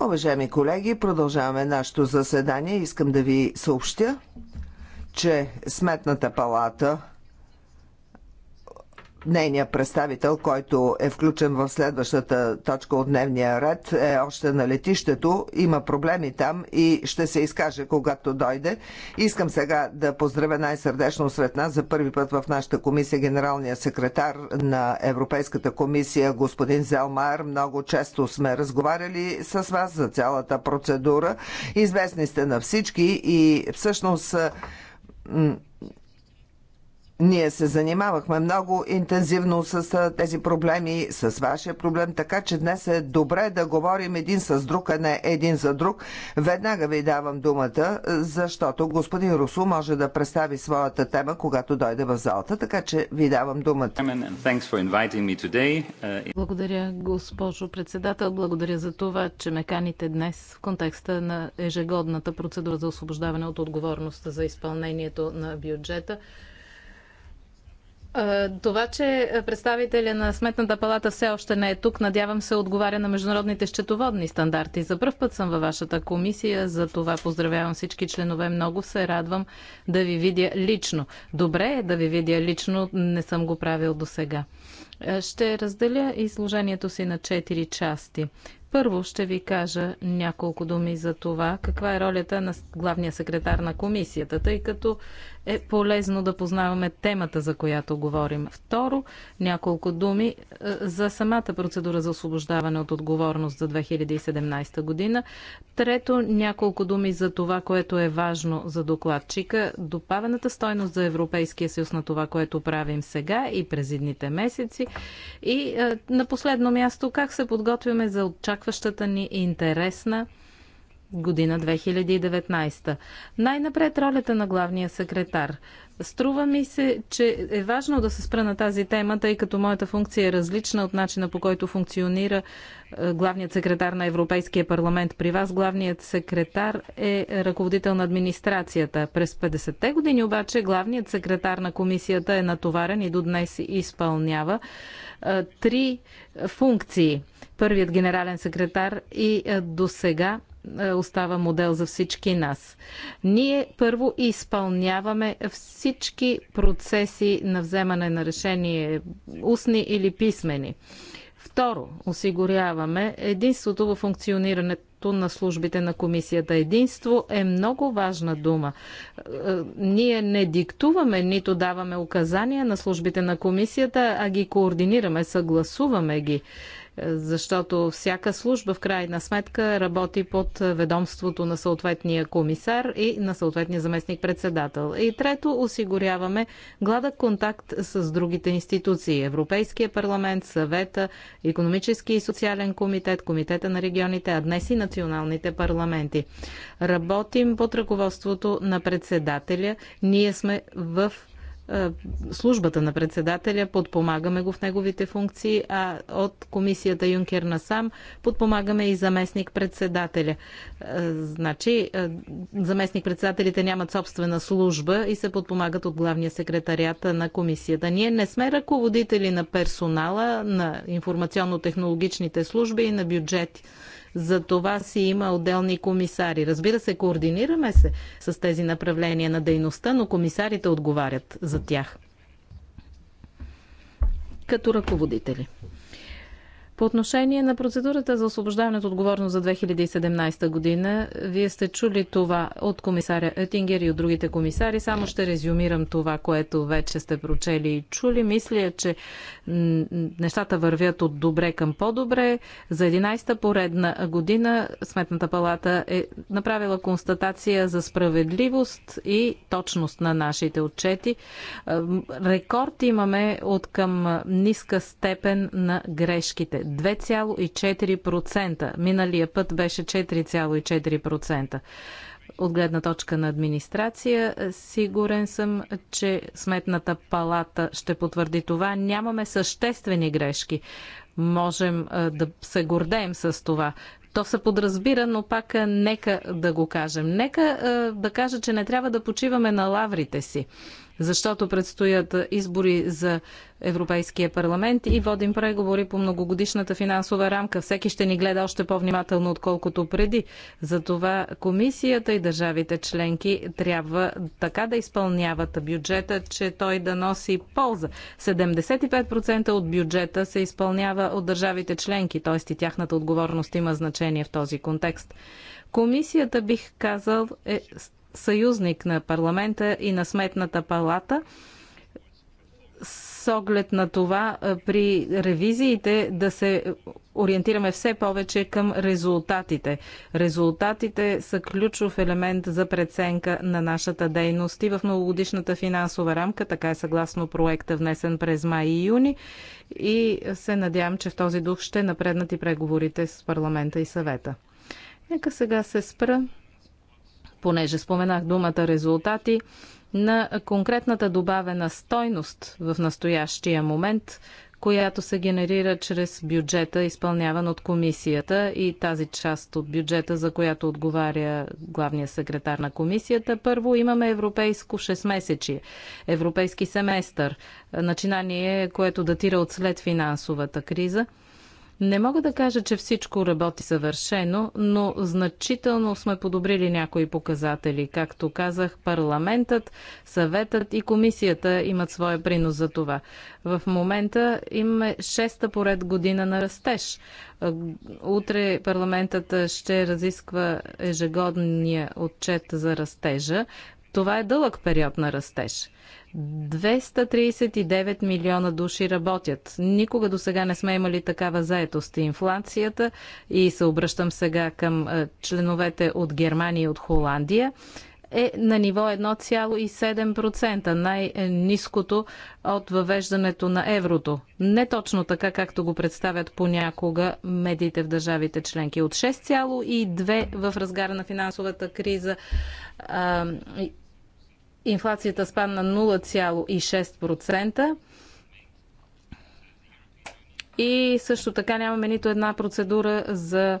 Уважаеми колеги, продължаваме нашето заседание. Искам да ви съобщя, че Сметната палата нейният представител, който е включен в следващата точка от дневния ред, е още на летището, има проблеми там и ще се изкаже, когато дойде. Искам сега да поздравя най-сърдечно сред нас за първи път в нашата комисия генералния секретар на Европейската комисия, господин Зелмар. Много често сме разговаряли с вас за цялата процедура. Известни сте на всички и всъщност ние се занимавахме много интензивно с тези проблеми, с вашия проблем, така че днес е добре да говорим един с друг, а не един за друг. Веднага ви давам думата, защото господин Русу може да представи своята тема, когато дойде в залата, така че ви давам думата. Uh, Благодаря, госпожо председател. Благодаря за това, че ме каните днес в контекста на ежегодната процедура за освобождаване от отговорност за изпълнението на бюджета. Това, че представителя на Сметната палата все още не е тук, надявам се отговаря на международните счетоводни стандарти. За първ път съм във вашата комисия, за това поздравявам всички членове. Много се радвам да ви видя лично. Добре е да ви видя лично, не съм го правил до сега. Е, ще разделя изложението си на четири части. Първо ще ви кажа няколко думи за това, каква е ролята на главния секретар на комисията, тъй като е полезно да познаваме темата, за която говорим. Второ, няколко думи е, за самата процедура за освобождаване от отговорност за 2017 година. Трето, няколко думи за това, което е важно за докладчика, Допавената стойност за Европейския съюз на това, което правим сега и през едните месеци. И е, на последно място, как се подготвяме за отчакване очакващата ни интересна година 2019. Най-напред ролята на главния секретар. Струва ми се, че е важно да се спра на тази тема, тъй като моята функция е различна от начина по който функционира е, главният секретар на Европейския парламент. При вас главният секретар е ръководител на администрацията. През 50-те години обаче главният секретар на комисията е натоварен и до днес изпълнява е, три функции първият генерален секретар и е, до сега е, остава модел за всички нас. Ние първо изпълняваме всички процеси на вземане на решение, устни или писмени. Второ, осигуряваме единството във функционирането на службите на комисията. Единство е много важна дума. Е, ние не диктуваме, нито даваме указания на службите на комисията, а ги координираме, съгласуваме ги защото всяка служба в крайна сметка работи под ведомството на съответния комисар и на съответния заместник-председател. И трето, осигуряваме гладък контакт с другите институции. Европейския парламент, съвета, економически и социален комитет, комитета на регионите, а днес и националните парламенти. Работим под ръководството на председателя. Ние сме в е, службата на председателя, подпомагаме го в неговите функции, а от комисията Юнкер насам подпомагаме и заместник-председателя. Е, значи, е, заместник-председателите нямат собствена служба и се подпомагат от главния секретарят на комисията. Ние не сме ръководители на персонала, на информационно-технологичните служби и на бюджет за това си има отделни комисари. Разбира се, координираме се с тези направления на дейността, но комисарите отговарят за тях като ръководители. По отношение на процедурата за освобождаване от отговорност за 2017 година, вие сте чули това от комисаря Етингер и от другите комисари. Само ще резюмирам това, което вече сте прочели и чули. Мисля, че нещата вървят от добре към по-добре. За 11-та поредна година Сметната палата е направила констатация за справедливост и точност на нашите отчети. Рекорд имаме от към ниска степен на грешките. 2,4%. Миналия път беше 4,4%. От гледна точка на администрация, е, сигурен съм, че Сметната палата ще потвърди това. Нямаме съществени грешки. Можем е, да се гордеем с това. То се подразбира, но пак е, нека да го кажем. Нека да кажа, че не трябва да почиваме на лаврите си защото предстоят избори за Европейския парламент и водим преговори по многогодишната финансова рамка. Всеки ще ни гледа още по-внимателно, отколкото преди. Затова комисията и държавите членки трябва така да изпълняват бюджета, че той да носи полза. 75% от бюджета се изпълнява от държавите членки, т.е. и тяхната отговорност има значение в този контекст. Комисията, бих казал, е съюзник на парламента и на сметната палата с оглед на това при ревизиите да се ориентираме все повече към резултатите. Резултатите са ключов елемент за преценка на нашата дейност и в многогодишната финансова рамка, така е съгласно проекта внесен през май и юни и се надявам, че в този дух ще напреднат и преговорите с парламента и съвета. Нека сега се спра понеже споменах думата резултати, на конкретната добавена стойност в настоящия момент, която се генерира чрез бюджета, изпълняван от комисията и тази част от бюджета, за която отговаря главния секретар на комисията. Първо имаме европейско 6 месечи, европейски семестър, начинание, което датира от след финансовата криза – не мога да кажа, че всичко работи съвършено, но значително сме подобрили някои показатели. Както казах, парламентът, съветът и комисията имат своя принос за това. В момента имаме шеста поред година на растеж. Утре парламентът ще разисква ежегодния отчет за растежа. Това е дълъг период на растеж. 239 милиона души работят. Никога до сега не сме имали такава заетост и инфлацията. И се обръщам сега към е, членовете от Германия и от Холандия е на ниво 1,7%, най-ниското от въвеждането на еврото. Не точно така, както го представят понякога медиите в държавите членки. От 6,2% в разгара на финансовата криза Инфлацията спадна 0,6% и също така нямаме нито една процедура за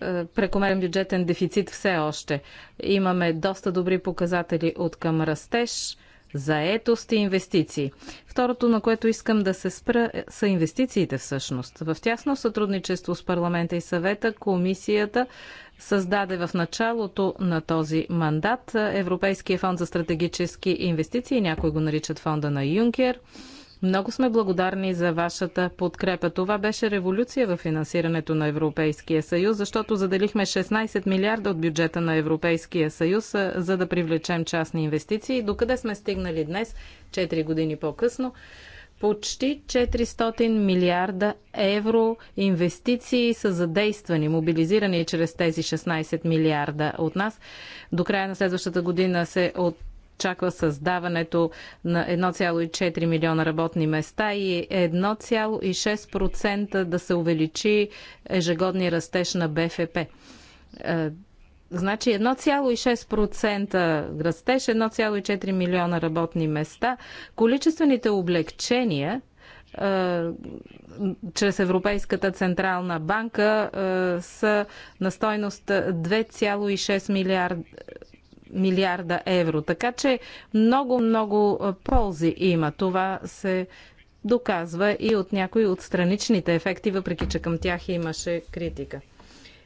е, прекомерен бюджетен дефицит все още. Имаме доста добри показатели от към растеж – заетост и инвестиции. Второто, на което искам да се спра, е- са инвестициите всъщност. В тясно сътрудничество с парламента и съвета, комисията създаде в началото на този мандат Европейския фонд за стратегически инвестиции, някои го наричат фонда на Юнкер – много сме благодарни за вашата подкрепа. Това беше революция в финансирането на Европейския съюз, защото заделихме 16 милиарда от бюджета на Европейския съюз, за да привлечем частни инвестиции. Докъде сме стигнали днес, 4 години по-късно? Почти 400 милиарда евро инвестиции са задействани, мобилизирани чрез тези 16 милиарда от нас. До края на следващата година се от очаква създаването на 1,4 милиона работни места и 1,6% да се увеличи ежегодни растеж на БФП. Е, значи 1,6% растеж, 1,4 милиона работни места. Количествените облегчения е, чрез Европейската централна банка е, са на стойност 2,6 милиарда милиарда евро. Така че много, много ползи има. Това се доказва и от някои от страничните ефекти, въпреки че към тях имаше критика.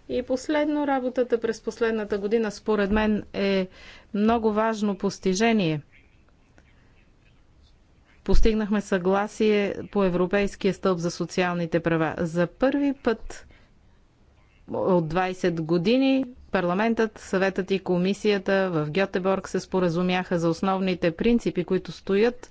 И последно, работата през последната година, според мен, е много важно постижение. Постигнахме съгласие по Европейския стълб за социалните права. За първи път от 20 години Парламентът, съветът и комисията в Гьотеборг се споразумяха за основните принципи, които стоят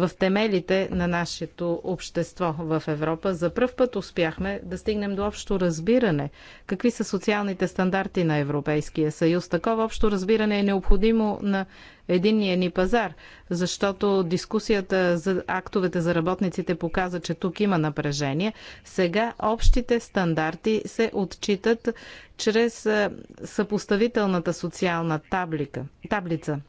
в темелите на нашето общество в Европа. За пръв път успяхме да стигнем до общо разбиране какви са социалните стандарти на Европейския съюз. Такова общо разбиране е необходимо на единния ни пазар, защото дискусията за актовете за работниците показа, че тук има напрежение. Сега общите стандарти се отчитат чрез съпоставителната социална таблика, таблица.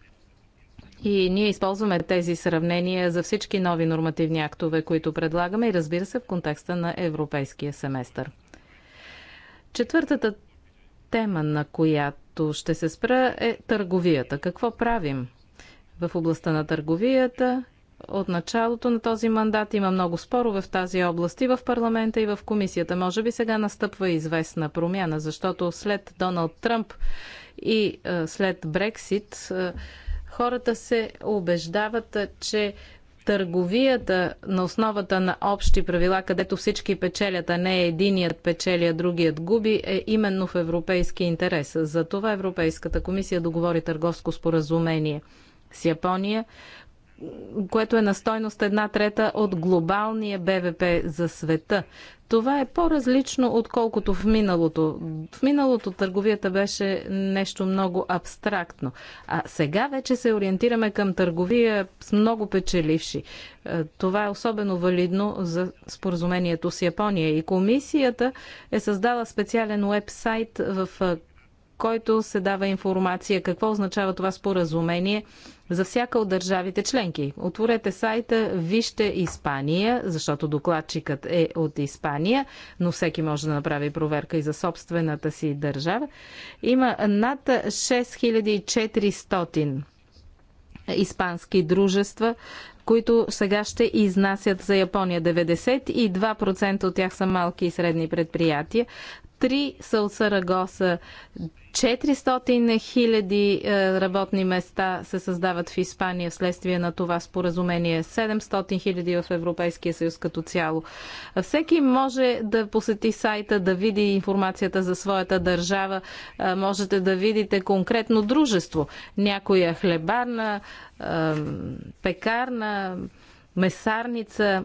И ние използваме тези сравнения за всички нови нормативни актове, които предлагаме и разбира се в контекста на европейския семестър. Четвъртата тема, на която ще се спра е търговията. Какво правим в областта на търговията? От началото на този мандат има много спорове в тази област и в парламента и в комисията. Може би сега настъпва известна промяна, защото след Доналд Тръмп и след Брексит хората се убеждават, че търговията на основата на общи правила, където всички печелят, а не единият печели, а другият губи, е именно в европейски интерес. За това Европейската комисия договори търговско споразумение с Япония което е на стойност една трета от глобалния БВП за света. Това е по-различно, отколкото в миналото. В миналото търговията беше нещо много абстрактно. А сега вече се ориентираме към търговия с много печеливши. Е, това е особено валидно за споразумението с Япония. И комисията е създала специален уебсайт, в е, който се дава информация какво означава това споразумение за всяка от държавите членки. Отворете сайта, вижте Испания, защото докладчикът е от Испания, но всеки може да направи проверка и за собствената си държава. Има над 6400 испански дружества, които сега ще изнасят за Япония. 92% от тях са малки и средни предприятия. Три са от Сарагоса. 400 хиляди е, работни места се създават в Испания вследствие на това споразумение. 700 хиляди в Европейския съюз като цяло. Всеки може да посети сайта, да види информацията за своята държава. Е, можете да видите конкретно дружество. Някоя хлебарна, е, пекарна, месарница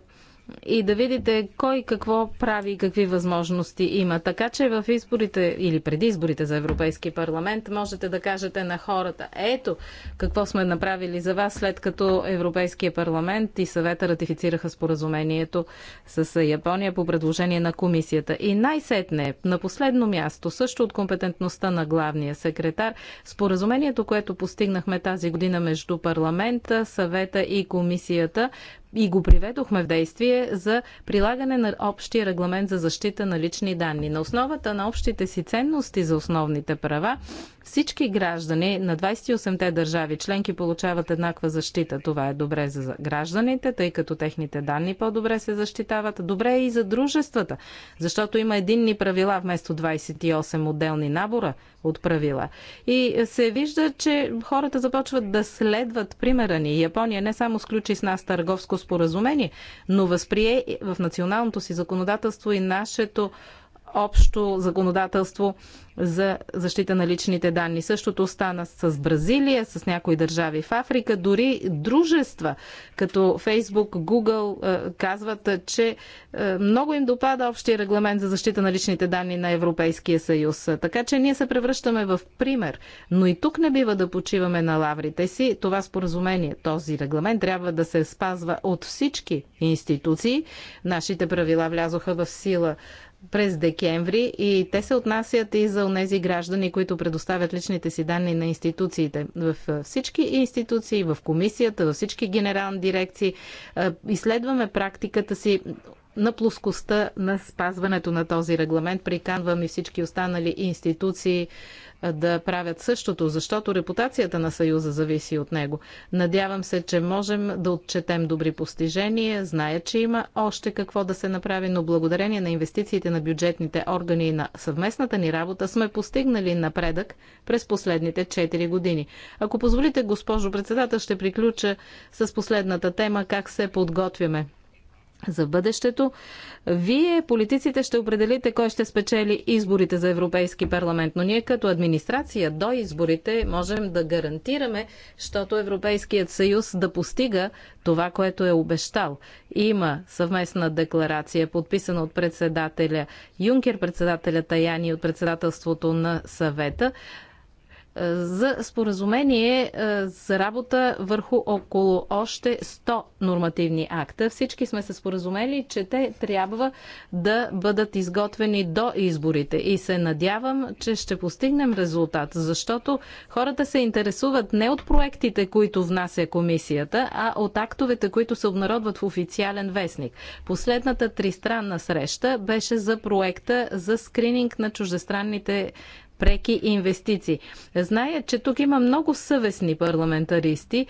и да видите кой какво прави и какви възможности има. Така че в изборите или преди изборите за Европейски парламент можете да кажете на хората ето какво сме направили за вас след като Европейския парламент и съвета ратифицираха споразумението с Япония по предложение на комисията. И най-сетне, на последно място, също от компетентността на главния секретар, споразумението, което постигнахме тази година между парламента, съвета и комисията и го приведохме в действие за прилагане на общия регламент за защита на лични данни. На основата на общите си ценности за основните права, всички граждани на 28-те държави членки получават еднаква защита. Това е добре за гражданите, тъй като техните данни по-добре се защитават. Добре е и за дружествата, защото има единни правила вместо 28 отделни набора от правила. И се вижда, че хората започват да следват примера ни. Япония не само сключи с нас търговско споразумение, но възприе в националното си законодателство и нашето общо законодателство за защита на личните данни. Същото стана с Бразилия, с някои държави в Африка. Дори дружества като Facebook, Google е, казват, че е, много им допада общия регламент за защита на личните данни на Европейския съюз. Така че ние се превръщаме в пример. Но и тук не бива да почиваме на лаврите си. Това споразумение, този регламент трябва да се спазва от всички институции. Нашите правила влязоха в сила през декември и те се отнасят и за тези граждани, които предоставят личните си данни на институциите. В всички институции, в комисията, във всички генерални дирекции изследваме практиката си на плоскостта на спазването на този регламент. Приканвам и всички останали институции да правят същото, защото репутацията на Съюза зависи от него. Надявам се, че можем да отчетем добри постижения. Зная, че има още какво да се направи, но благодарение на инвестициите на бюджетните органи и на съвместната ни работа сме постигнали напредък през последните 4 години. Ако позволите, госпожо председател, ще приключа с последната тема как се подготвяме за бъдещето. Вие, политиците, ще определите кой ще спечели изборите за Европейски парламент, но ние като администрация до изборите можем да гарантираме, защото Европейският съюз да постига това, което е обещал. Има съвместна декларация, подписана от председателя Юнкер, председателя Таяни и от председателството на съвета, за споразумение е, за работа върху около още 100 нормативни акта. Всички сме се споразумели, че те трябва да бъдат изготвени до изборите и се надявам, че ще постигнем резултат, защото хората се интересуват не от проектите, които внася комисията, а от актовете, които се обнародват в официален вестник. Последната тристранна среща беше за проекта за скрининг на чуждестранните преки инвестиции. Зная, че тук има много съвестни парламентаристи,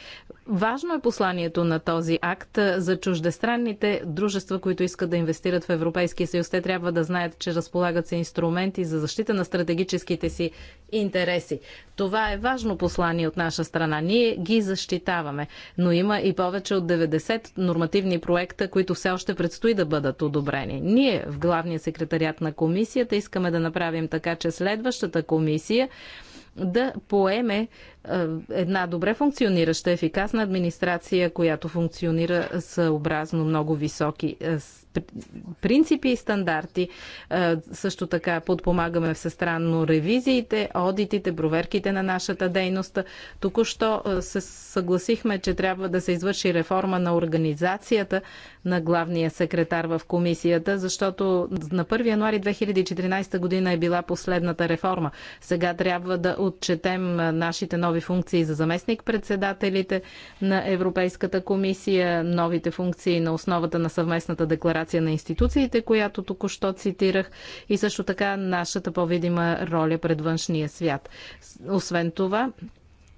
Важно е посланието на този акт за чуждестранните дружества, които искат да инвестират в Европейския съюз. Те трябва да знаят, че разполагат се инструменти за защита на стратегическите си интереси. Това е важно послание от наша страна. Ние ги защитаваме, но има и повече от 90 нормативни проекта, които все още предстои да бъдат одобрени. Ние в главния секретарят на комисията искаме да направим така, че следващата комисия да поеме е, една добре функционираща, ефикасна администрация, която функционира съобразно много високи е, принципи и стандарти. Е, също така подпомагаме всестранно ревизиите, одитите, проверките на нашата дейност. Току-що се съгласихме, че трябва да се извърши реформа на организацията на главния секретар в комисията, защото на 1 януари 2014 година е била последната реформа. Сега трябва да отчетем нашите нови нови функции за заместник-председателите на Европейската комисия, новите функции на основата на съвместната декларация на институциите, която току-що цитирах, и също така нашата по-видима роля пред външния свят. Освен това,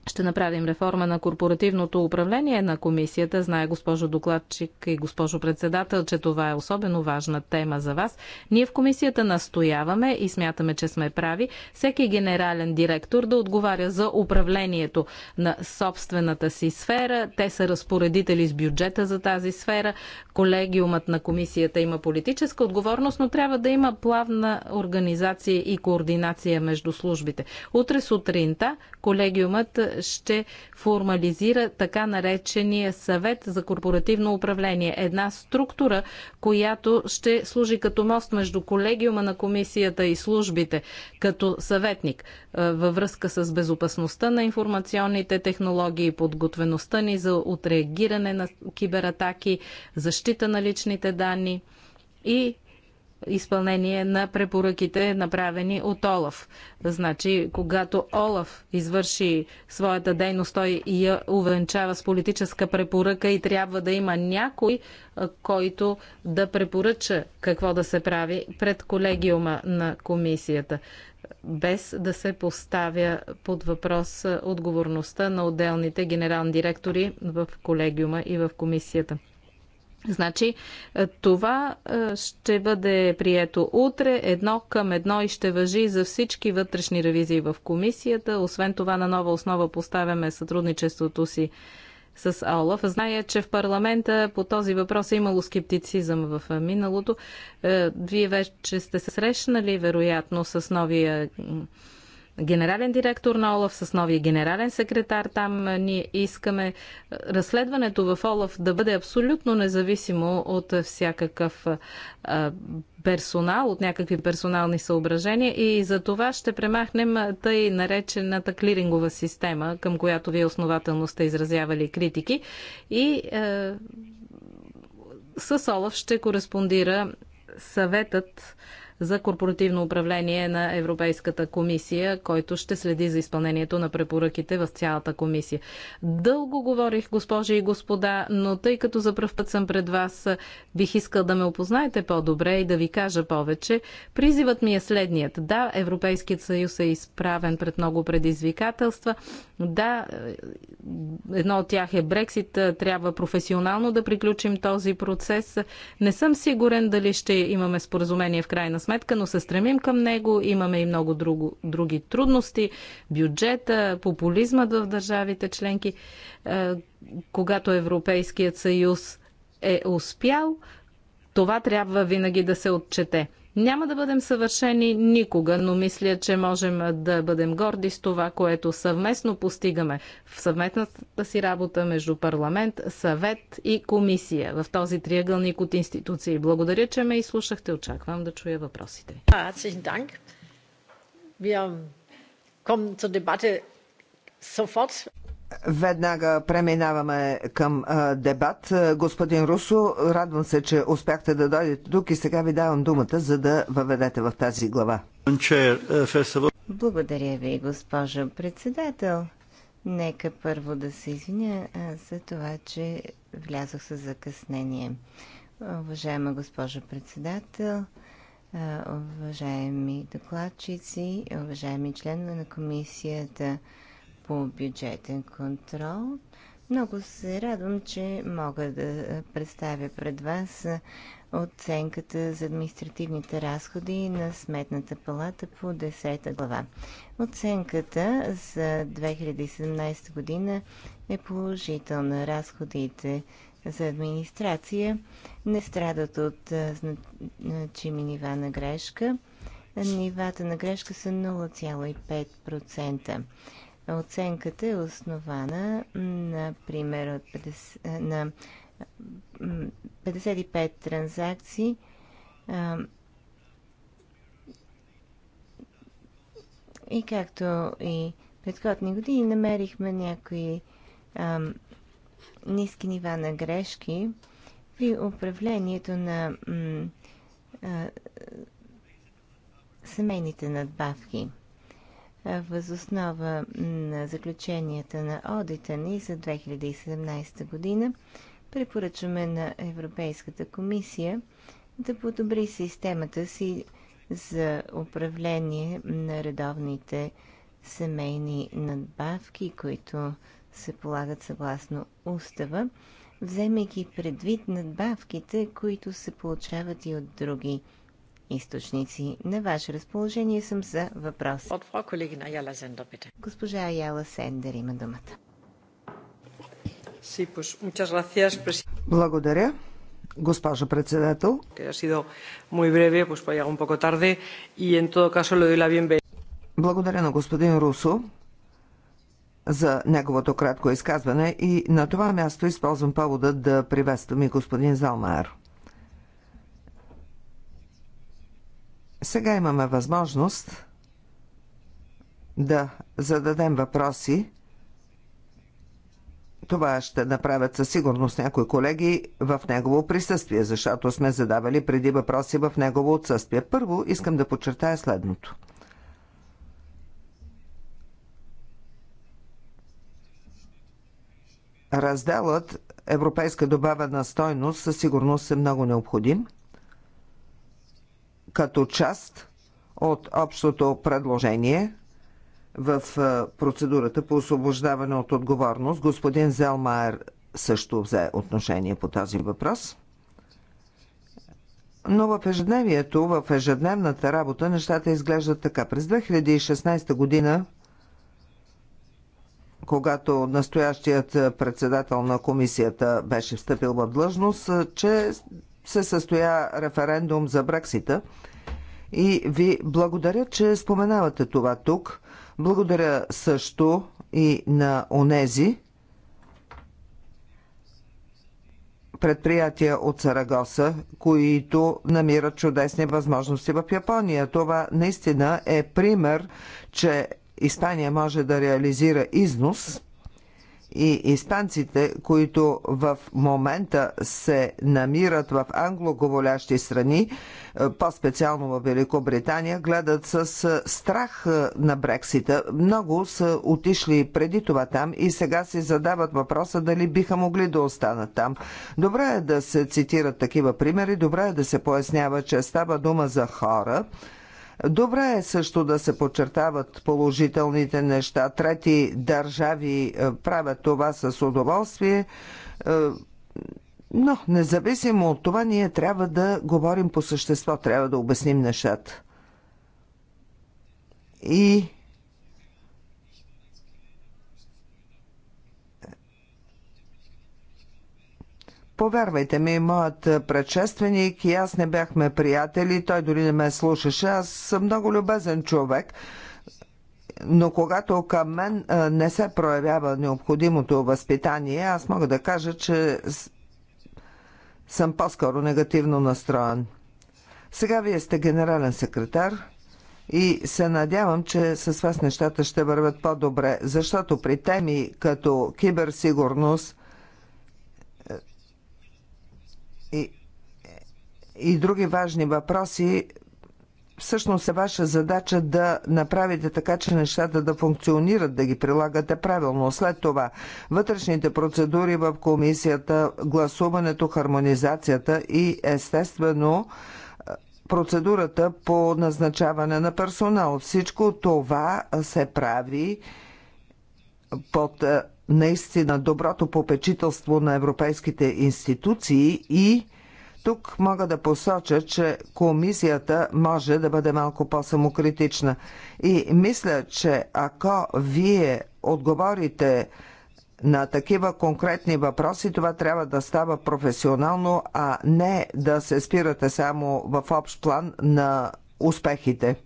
ще направим реформа на корпоративното управление на комисията. Знае госпожо докладчик и госпожо председател, че това е особено важна тема за вас. Ние в комисията настояваме и смятаме, че сме прави всеки генерален директор да отговаря за управлението на собствената си сфера. Те са разпоредители с бюджета за тази сфера. Колегиумът на комисията има политическа отговорност, но трябва да има плавна организация и координация между службите. Утре сутринта колегиумът ще формализира така наречения съвет за корпоративно управление. Една структура, която ще служи като мост между колегиума на комисията и службите, като съветник във връзка с безопасността на информационните технологии, подготвеността ни за отреагиране на кибератаки, защита на личните данни и изпълнение на препоръките, направени от Олаф. Значи, когато Олаф извърши своята дейност, той я увенчава с политическа препоръка и трябва да има някой, който да препоръча какво да се прави пред колегиума на комисията, без да се поставя под въпрос отговорността на отделните генерални директори в колегиума и в комисията. Значи, е, това е, ще бъде прието утре, едно към едно и ще въжи за всички вътрешни ревизии в комисията. Освен това, на нова основа поставяме сътрудничеството си с Олаф. Зная, че в парламента по този въпрос е имало скептицизъм в е, миналото. Вие вече сте се срещнали, вероятно, с новия генерален директор на Олаф, с новия генерален секретар там. Ние искаме разследването в Олаф да бъде абсолютно независимо от всякакъв персонал, от някакви персонални съображения и за това ще премахнем тъй наречената клирингова система, към която вие основателно сте изразявали критики и е, с Олаф ще кореспондира съветът за корпоративно управление на Европейската комисия, който ще следи за изпълнението на препоръките в цялата комисия. Дълго говорих, госпожи и господа, но тъй като за пръв път съм пред вас, бих искал да ме опознаете по-добре и да ви кажа повече. Призивът ми е следният. Да, Европейският съюз е изправен пред много предизвикателства, да, е, едно от тях е Брексит. Е, трябва професионално да приключим този процес. Не съм сигурен дали ще имаме споразумение в крайна сметка, но се стремим към него. Имаме и много друго, други трудности. Бюджета, популизмът в държавите членки. Е, когато Европейският съюз е успял, това трябва винаги да се отчете. Няма да бъдем съвършени никога, но мисля, че можем да бъдем горди с това, което съвместно постигаме в съвместната си работа между парламент, съвет и комисия в този триъгълник от институции. Благодаря, че ме изслушахте. Очаквам да чуя въпросите. Wir kommen zur Debatte sofort. Веднага преминаваме към а, дебат. Господин Русо, радвам се, че успяхте да дойдете тук и сега ви давам думата, за да въведете в тази глава. Благодаря ви, госпожа председател. Нека първо да се извиня за това, че влязох с закъснение. Уважаема госпожа председател, уважаеми докладчици, уважаеми членове на комисията, по бюджетен контрол. Много се радвам, че мога да представя пред вас оценката за административните разходи на Сметната палата по 10 глава. Оценката за 2017 година е положителна. Разходите за администрация не страдат от значими нива на грешка. Нивата на грешка са 0,5% оценката е основана, например, от 50, е, на 55 транзакции и както и предходни години намерихме някои ниски нива на грешки при управлението на а, семейните надбавки възоснова на заключенията на одита ни за 2017 година препоръчваме на Европейската комисия да подобри системата си за управление на редовните семейни надбавки, които се полагат съгласно устава, вземайки предвид надбавките, които се получават и от други източници. На ваше разположение съм за въпрос. От фра колегина Аяла Сендер, Госпожа Аяла Сендер има думата. Благодаря, госпожо председател. Благодаря на господин Русо за неговото кратко изказване и на това място използвам повода да приветствам и господин Залмаер. Сега имаме възможност да зададем въпроси. Това ще направят със сигурност някои колеги в негово присъствие, защото сме задавали преди въпроси в негово отсъствие. Първо искам да подчертая следното. Разделът Европейска добавена стойност със сигурност е много необходим – като част от общото предложение в е, процедурата по освобождаване от отговорност. Господин Зелмайер също взе отношение по този въпрос. Но в ежедневието, в ежедневната работа, нещата изглеждат така. През 2016 година, когато настоящият председател на комисията беше встъпил в длъжност, че се състоя референдум за Брексита. И ви благодаря, че споменавате това тук. Благодаря също и на онези предприятия от Сарагоса, които намират чудесни възможности в Япония. Това наистина е пример, че Испания може да реализира износ и испанците, които в момента се намират в англоговолящи страни, е, по-специално в Великобритания, гледат с е, страх е, на Брексита. Много са отишли преди това там и сега си задават въпроса дали биха могли да останат там. Добре е да се цитират такива примери, добре е да се пояснява, че става дума за хора, Добре е също да се подчертават положителните неща. Трети държави е, правят това с удоволствие. Е, но, независимо от това, ние трябва да говорим по същество, трябва да обясним нещата. И Повярвайте ми, моят предшественик и аз не бяхме приятели, той дори не ме слушаше. Аз съм много любезен човек, но когато към мен не се проявява необходимото възпитание, аз мога да кажа, че съм по-скоро негативно настроен. Сега вие сте генерален секретар и се надявам, че с вас нещата ще върват по-добре, защото при теми като киберсигурност и други важни въпроси, всъщност е ваша задача да направите така, че нещата да функционират, да ги прилагате правилно. След това вътрешните процедури в комисията, гласуването, хармонизацията и естествено процедурата по назначаване на персонал. Всичко това се прави под е, наистина доброто попечителство на европейските институции и тук мога да посоча, че комисията може да бъде малко по-самокритична. И мисля, че ако вие отговорите на такива конкретни въпроси, това трябва да става професионално, а не да се спирате само в общ план на успехите.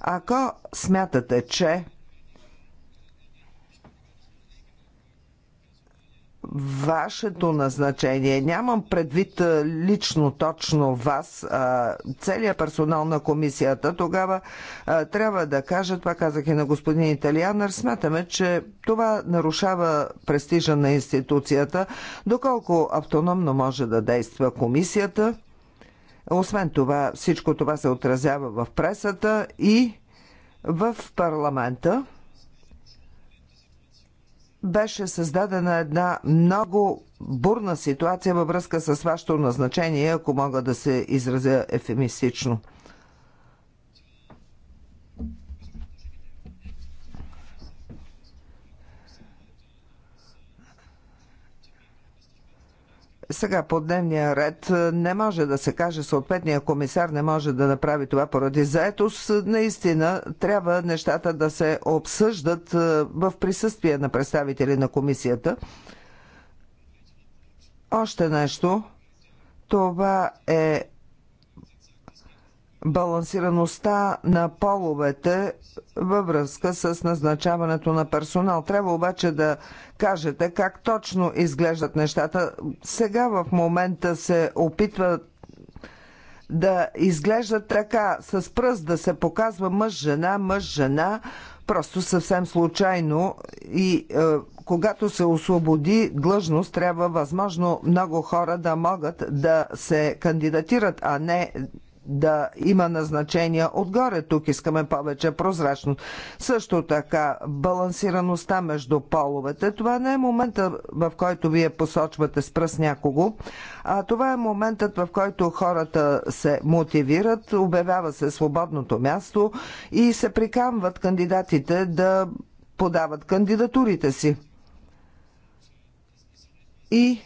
Ако смятате, че вашето назначение. Нямам предвид лично точно вас, а, целият персонал на комисията. Тогава трябва да кажа, това казах и на господин Италианър, смятаме, че това нарушава престижа на институцията, доколко автономно може да действа комисията. Освен това, всичко това се отразява в пресата и в парламента беше създадена една много бурна ситуация във връзка с вашето назначение, ако мога да се изразя ефемистично. Сега по дневния ред е, не може да се каже, съответния комисар не може да направи това поради заетост. Наистина трябва нещата да се обсъждат е, в присъствие на представители на комисията. Още нещо. Това е балансираността на половете във връзка с назначаването на персонал. Трябва обаче да кажете как точно изглеждат нещата. Сега в момента се опитват да изглеждат така, с пръст да се показва мъж-жена, мъж-жена, просто съвсем случайно и е, когато се освободи длъжност, трябва възможно много хора да могат да се кандидатират, а не да има назначения отгоре. Тук искаме повече прозрачност. Също така, балансираността между половете. Това не е момента, в който вие посочвате с пръст някого, а това е моментът, в който хората се мотивират, обявява се свободното място и се прикамват кандидатите да подават кандидатурите си. И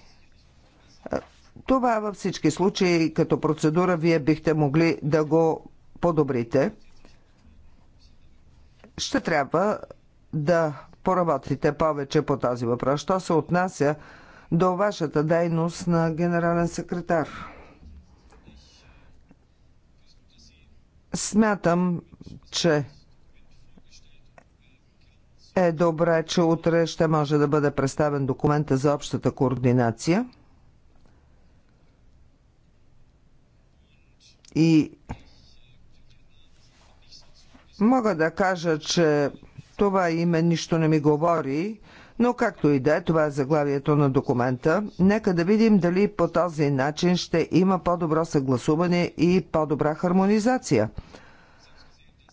това във всички случаи като процедура вие бихте могли да го подобрите. Ще трябва да поработите повече по този въпрос. Що се отнася до вашата дейност на генерален секретар? Смятам, че е добре, че утре ще може да бъде представен документа за общата координация. И мога да кажа, че това име нищо не ми говори, но както и да е, това е заглавието на документа. Нека да видим дали по този начин ще има по-добро съгласуване и по-добра хармонизация.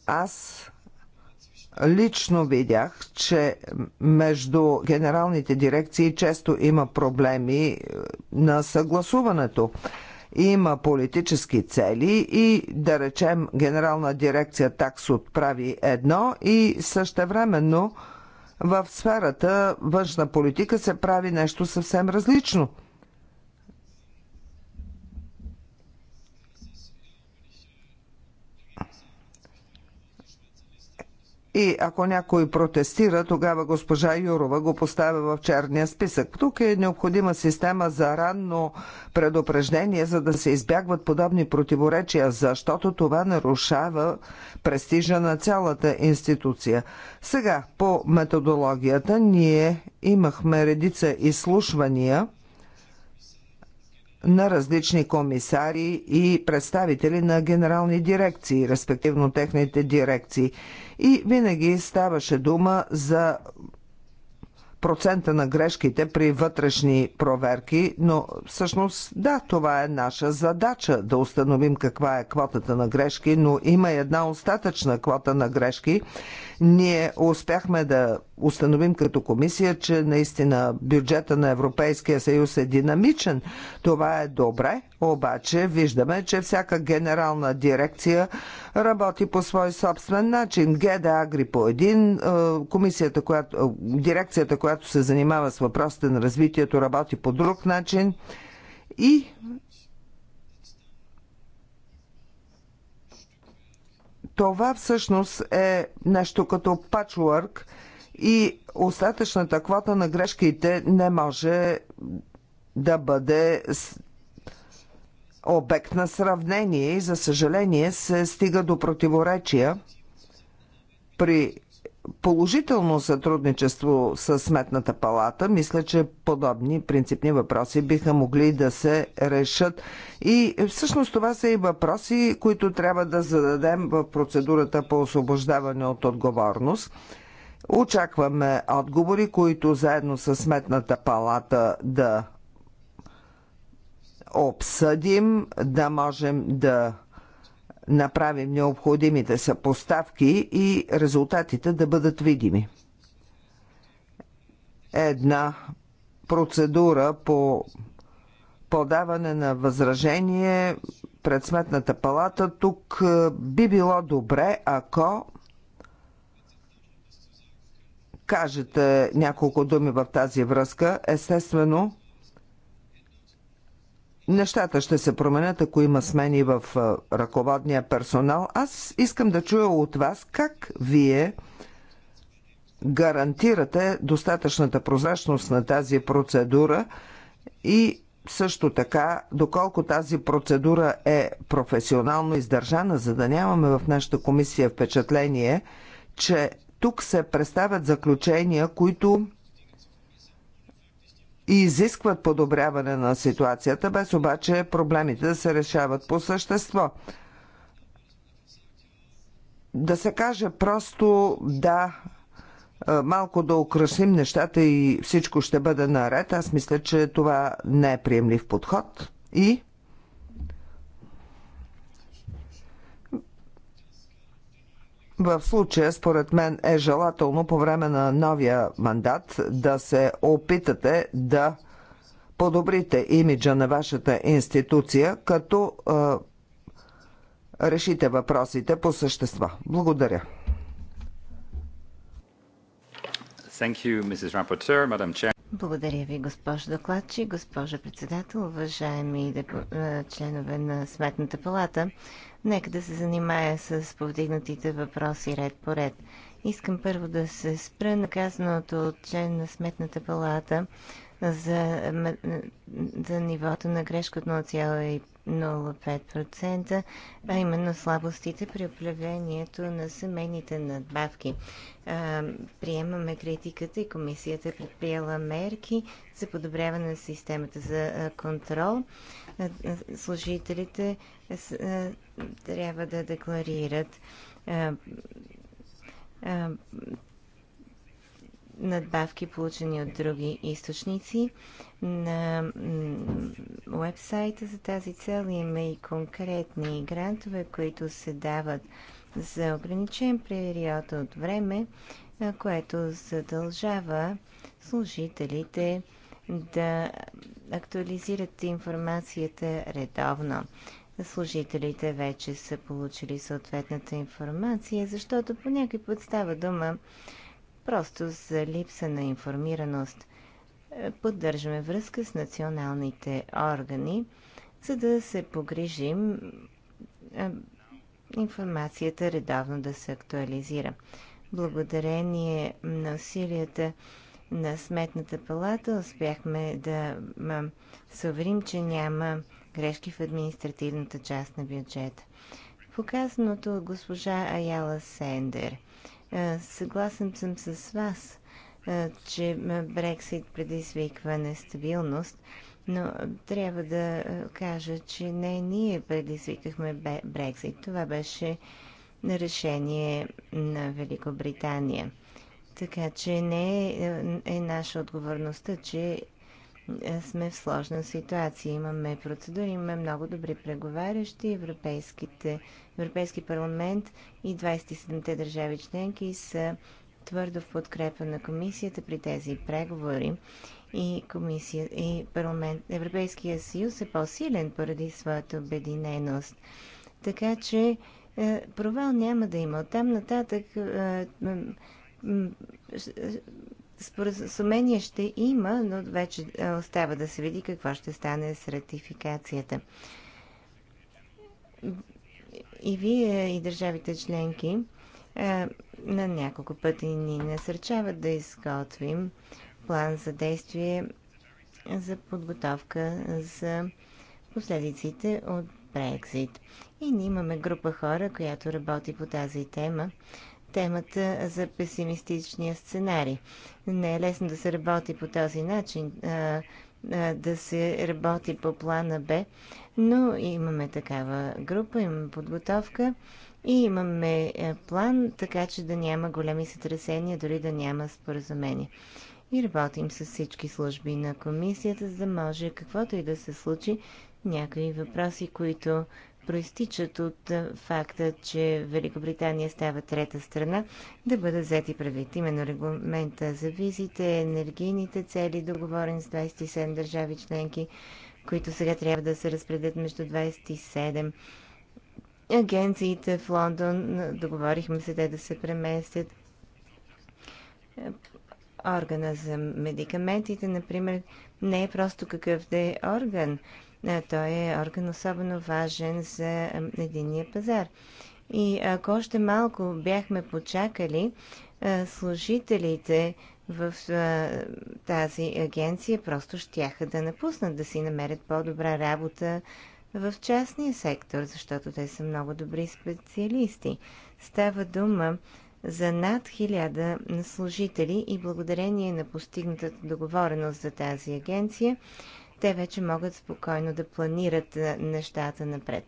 Аз лично видях, че между генералните дирекции често има проблеми е, на съгласуването има политически цели и да речем генерална дирекция такс отправи едно и същевременно в сферата външна политика се прави нещо съвсем различно – И ако някой протестира, тогава госпожа Юрова го поставя в черния списък. Тук е необходима система за ранно предупреждение, за да се избягват подобни противоречия, защото това нарушава престижа на цялата институция. Сега, по методологията, ние имахме редица изслушвания – на различни комисари и представители на генерални дирекции, респективно техните дирекции. И винаги ставаше дума за процента на грешките при вътрешни проверки, но всъщност да, това е наша задача да установим каква е квотата на грешки, но има една остатъчна квота на грешки. Ние успяхме да установим като комисия, че наистина бюджета на Европейския съюз е динамичен. Това е добре, обаче виждаме, че всяка генерална дирекция работи по свой собствен начин. ГД Агри по един, е, комисията, която, е, дирекцията, която се занимава с въпросите на развитието, работи по друг начин. И това всъщност е нещо като пачворк и остатъчната квота на грешките не може да бъде обект на сравнение и за съжаление се стига до противоречия при положително сътрудничество с Сметната палата, мисля, че подобни принципни въпроси биха могли да се решат. И всъщност това са и въпроси, които трябва да зададем в процедурата по освобождаване от отговорност. Очакваме отговори, които заедно с Сметната палата да обсъдим, да можем да направим необходимите съпоставки и резултатите да бъдат видими. Една процедура по подаване на възражение пред Сметната палата тук е, би било добре, ако кажете няколко думи в тази връзка. Естествено, Нещата ще се променят, ако има смени в ръководния персонал. Аз искам да чуя от вас как вие гарантирате достатъчната прозрачност на тази процедура и също така, доколко тази процедура е професионално издържана, за да нямаме в нашата комисия впечатление, че тук се представят заключения, които и изискват подобряване на ситуацията, без обаче проблемите да се решават по същество. Да се каже просто да, малко да украсим нещата и всичко ще бъде наред, аз мисля, че това не е приемлив подход. И В случая, според мен, е желателно по време на новия мандат да се опитате да подобрите имиджа на вашата институция, като е, решите въпросите по същество. Благодаря. Благодаря ви, госпожо докладчи, госпожа председател, уважаеми членове на Сметната палата. Нека да се занимая с повдигнатите въпроси ред по ред. Искам първо да се спра на казаното от член на Сметната палата за, за нивото на грешка от 0,05%, а именно слабостите при управлението на семейните надбавки. А, приемаме критиката и комисията е предприела мерки за подобряване на системата за контрол. служителите трябва да декларират надбавки, получени от други източници. На вебсайта за тази цел има и конкретни грантове, които се дават за ограничен период от време, което задължава служителите да актуализират информацията редовно служителите вече са получили съответната информация, защото по някой път става дума просто за липса на информираност. Е, поддържаме връзка с националните органи, за да се погрижим е, информацията редовно да се актуализира. Благодарение на усилията на Сметната палата успяхме да се уверим, че няма грешки в административната част на бюджета. Показаното от госпожа Аяла Сендер. Съгласен съм с вас, че Брексит предизвиква нестабилност, но трябва да кажа, че не ние предизвикахме Брексит. Това беше решение на Великобритания. Така че не е, е наша отговорността, че е, сме в сложна ситуация. Имаме процедури, имаме много добри преговарящи. Европейските, Европейски парламент и 27-те държави членки са твърдо в подкрепа на комисията при тези преговори. И, комисия, и парламент, Европейския съюз е по-силен поради своята обединеност. Така че е, провал няма да има. Оттам там нататък е, споразумение ще има, но вече е, остава да се види какво ще стане с ратификацията. И вие, и държавите членки е, на няколко пъти ни насърчават да изготвим план за действие за подготовка за последиците от Брекзит. И ние имаме група хора, която работи по тази тема темата за песимистичния сценарий. Не е лесно да се работи по този начин, да се работи по плана Б, но имаме такава група, имаме подготовка и имаме е, план, така че да няма големи сътресения, дори да няма споразумение. И работим с всички служби на комисията, за да може каквото и да се случи, някои въпроси, които проистичат от факта, че Великобритания става трета страна, да бъдат взети предвид. Именно регламента за визите, енергийните цели, договорен с 27 държави членки, които сега трябва да се разпределят между 27. Агенциите в Лондон, договорихме се те да се преместят. Органа за медикаментите, например, не е просто какъв да е орган е, той е орган особено важен за единия пазар. И ако още малко бяхме почакали, служителите в тази агенция просто щяха да напуснат, да си намерят по-добра работа в частния сектор, защото те са много добри специалисти. Става дума за над хиляда служители и благодарение на постигнатата договореност за тази агенция, те вече могат спокойно да планират нещата напред.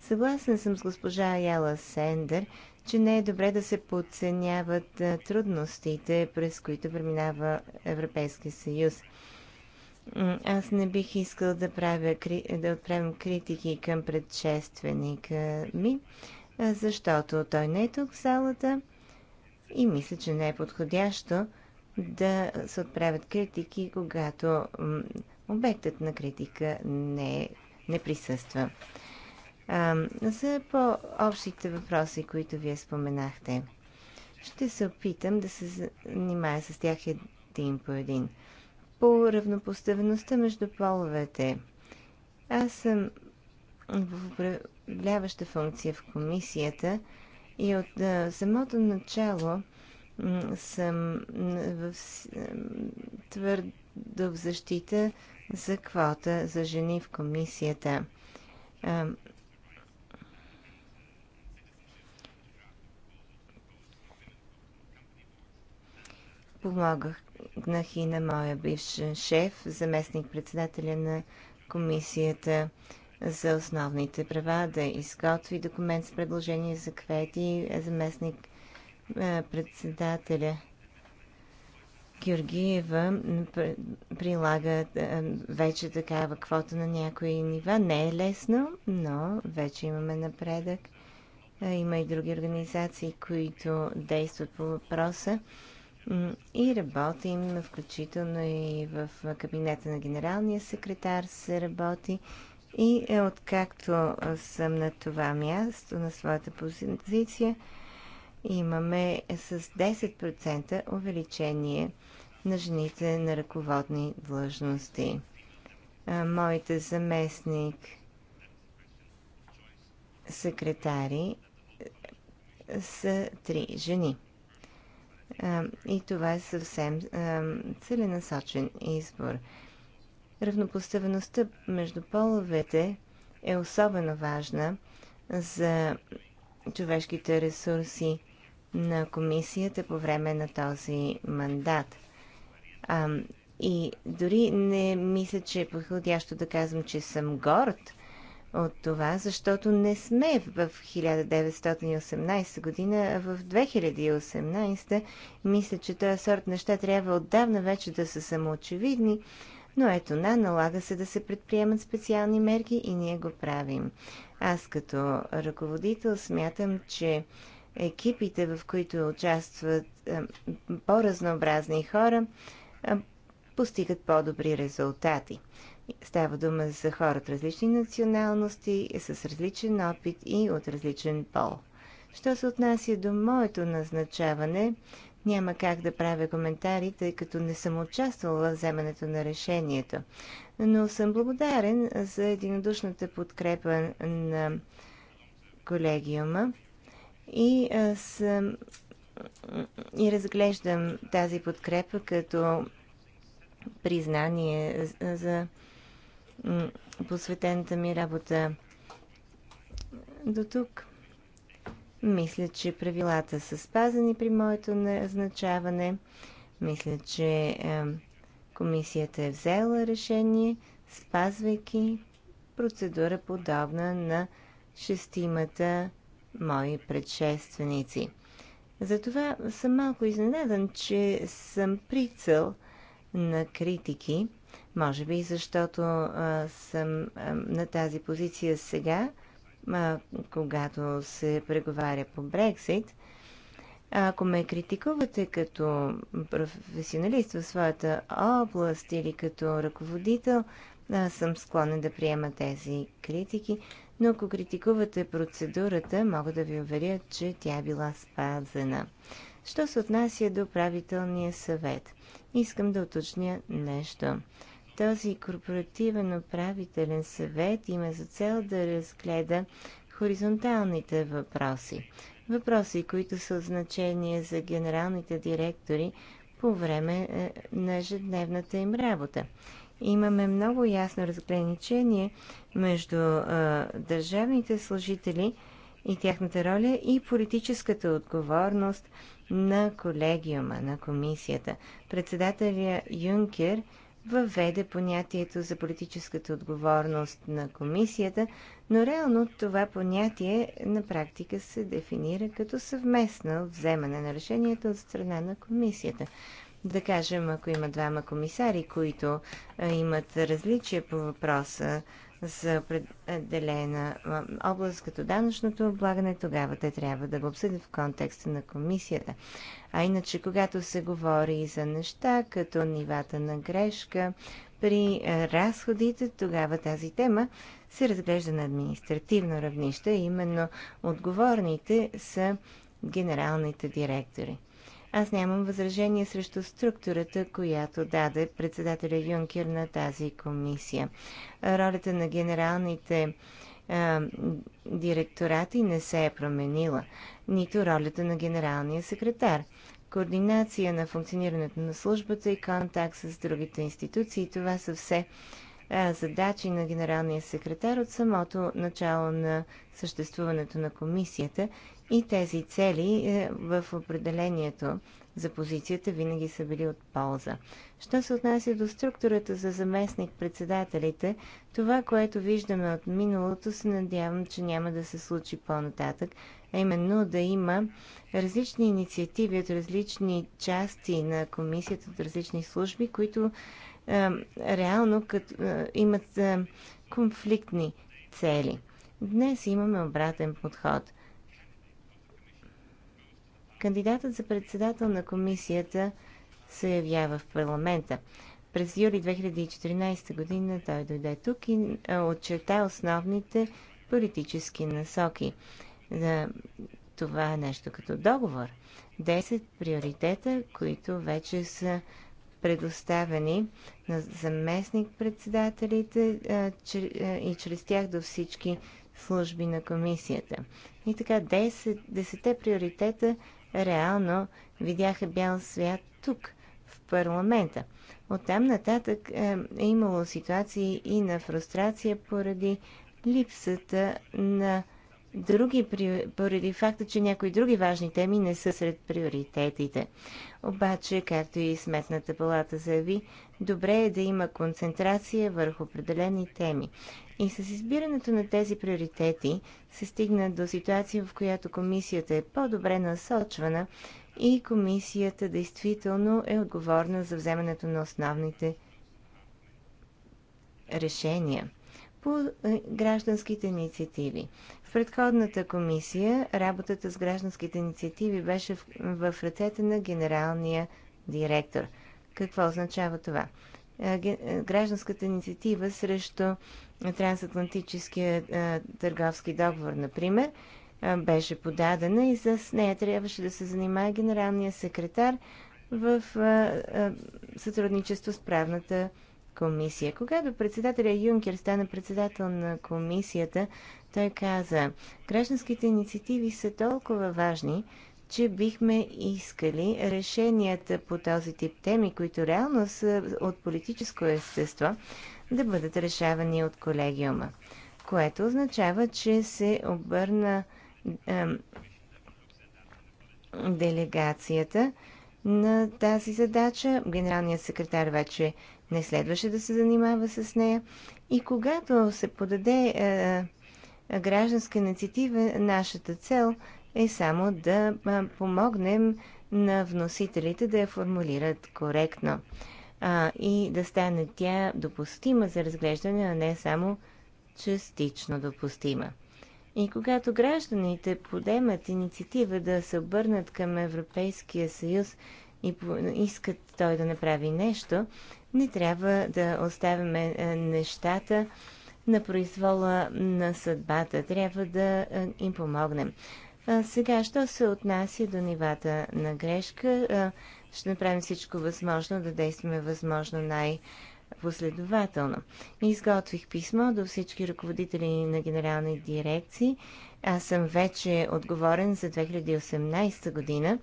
Съгласен съм с госпожа Яла Сендер, че не е добре да се подценяват трудностите, през които преминава Европейския съюз. Аз не бих искал да, правя, да отправям критики към предшественика ми, защото той не е тук в залата и мисля, че не е подходящо да се отправят критики, когато обектът на критика не, не присъства. А, за по-общите въпроси, които вие споменахте, ще се опитам да се занимая с тях един по един. По равнопоставеността между половете, аз съм в управляваща функция в комисията и от а, самото начало съм в, твърдо в защита за квота за жени в комисията. Помогнах и на моя бивш шеф, заместник-председателя на комисията за основните права, да изготви документ с предложение за квети, заместник председателя Георгиева прилага е, вече такава квота на някои нива. Не е лесно, но вече имаме напредък. Е, има и други организации, които действат по въпроса и работим, включително и в кабинета на генералния секретар се работи. И е, откакто съм на това място, на своята позиция, имаме с 10% увеличение на жените на ръководни длъжности. Моите заместник секретари са три жени. И това е съвсем целенасочен избор. Равнопоставеността между половете е особено важна за човешките ресурси на комисията по време на този мандат. А, и дори не мисля, че е подходящо да казвам, че съм горд от това, защото не сме в 1918 година, а в 2018. Мисля, че този сорт неща трябва отдавна вече да са самоочевидни, но ето на, налага се да се предприемат специални мерки и ние го правим. Аз като ръководител смятам, че екипите, в които участват е, по-разнообразни хора, е, постигат по-добри резултати. Става дума за хора от различни националности, с различен опит и от различен пол. Що се отнася до моето назначаване, няма как да правя коментари, тъй като не съм участвала в вземането на решението. Но съм благодарен за единодушната подкрепа на колегиума и, аз и разглеждам тази подкрепа като признание за посветената ми работа до тук. Мисля, че правилата са спазени при моето назначаване. Мисля, че комисията е взела решение, спазвайки процедура подобна на шестимата мои предшественици. Затова съм малко изненадан, че съм прицел на критики, може би защото а, съм а, на тази позиция сега, а, когато се преговаря по Брексит, ако ме критикувате като професионалист в своята област или като ръководител, аз съм склонен да приема тези критики, но ако критикувате процедурата, мога да ви уверя, че тя е била спазена. Що се отнася до правителния съвет? Искам да уточня нещо. Този корпоративен управителен съвет има за цел да разгледа хоризонталните въпроси въпроси, които са от значение за генералните директори по време е, на ежедневната им работа. Имаме много ясно разграничение между а, е, държавните служители и тяхната роля и политическата отговорност на колегиума, на комисията. Председателя Юнкер въведе понятието за политическата отговорност на комисията, но реално това понятие на практика се дефинира като съвместно вземане на решението от страна на комисията. Да кажем, ако има двама комисари, които имат различия по въпроса за определена област като данъчното облагане, тогава те трябва да го обсъдят в контекста на комисията. А иначе, когато се говори за неща, като нивата на грешка при е, разходите, тогава тази тема се разглежда на административно равнище, именно отговорните са генералните директори. Аз нямам възражение срещу структурата, която даде председателя Юнкер на тази комисия. Ролята на генералните е, директорати не се е променила нито ролята на генералния секретар. Координация на функционирането на службата и контакт с другите институции, това са все задачи на генералния секретар от самото начало на съществуването на комисията и тези цели е, в определението за позицията винаги са били от полза. Що се отнася до структурата за заместник-председателите, това, което виждаме от миналото, се надявам, че няма да се случи по-нататък, а именно да има различни инициативи от различни части на комисията, от различни служби, които е, реално като, е, имат е, конфликтни цели. Днес имаме обратен подход. Кандидатът за председател на комисията се явява в парламента. През юли 2014 година той дойде тук и очерта основните политически насоки. Е, това е нещо като договор. 10 приоритета, които вече са предоставени на заместник-председателите е, е, и чрез тях до всички служби на комисията. И така, 10, 10 приоритета реално видяха бял свят тук, в парламента. Оттам нататък е, е имало ситуации и на фрустрация поради липсата на други, поради факта, че някои други важни теми не са сред приоритетите. Обаче, както и Сметната палата заяви, добре е да има концентрация върху определени теми. И с избирането на тези приоритети се стигна до ситуация, в която комисията е по-добре насочвана и комисията действително е отговорна за вземането на основните решения по е, гражданските инициативи. В предходната комисия работата с гражданските инициативи беше в, в ръцете на генералния директор. Какво означава това? Е, е, гражданската инициатива срещу трансатлантическия е, търговски договор, например, беше подадена и с нея трябваше да се занимава генералния секретар в сътрудничество с правната комисия. Когато председателя Юнкер стана председател на комисията, той каза, гражданските инициативи са толкова важни, че бихме искали решенията по този тип теми, които реално са от политическо естество, да бъдат решавани от колегиума. Което означава, че се обърна е, делегацията на тази задача. Генералният секретар вече не следваше да се занимава с нея. И когато се подаде е, е гражданска инициатива, нашата цел е само да е, помогнем на вносителите да я формулират коректно а, и да стане тя допустима за разглеждане, а не само частично допустима. И когато гражданите подемат инициатива да се обърнат към Европейския съюз и искат той да направи нещо, не трябва да оставяме е, нещата на произвола на съдбата. Трябва да е, им помогнем. А сега, що се отнася до нивата на грешка, е, ще направим всичко възможно да действаме възможно най- последователно. Изготвих писмо до всички ръководители на генерални дирекции. Аз съм вече отговорен за 2018 година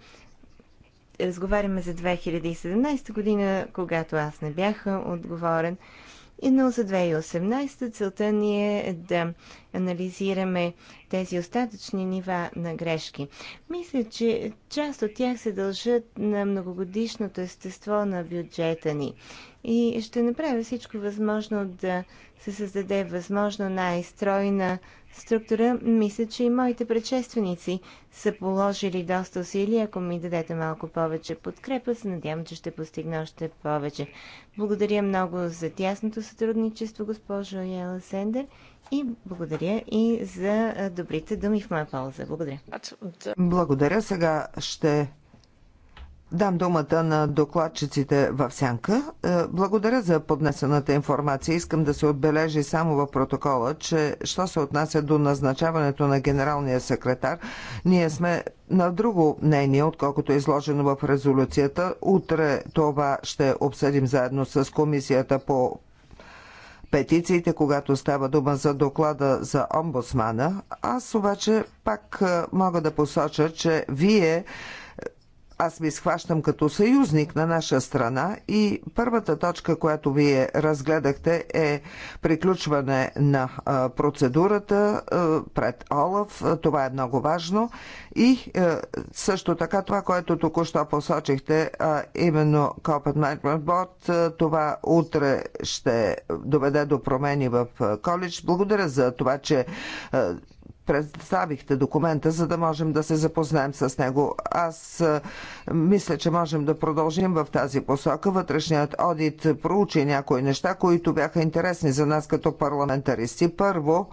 разговаряме за 2017 година, когато аз не бях отговорен. И но за 2018 целта ни е да анализираме тези остатъчни нива на грешки. Мисля, че част от тях се дължат на многогодишното естество на бюджета ни. И ще направя всичко възможно да се създаде възможно най-стройна структура, мисля, че и моите предшественици са положили доста усилия. Ако ми дадете малко повече подкрепа, се надявам, че ще постигна още повече. Благодаря много за тясното сътрудничество, госпожо Яла Сендер. И благодаря и за добрите думи в моя полза. Благодаря. Благодаря. Сега ще дам думата на докладчиците в сянка. Е, благодаря за поднесената информация. Искам да се отбележи само в протокола, че що се отнася до назначаването на генералния секретар, ние сме на друго мнение, отколкото е изложено в резолюцията. Утре това ще обсъдим заедно с комисията по петициите, когато става дума за доклада за омбудсмана. Аз обаче пак е, мога да посоча, че вие аз ви схващам като съюзник на наша страна и първата точка, която вие разгледахте е приключване на процедурата пред Олаф. Това е много важно. И също така това, което току-що посочихте, именно Копът Management Board, това утре ще доведе до промени в коледж. Благодаря за това, че представихте документа, за да можем да се запознаем с него. Аз мисля, че можем да продължим в тази посока. Вътрешният одит проучи някои неща, които бяха интересни за нас като парламентаристи. Първо,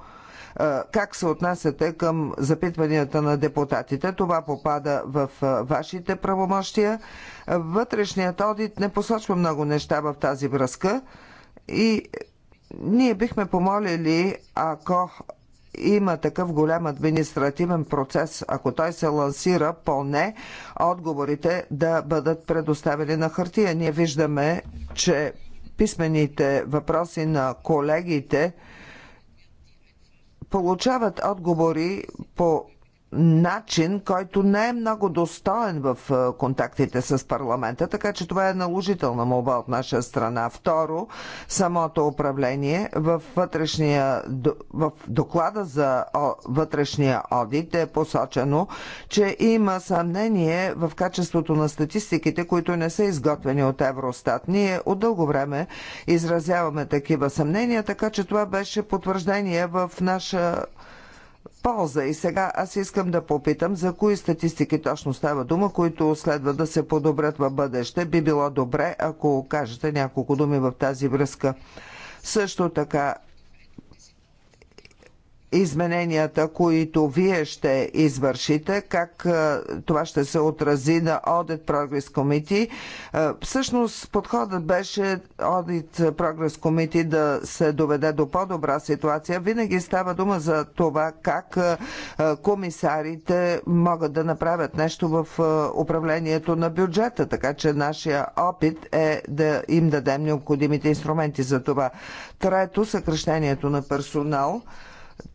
как се отнасяте към запитванията на депутатите. Това попада в вашите правомощия. Вътрешният одит не посочва много неща в тази връзка и ние бихме помолили, ако има такъв голям административен процес, ако той се лансира, поне отговорите да бъдат предоставени на хартия. Ние виждаме, че писмените въпроси на колегите получават отговори по начин, който не е много достоен в е, контактите с парламента, така че това е наложителна молба от наша страна. Второ, самото управление в, вътрешния, в доклада за вътрешния одит е посочено, че има съмнение в качеството на статистиките, които не са изготвени от Евростат. Ние от дълго време изразяваме такива съмнения, така че това беше потвърждение в наша полза. И сега аз искам да попитам за кои статистики точно става дума, които следва да се подобрят в бъдеще. Би било добре, ако кажете няколко думи в тази връзка. Също така измененията, които вие ще извършите, как това ще се отрази на Audit Progress Committee. Всъщност подходът беше Audit Progress Committee да се доведе до по-добра ситуация. Винаги става дума за това как комисарите могат да направят нещо в управлението на бюджета, така че нашия опит е да им дадем необходимите инструменти за това. Трето, съкръщението на персонал –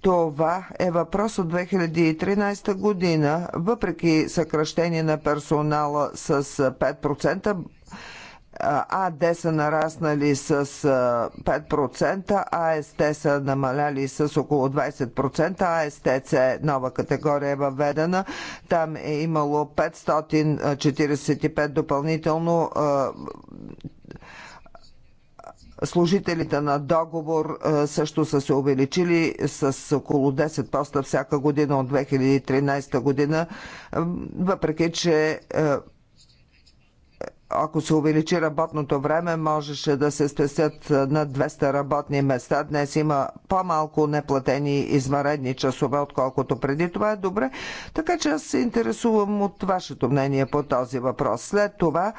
това е въпрос от 2013 година. Въпреки съкръщение на персонала с 5%, а Де са нараснали с 5%, АСТ са намаляли с около 20%, АСТЦ нова категория е въведена. Там е имало 545 допълнително Служителите на договор е, също са се увеличили с около 10 поста всяка година от 2013 година, въпреки че е, ако се увеличи работното време, можеше да се спестят на 200 работни места. Днес има по-малко неплатени измаредни часове, отколкото преди. Това е добре. Така че аз се интересувам от вашето мнение по този въпрос. След това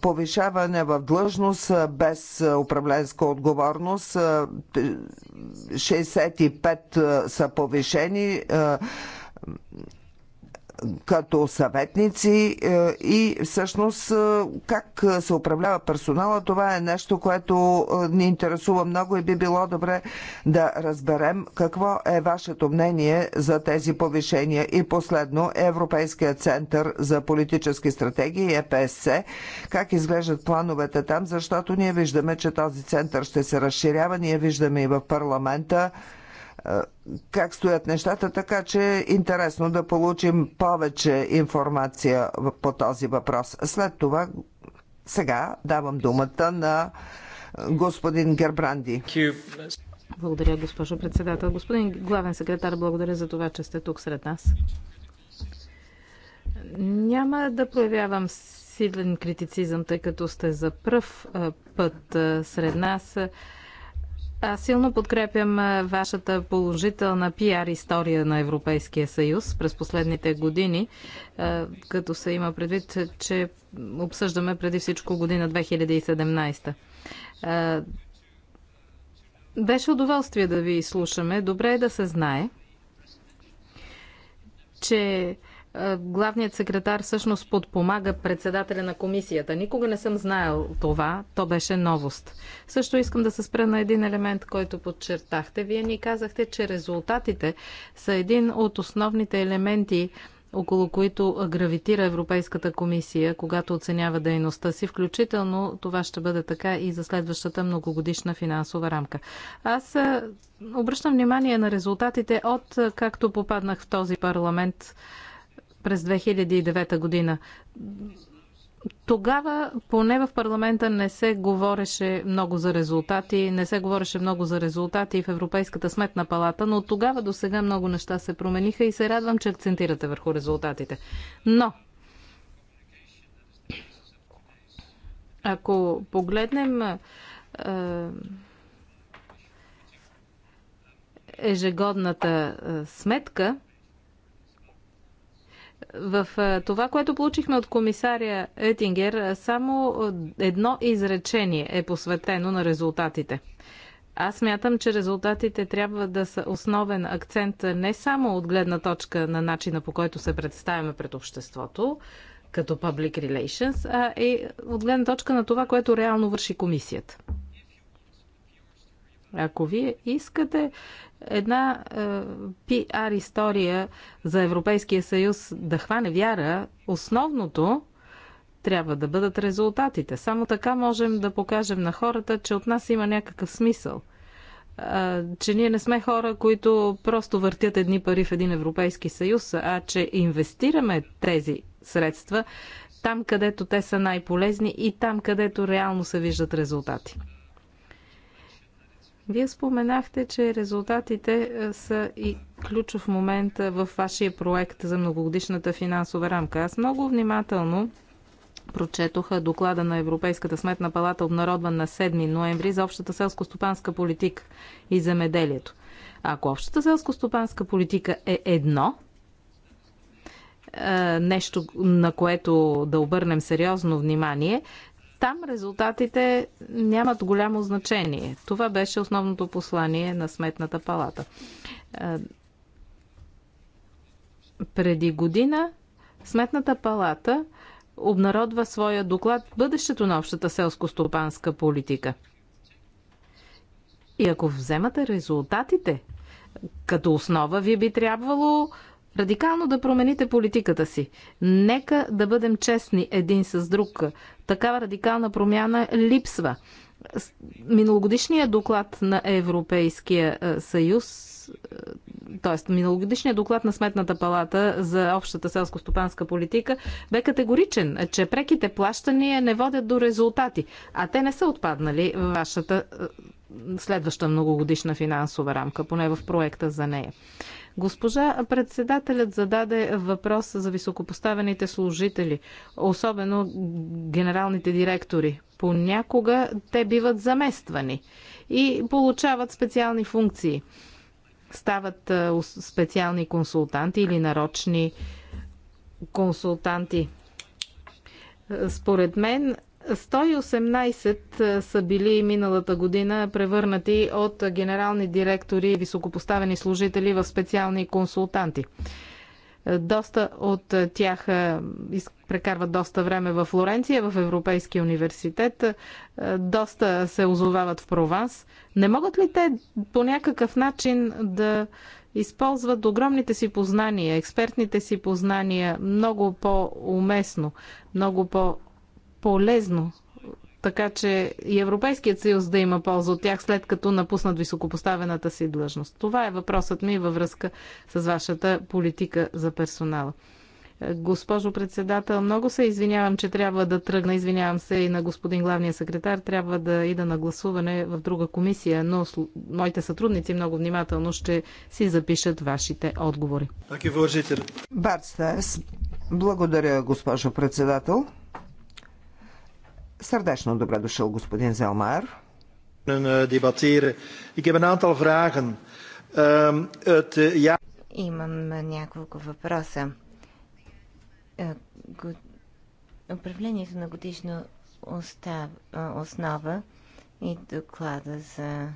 повишаване в длъжност без управленска отговорност. 65 са повишени като съветници е, и всъщност е, как е, се управлява персонала, това е нещо, което ни интересува много и би било добре да разберем какво е вашето мнение за тези повишения. И последно, Европейския център за политически стратегии, ЕПСЦ, как изглеждат плановете там, защото ние виждаме, че този център ще се разширява, ние виждаме и в парламента, как стоят нещата, така че е интересно да получим повече информация по този въпрос. След това сега давам думата на господин Гербранди. Благодаря, госпожо председател. Господин главен секретар, благодаря за това, че сте тук сред нас. Няма да проявявам силен критицизъм, тъй като сте за пръв път сред нас. Аз силно подкрепям вашата положителна пиар история на Европейския съюз през последните години, като се има предвид, че обсъждаме преди всичко година 2017. Беше удоволствие да ви слушаме. Добре е да се знае, че е, главният секретар всъщност подпомага председателя на комисията. Никога не съм знаел това. То беше новост. Също искам да се спра на един елемент, който подчертахте. Вие ни казахте, че резултатите са един от основните елементи около които гравитира Европейската комисия, когато оценява дейността си. Включително това ще бъде така и за следващата многогодишна финансова рамка. Аз е, обръщам внимание на резултатите от е, както попаднах в този парламент през 2009 година. Тогава поне в парламента не се говореше много за резултати, не се говореше много за резултати в Европейската сметна палата, но от тогава до сега много неща се промениха и се радвам, че акцентирате върху резултатите. Но, ако погледнем е, ежегодната е, сметка, в е, това, което получихме от комисаря Етингер, е, само е, едно изречение е посветено на резултатите. Аз мятам, че резултатите трябва да са основен акцент не само от гледна точка на начина по който се представяме пред обществото, като public relations, а и от гледна точка на това, което реално върши комисията. Ако вие искате една е, пиар история за Европейския съюз да хване вяра, основното трябва да бъдат резултатите. Само така можем да покажем на хората, че от нас има някакъв смисъл. А, е, че ние не сме хора, които просто въртят едни пари в един Европейски съюз, а че инвестираме тези средства там, където те са най-полезни и там, където реално се виждат резултати. Вие споменахте, че резултатите е, са и ключов момент е, в вашия проект за многогодишната финансова рамка. Аз много внимателно прочетоха доклада на Европейската сметна палата, обнародван на 7 ноември за общата селско-стопанска политика и замеделието. Ако общата селско-стопанска политика е едно, е, нещо, на което да обърнем сериозно внимание, там резултатите нямат голямо значение. Това беше основното послание на Сметната палата. Е, преди година Сметната палата обнародва своя доклад Бъдещето на общата селско-стопанска политика. И ако вземате резултатите като основа, ви би трябвало радикално да промените политиката си. Нека да бъдем честни един с друг. Такава радикална промяна липсва. Миналогодишният доклад на Европейския е, съюз т.е. миналогодишният доклад на Сметната палата за общата селско-стопанска политика бе категоричен, че преките плащания не водят до резултати, а те не са отпаднали в вашата е, следваща многогодишна финансова рамка, поне в проекта за нея. Госпожа председателят зададе въпрос за високопоставените служители, особено генералните директори. Понякога те биват замествани и получават специални функции. Стават специални консултанти или нарочни консултанти. Според мен 118 е, са били миналата година превърнати от генерални директори и високопоставени служители в специални консултанти. Е, доста от е, тях прекарват доста време в Флоренция, в Европейския университет, доста се озовават в Прованс. Не могат ли те по някакъв начин да използват огромните си познания, експертните си познания много по-уместно, много по- полезно, така че и Европейският съюз да има полза от тях, след като напуснат високопоставената си длъжност. Това е въпросът ми във връзка с вашата политика за персонала. Госпожо председател, много се извинявам, че трябва да тръгна. Извинявам се и на господин главния секретар. Трябва да ида на гласуване в друга комисия, но моите сътрудници много внимателно ще си запишат вашите отговори. благодаря, госпожо председател. Сърдечно добре дошъл, господин Зелмар. Eh, ehm, eh, Имам няколко въпроса. Е, управлението на годишна основа и доклада за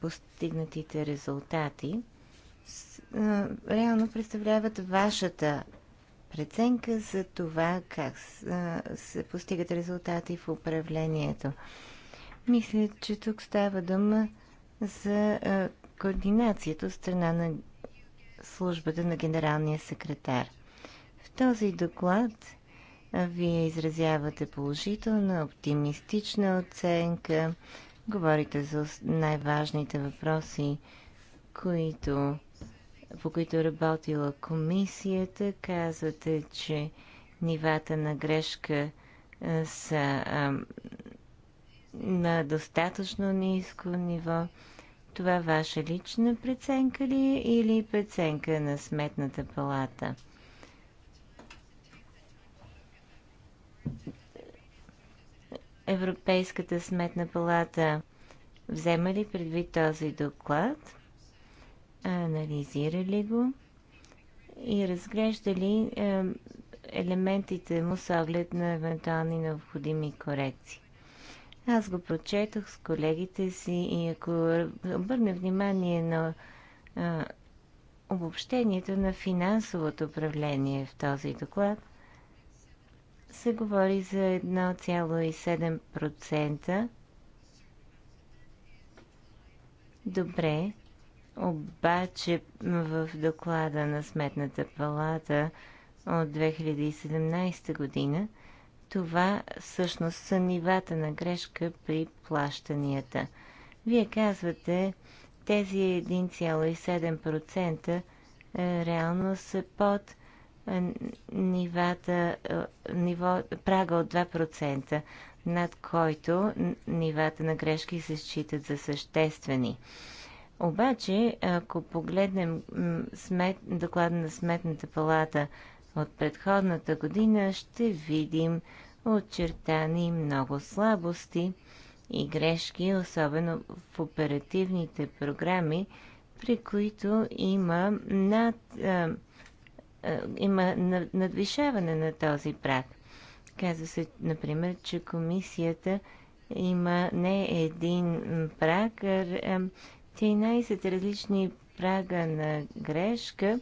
постигнатите резултати е, реално представляват вашата преценка за това как се постигат резултати в управлението. Мисля, че тук става дума за координацията от страна на службата на генералния секретар. В този доклад вие изразявате положителна, оптимистична оценка, говорите за най-важните въпроси, които по които е работила комисията. Казвате, че нивата на грешка са а, на достатъчно ниско ниво. Това ваша лична преценка ли е или преценка на сметната палата? Европейската сметна палата взема ли предвид този доклад? анализирали го и разглеждали е, елементите му с оглед на евентуални необходими корекции. Аз го прочетох с колегите си и ако обърне внимание на а, е, обобщението на финансовото управление в този доклад, се говори за 1,7% добре, обаче в доклада на Сметната палата от 2017 година това всъщност са нивата на грешка при плащанията. Вие казвате, тези 1,7% е, реално са под е, нивата, е, ниво, прага от 2%, над който нивата на грешки се считат за съществени. Обаче, ако погледнем смет, доклада на Сметната палата от предходната година, ще видим очертани много слабости и грешки, особено в оперативните програми, при които има, над, а, а, има надвишаване на този прак. Казва се, например, че комисията има не един прак, а, а 13 различни прага на грешка,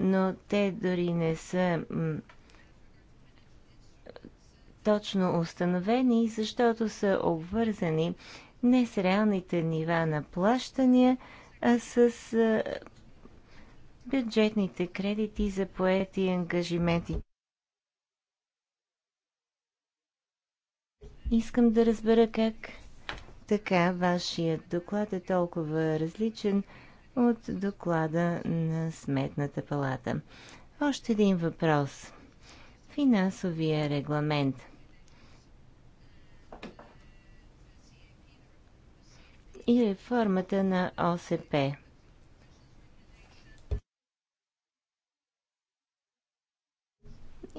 но те дори не са точно установени, защото са обвързани не с реалните нива на плащания, а с бюджетните кредити за поети и ангажименти. Искам да разбера как така вашият доклад е толкова различен от доклада на Сметната палата. Още един въпрос. Финансовия регламент. И реформата на ОСП.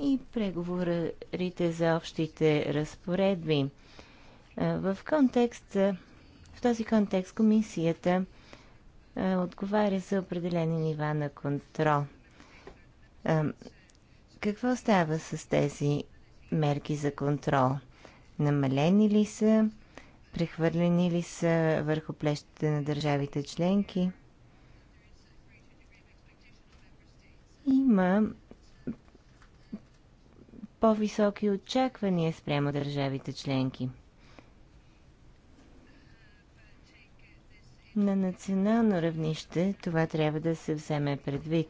И преговорите за общите разпоредби. В, контекст, в този контекст комисията отговаря за определени нива на контрол. Какво става с тези мерки за контрол? Намалени ли са? Прехвърлени ли са върху плещите на държавите членки? Има по-високи очаквания спрямо държавите членки – На национално равнище това трябва да се вземе предвид.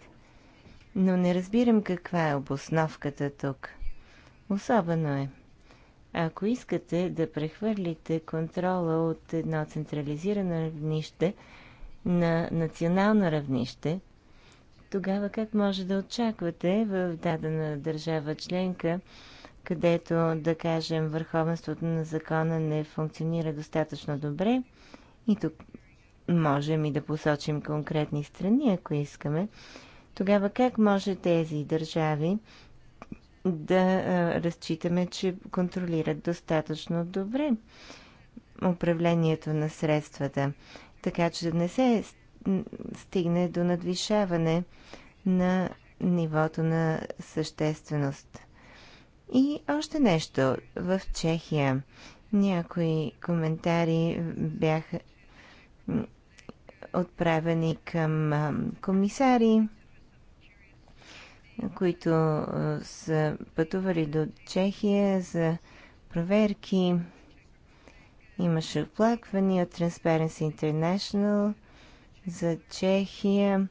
Но не разбирам каква е обосновката тук. Особено е. Ако искате да прехвърлите контрола от едно централизирано равнище на национално равнище, тогава как може да очаквате в дадена държава членка, където, да кажем, върховенството на закона не функционира достатъчно добре, и тук можем и да посочим конкретни страни, ако искаме, тогава как може тези държави да разчитаме, че контролират достатъчно добре управлението на средствата, така че да не се стигне до надвишаване на нивото на същественост. И още нещо. В Чехия някои коментари бяха отправени към комисари, които са пътували до Чехия за проверки. Имаше оплаквания от Transparency International за Чехия.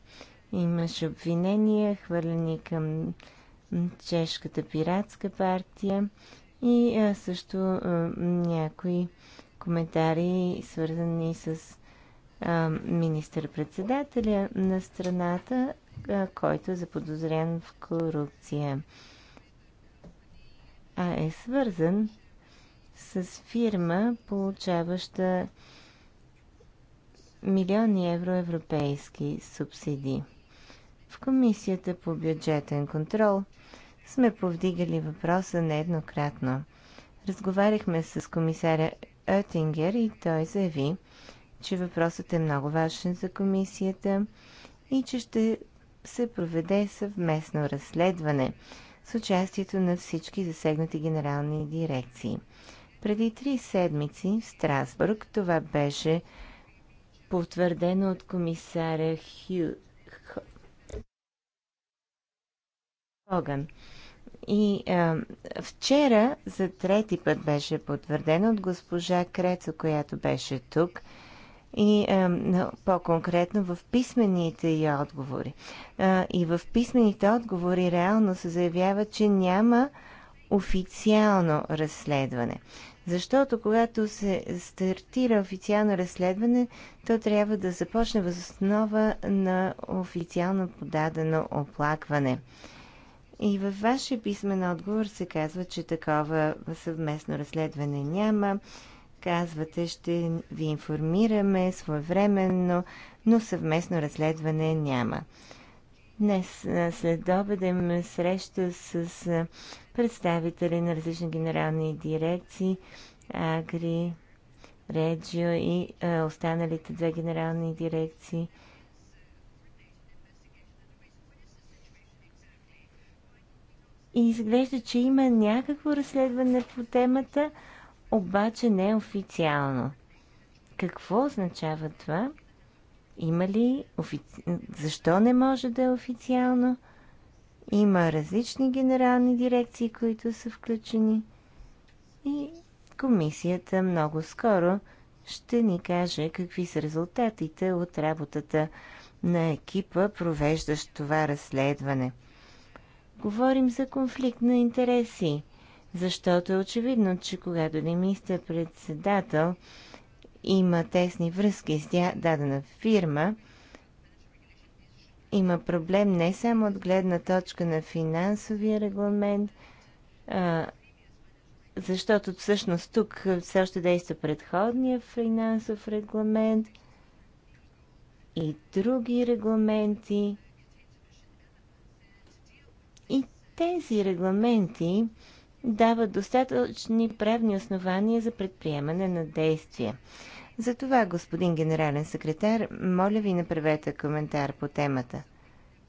Имаше обвинения, хвърлени към Чешката пиратска партия и също някои коментари, свързани с министър-председателя на страната, който е заподозрен в корупция, а е свързан с фирма, получаваща милиони евро европейски субсидии. В Комисията по бюджетен контрол сме повдигали въпроса нееднократно. Разговаряхме с комисаря Оттингер и той заяви, че въпросът е много важен за комисията и че ще се проведе съвместно разследване с участието на всички засегнати генерални дирекции. Преди три седмици в Страсбург това беше потвърдено от комисаря Хю... Хоган. И а, вчера за трети път беше потвърдено от госпожа Крецо, която беше тук – и по-конкретно в писмените й отговори. И в писмените отговори реално се заявява, че няма официално разследване. Защото когато се стартира официално разследване, то трябва да започне въз основа на официално подадено оплакване. И във вашия писмен отговор се казва, че такова съвместно разследване няма, казвате, ще ви информираме своевременно, но съвместно разследване няма. Днес след обеда имаме среща с представители на различни генерални дирекции, Агри, Реджио и а, останалите две генерални дирекции. И изглежда, че има някакво разследване по темата, обаче не е официално. Какво означава това? Има ли офици... Защо не може да е официално? Има различни генерални дирекции, които са включени. И комисията много скоро ще ни каже какви са резултатите от работата на екипа, провеждащ това разследване. Говорим за конфликт на интереси. Защото е очевидно, че когато един министър-председател има тесни връзки с тя, дадена фирма, има проблем не само от гледна точка на финансовия регламент, а, защото всъщност тук все още действа предходния финансов регламент и други регламенти. И тези регламенти дава достатъчни правни основания за предприемане на действия. Затова, господин генерален секретар, моля ви направете коментар по темата.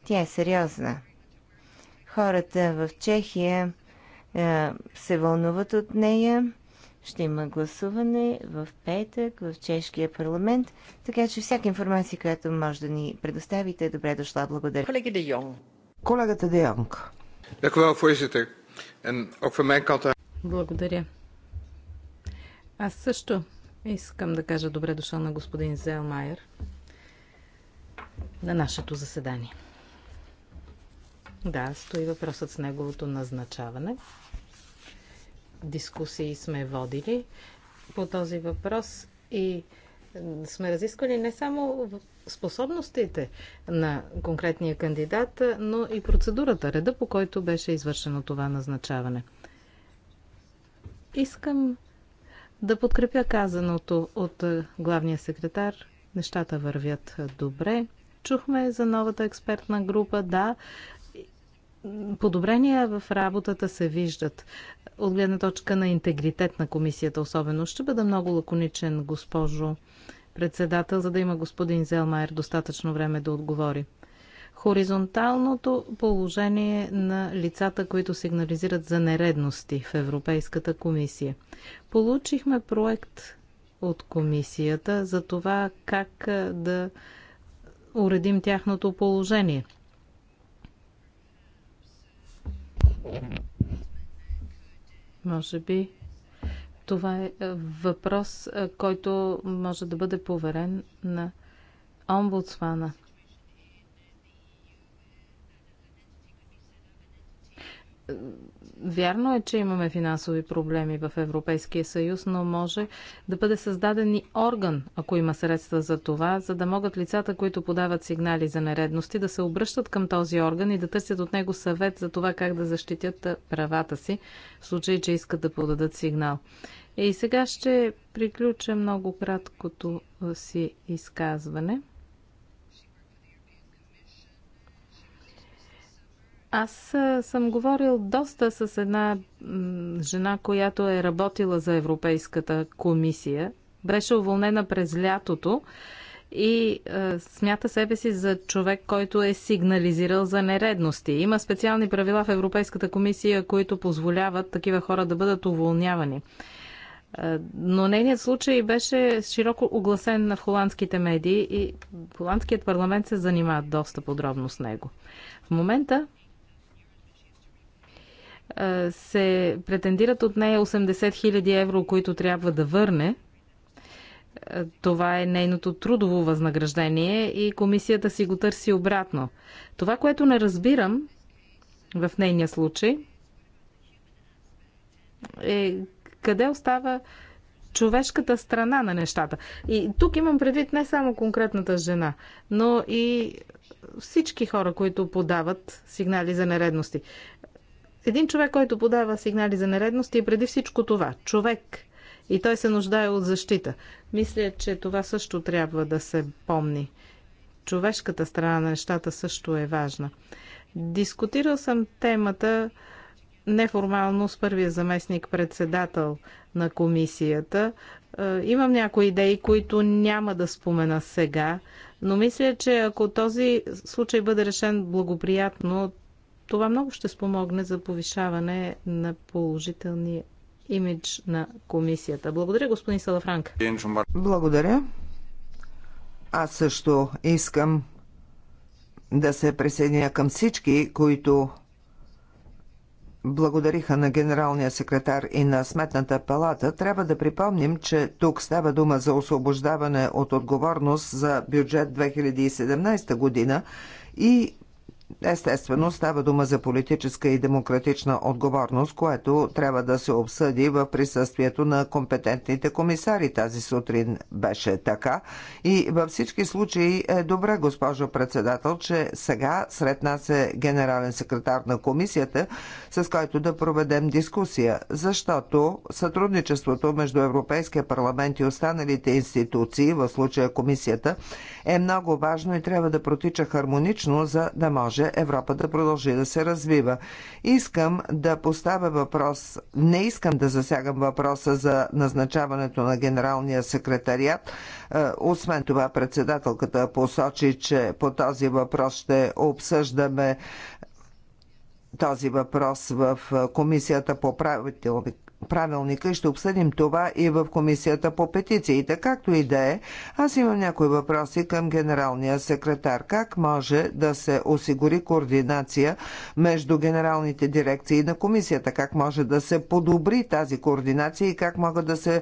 Тя е сериозна. Хората в Чехия е, се вълнуват от нея. Ще има гласуване в петък в чешкия парламент, така че всяка информация, която може да ни предоставите, е добре дошла. Благодаря. Колегата Де Йонг. Колегата Де Йонг. Dank Eh, Благодаря. Аз също искам да кажа добре дошъл на господин Зелмайер на нашето заседание. Да, стои въпросът с неговото назначаване. Дискусии сме водили по този въпрос и сме разисквали не само способностите на конкретния кандидат, но и процедурата, реда по който беше извършено това назначаване. Искам да подкрепя казаното от е, главния секретар. Нещата вървят е, добре. Чухме за новата експертна група. Да, подобрения в работата се виждат. От гледна точка на интегритет на комисията особено. Ще бъда много лаконичен, госпожо председател, за да има господин Зелмайер достатъчно време да отговори. Хоризонталното положение на лицата, които сигнализират за нередности в Европейската комисия. Получихме проект от комисията за това как да уредим тяхното положение – Може би това е, е въпрос, е, който може да бъде поверен на омбудсмана. Вярно е, че имаме финансови проблеми в Европейския съюз, но може да бъде създаден и орган, ако има средства за това, за да могат лицата, които подават сигнали за нередности, да се обръщат към този орган и да търсят от него съвет за това как да защитят правата си, в случай, че искат да подадат сигнал. И сега ще приключа много краткото си изказване. Аз съм говорил доста с една жена, която е работила за Европейската комисия. Беше уволнена през лятото и е, смята себе си за човек, който е сигнализирал за нередности. Има специални правила в Европейската комисия, които позволяват такива хора да бъдат уволнявани. Е, но нейният случай беше широко огласен на холандските медии и холандският парламент се занимава доста подробно с него. В момента е, се претендират от нея 80 000 евро, които трябва да върне. Е, това е нейното трудово възнаграждение и комисията си го търси обратно. Това, което не разбирам в нейния случай, е къде остава човешката страна на нещата. И тук имам предвид не само конкретната жена, но и всички хора, които подават сигнали за нередности един човек, който подава сигнали за нередности е преди всичко това човек. И той се нуждае от защита. Мисля, че това също трябва да се помни. Човешката страна на нещата също е важна. Дискутирал съм темата неформално с първия заместник председател на комисията. Е, имам някои идеи, които няма да спомена сега, но мисля, че ако този случай бъде решен благоприятно, това много ще спомогне за повишаване на положителния имидж на комисията. Благодаря, господин Салафранк. Благодаря. Аз също искам да се присъединя към всички, които благодариха на генералния секретар и на Сметната палата, трябва да припомним, че тук става дума за освобождаване от отговорност за бюджет 2017 година и Естествено, става дума за политическа и демократична отговорност, което трябва да се обсъди в присъствието на компетентните комисари. Тази сутрин беше така. И във всички случаи е добре, госпожо председател, че сега сред нас е генерален секретар на комисията, с който да проведем дискусия, защото сътрудничеството между Европейския парламент и останалите институции, в случая комисията, е много важно и трябва да протича хармонично, за да може може Европа да продължи да се развива. Искам да поставя въпрос, не искам да засягам въпроса за назначаването на генералния секретариат. Е, освен това, председателката посочи, че по този въпрос ще обсъждаме този въпрос в е, Комисията по правителник правилника и ще обсъдим това и в комисията по петициите. Както и да е, аз имам някои въпроси към генералния секретар. Как може да се осигури координация между генералните дирекции на комисията? Как може да се подобри тази координация и как могат да се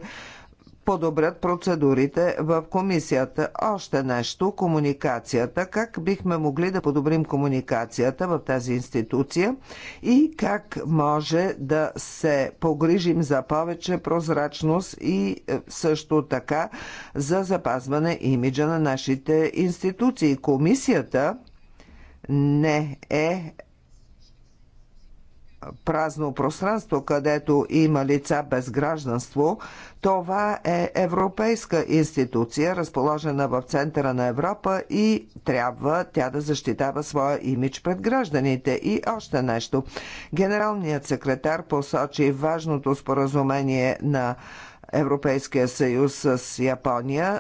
подобрят процедурите в комисията. Още нещо – комуникацията. Как бихме могли да подобрим комуникацията в тази институция и как може да се погрижим за повече прозрачност и е, също така за запазване имиджа на нашите институции. Комисията не е празно пространство, където има лица без гражданство, това е европейска институция, разположена в центъра на Европа и трябва тя да защитава своя имидж пред гражданите. И още нещо. Генералният секретар посочи важното споразумение на Европейския съюз с Япония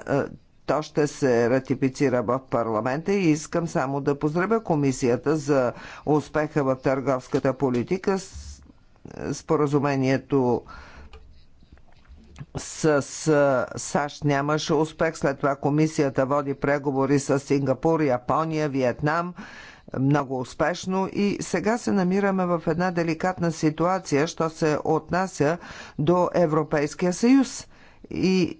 то ще се ратифицира в парламента и искам само да поздравя комисията за успеха в търговската политика. Е, споразумението с е, САЩ нямаше успех. След това комисията води преговори с Сингапур, Япония, Виетнам много успешно и сега се намираме в една деликатна ситуация, що се отнася до Европейския съюз. И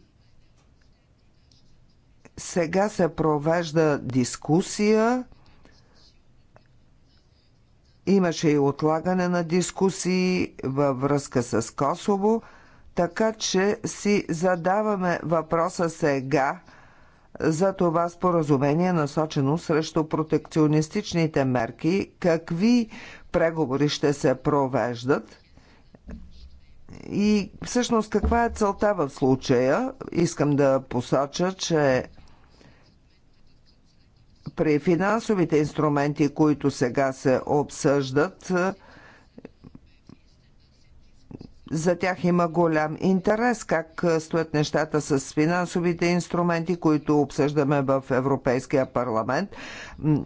сега се провежда дискусия. Имаше и отлагане на дискусии във връзка с Косово, така че си задаваме въпроса сега за това споразумение, насочено срещу протекционистичните мерки, какви преговори ще се провеждат и всъщност каква е целта в случая. Искам да посоча, че при финансовите инструменти, които сега се обсъждат, за тях има голям интерес как стоят нещата с финансовите инструменти, които обсъждаме в Европейския парламент.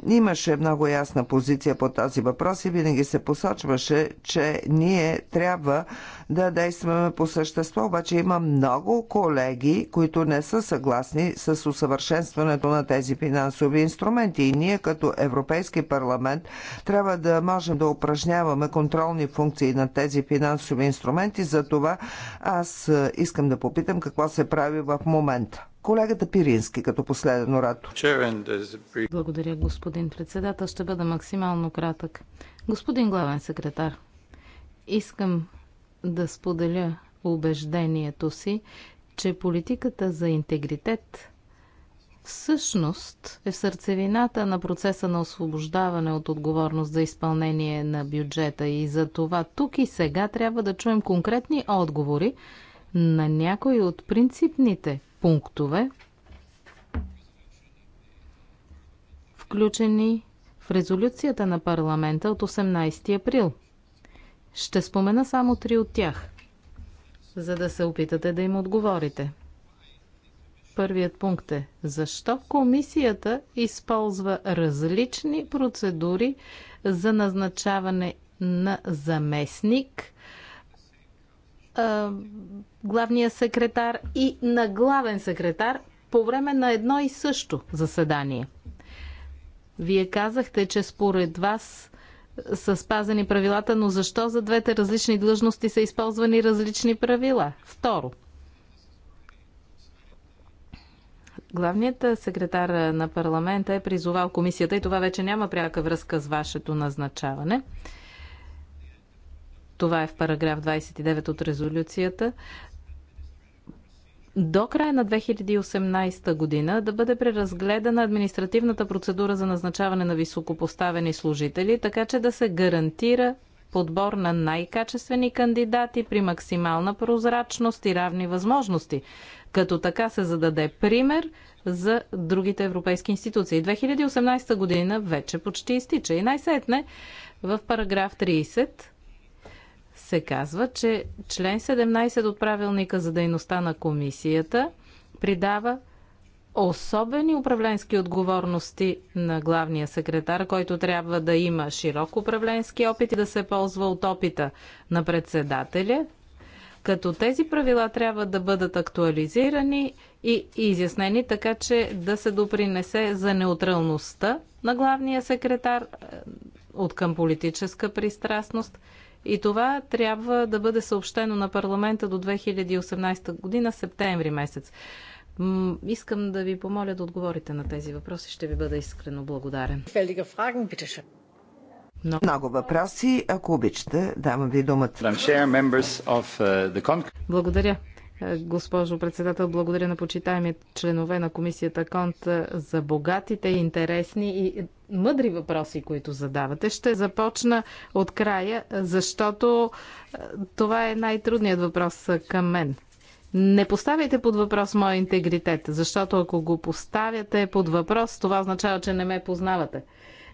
Имаше много ясна позиция по този въпрос и винаги се посочваше, че ние трябва да действаме по същество, обаче има много колеги, които не са съгласни с усъвършенстването на тези финансови инструменти и ние като Европейски парламент трябва да можем да упражняваме контролни функции на тези финансови инструменти. За това аз е, искам да попитам какво се прави в момента. Колегата Пирински като последен оратор. Благодаря, господин председател. Ще бъда максимално кратък. Господин главен секретар, искам да споделя убеждението си, че политиката за интегритет всъщност е в сърцевината на процеса на освобождаване от отговорност за изпълнение на бюджета и за това тук и сега трябва да чуем конкретни отговори на някои от принципните пунктове, включени в резолюцията на парламента от 18 април – ще спомена само три от тях, за да се опитате да им отговорите. Първият пункт е защо комисията използва различни процедури за назначаване на заместник главния секретар и на главен секретар по време на едно и също заседание. Вие казахте, че според вас са спазени правилата, но защо за двете различни длъжности са използвани различни правила? Второ, Главният секретар на парламента е призовал комисията и това вече няма пряка връзка с вашето назначаване. Това е в параграф 29 от резолюцията до края на 2018 година да бъде преразгледана административната процедура за назначаване на високопоставени служители, така че да се гарантира подбор на най-качествени кандидати при максимална прозрачност и равни възможности, като така се зададе пример за другите европейски институции. 2018 година вече почти изтича и най-сетне в параграф 30 се казва, че член 17 от правилника за дейността на комисията придава особени управленски отговорности на главния секретар, който трябва да има широк управленски опит и да се ползва от опита на председателя, като тези правила трябва да бъдат актуализирани и изяснени, така че да се допринесе за неутралността на главния секретар е, от към политическа пристрастност – и това трябва да бъде съобщено на парламента до 2018 година, септември месец. Искам да ви помоля да отговорите на тези въпроси. Ще ви бъда искрено благодарен. Много, въпроси. Ако обичате, давам ви думата. Uh, Благодаря. Госпожо председател, благодаря на почитаеми членове на комисията Конт за богатите, интересни и мъдри въпроси, които задавате. Ще започна от края, защото това е най-трудният въпрос към мен. Не поставяйте под въпрос моя интегритет, защото ако го поставяте под въпрос, това означава, че не ме познавате.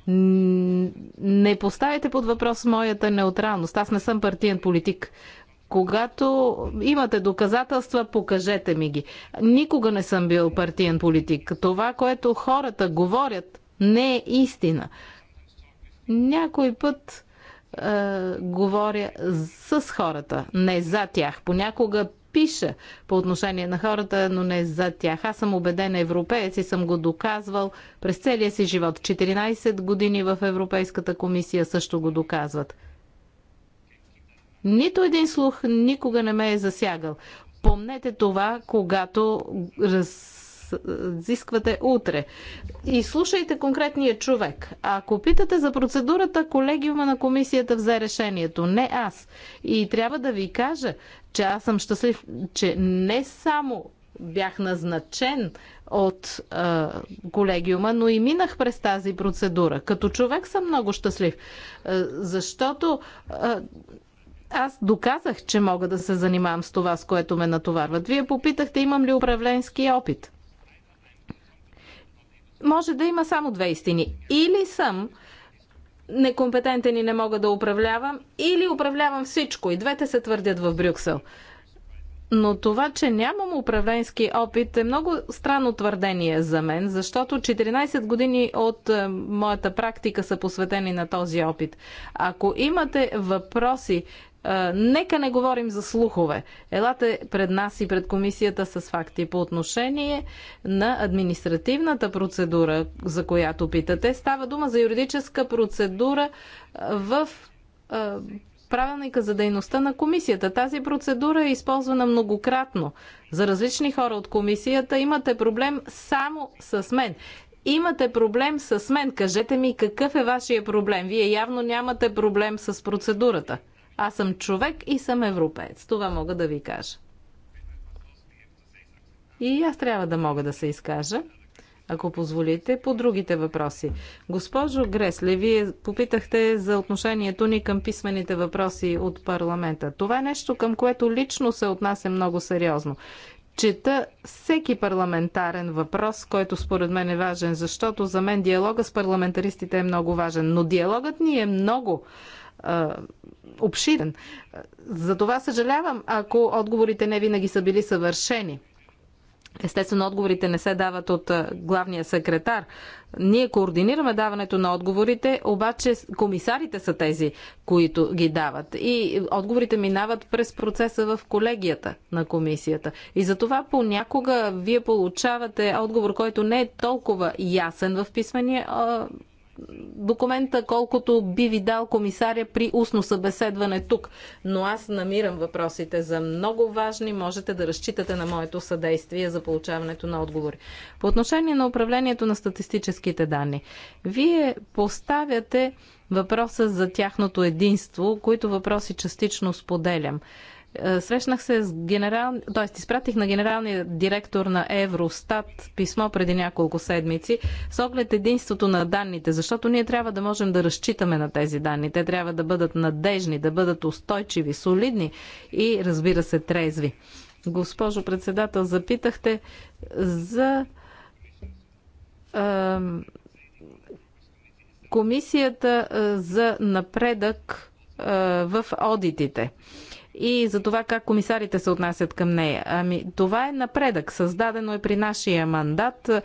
Не поставяйте под въпрос моята неутралност. Аз не съм партиен политик. Когато имате доказателства, покажете ми ги. Никога не съм бил партиен политик. Това, което хората говорят, не е истина. Някой път е, говоря с хората, не за тях. Понякога пиша по отношение на хората, но не за тях. Аз съм убеден европеец и съм го доказвал през целия си живот. 14 години в Европейската комисия също го доказват. Нито един слух никога не ме е засягал. Помнете това, когато разисквате утре. И слушайте конкретния човек. А ако питате за процедурата, колегиума на комисията взе решението, не аз. И трябва да ви кажа, че аз съм щастлив, че не само бях назначен от а, колегиума, но и минах през тази процедура. Като човек съм много щастлив, а, защото аз доказах, че мога да се занимавам с това, с което ме натоварват. Вие попитахте, имам ли управленски опит. Може да има само две истини. Или съм некомпетентен и не мога да управлявам, или управлявам всичко. И двете се твърдят в Брюксел. Но това, че нямам управленски опит е много странно твърдение за мен, защото 14 години от е, моята практика са посветени на този опит. Ако имате въпроси нека не говорим за слухове. Елате пред нас и пред комисията с факти по отношение на административната процедура, за която питате. Става дума за юридическа процедура в правилника за дейността на комисията. Тази процедура е използвана многократно. За различни хора от комисията имате проблем само с мен. Имате проблем с мен. Кажете ми какъв е вашия проблем. Вие явно нямате проблем с процедурата. Аз съм човек и съм европеец. Това мога да ви кажа. И аз трябва да мога да се изкажа, ако позволите, по другите въпроси. Госпожо Гресле, вие попитахте за отношението ни към писмените въпроси от парламента. Това е нещо, към което лично се отнася много сериозно. Чета всеки парламентарен въпрос, който според мен е важен, защото за мен диалога с парламентаристите е много важен. Но диалогът ни е много обширен. За това съжалявам, ако отговорите не винаги са били съвършени. Естествено, отговорите не се дават от главния секретар. Ние координираме даването на отговорите, обаче комисарите са тези, които ги дават. И отговорите минават през процеса в колегията на комисията. И затова понякога вие получавате отговор, който не е толкова ясен в писмения документа, колкото би ви дал комисаря при устно събеседване тук. Но аз намирам въпросите за много важни. Можете да разчитате на моето съдействие за получаването на отговори. По отношение на управлението на статистическите данни, вие поставяте въпроса за тяхното единство, които въпроси частично споделям. Е, срещнах се с генерал... т.е. изпратих на генералния директор на Евростат писмо преди няколко седмици с оглед единството на данните, защото ние трябва да можем да разчитаме на тези данни. Те трябва да бъдат надежни, да бъдат устойчиви, солидни и разбира се трезви. Госпожо председател, запитахте за е, комисията за напредък е, в одитите и за това как комисарите се отнасят към нея. Ами, това е напредък. Създадено е при нашия мандат е,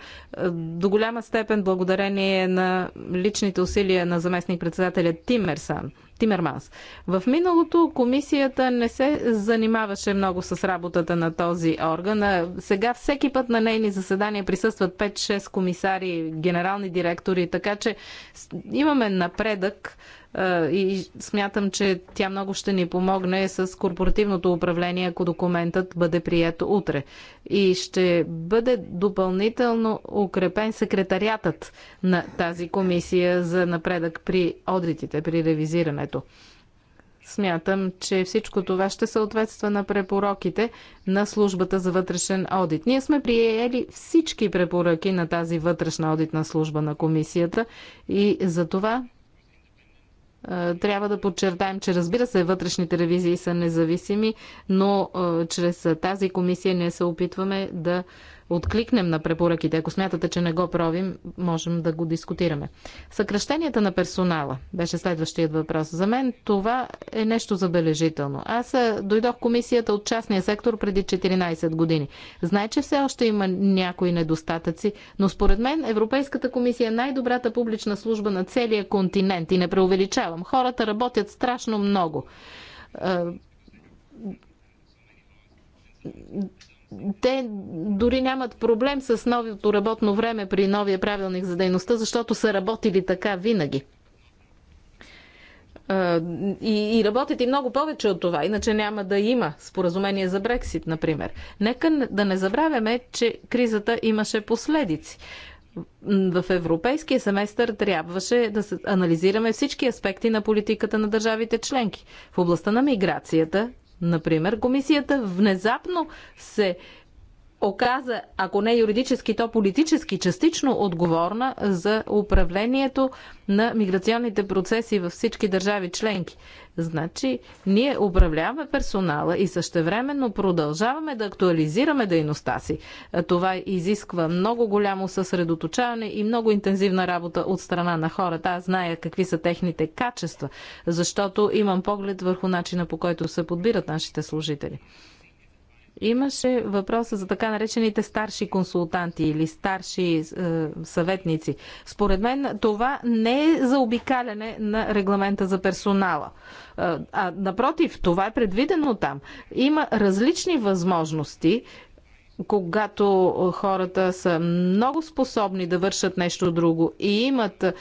до голяма степен благодарение на личните усилия на заместник-председателя Тимерсан. Тимерманс. В миналото комисията не се занимаваше много с работата на този орган. Сега всеки път на нейни заседания присъстват 5-6 комисари, генерални директори, така че имаме напредък и смятам, че тя много ще ни помогне с корпоративното управление, ако документът бъде прият утре. И ще бъде допълнително укрепен секретариатът на тази комисия за напредък при одитите, при ревизирането. Смятам, че всичко това ще съответства на препороките на службата за вътрешен одит. Ние сме приели всички препоръки на тази вътрешна одитна служба на комисията и за това е, трябва да подчертаем, че разбира се, вътрешните ревизии са независими, но е, чрез е, тази комисия ние се опитваме да откликнем на препоръките. Ако смятате, че не го правим, можем да го дискутираме. Съкръщенията на персонала беше следващият въпрос. За мен това е нещо забележително. Аз дойдох в комисията от частния сектор преди 14 години. Знае, че все още има някои недостатъци, но според мен Европейската комисия е най-добрата публична служба на целия континент и не преувеличавам. Хората работят страшно много те дори нямат проблем с новото работно време при новия правилник за дейността, защото са работили така винаги. И, и работят и много повече от това, иначе няма да има споразумение за Брексит, например. Нека да не забравяме, че кризата имаше последици. В европейския семестър трябваше да анализираме всички аспекти на политиката на държавите членки. В областта на миграцията Например, комисията внезапно се оказа, ако не юридически, то политически, частично отговорна за управлението на миграционните процеси във всички държави членки. Значи, ние управляваме персонала и същевременно продължаваме да актуализираме дейността си. Това изисква много голямо съсредоточаване и много интензивна работа от страна на хората. Аз зная какви са техните качества, защото имам поглед върху начина по който се подбират нашите служители. Имаше въпроса за така наречените старши консултанти или старши е, съветници. Според мен това не е за обикаляне на регламента за персонала. Е, а напротив, това е предвидено там. Има различни възможности когато хората са много способни да вършат нещо друго и имат е,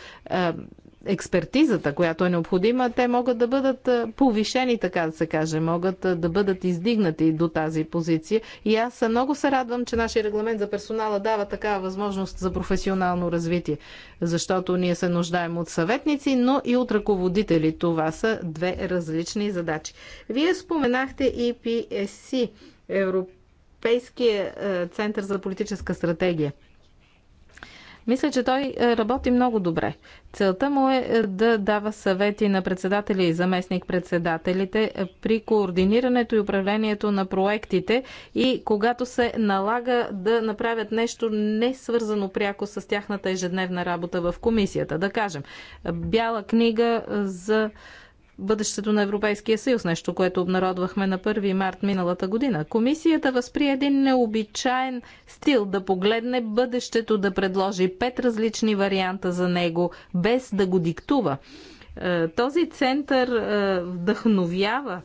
експертизата, която е необходима, те могат да бъдат повишени, така да се каже, могат да бъдат издигнати до тази позиция. И аз много се радвам, че нашия регламент за персонала дава такава възможност за професионално развитие, защото ние се нуждаем от съветници, но и от ръководители. Това са две различни задачи. Вие споменахте EPSC, Европейския център за политическа стратегия. Мисля, че той е, работи много добре. Целта му е, е да дава съвети на председатели и заместник-председателите е, при координирането и управлението на проектите и когато се налага да направят нещо не свързано пряко с тяхната ежедневна работа в комисията. Да кажем, бяла книга за бъдещето на Европейския съюз, нещо, което обнародвахме на 1 март миналата година. Комисията възприе един необичайен стил да погледне бъдещето, да предложи пет различни варианта за него, без да го диктува. Е, този център е, вдъхновява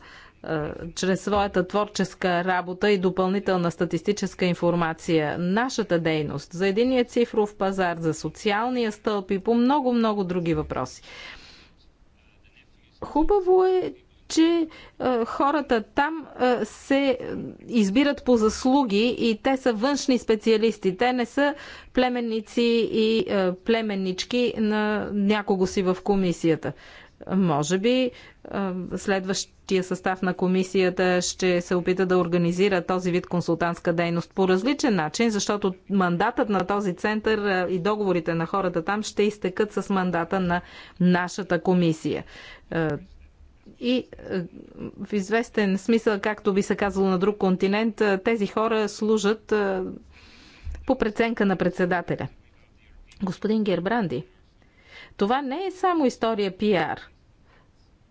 е, чрез своята творческа работа и допълнителна статистическа информация нашата дейност за единия цифров пазар, за социалния стълб и по много-много други въпроси. Хубаво е, че е, хората там е, се избират по заслуги и те са външни специалисти. Те не са племенници и е, племеннички на някого си в комисията. Може би следващия състав на комисията ще се опита да организира този вид консултантска дейност по различен начин, защото мандатът на този център и договорите на хората там ще изтекат с мандата на нашата комисия. И в известен смисъл, както би се казало на друг континент, тези хора служат по преценка на председателя. Господин Гербранди, това не е само история пиар.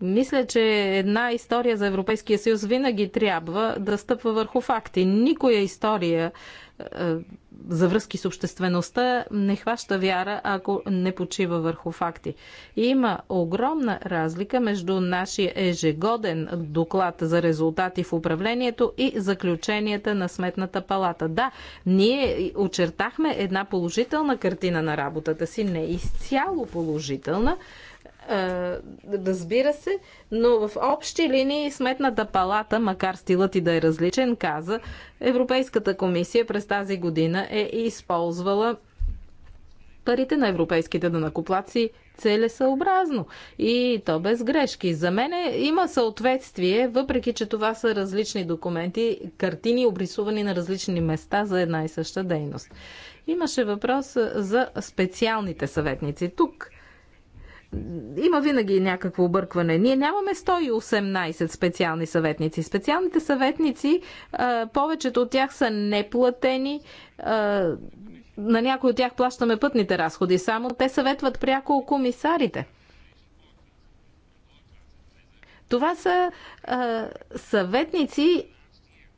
Мисля, че една история за Европейския съюз винаги трябва да стъпва върху факти. Никоя история е, за връзки с обществеността не хваща вяра, ако не почива върху факти. И има огромна разлика между нашия ежегоден доклад за резултати в управлението и заключенията на Сметната палата. Да, ние очертахме една положителна картина на работата си, не изцяло положителна, е, разбира се, но в общи линии Сметната палата, макар стилът и да е различен, каза, Европейската комисия през тази година е използвала парите на европейските данакоплаци целесъобразно и то без грешки. За мен има съответствие, въпреки че това са различни документи, картини, обрисувани на различни места за една и съща дейност. Имаше въпрос за специалните съветници. Тук има винаги някакво объркване. Ние нямаме 118 специални съветници. Специалните съветници, повечето от тях са неплатени. На някои от тях плащаме пътните разходи, само те съветват пряко комисарите. Това са а, съветници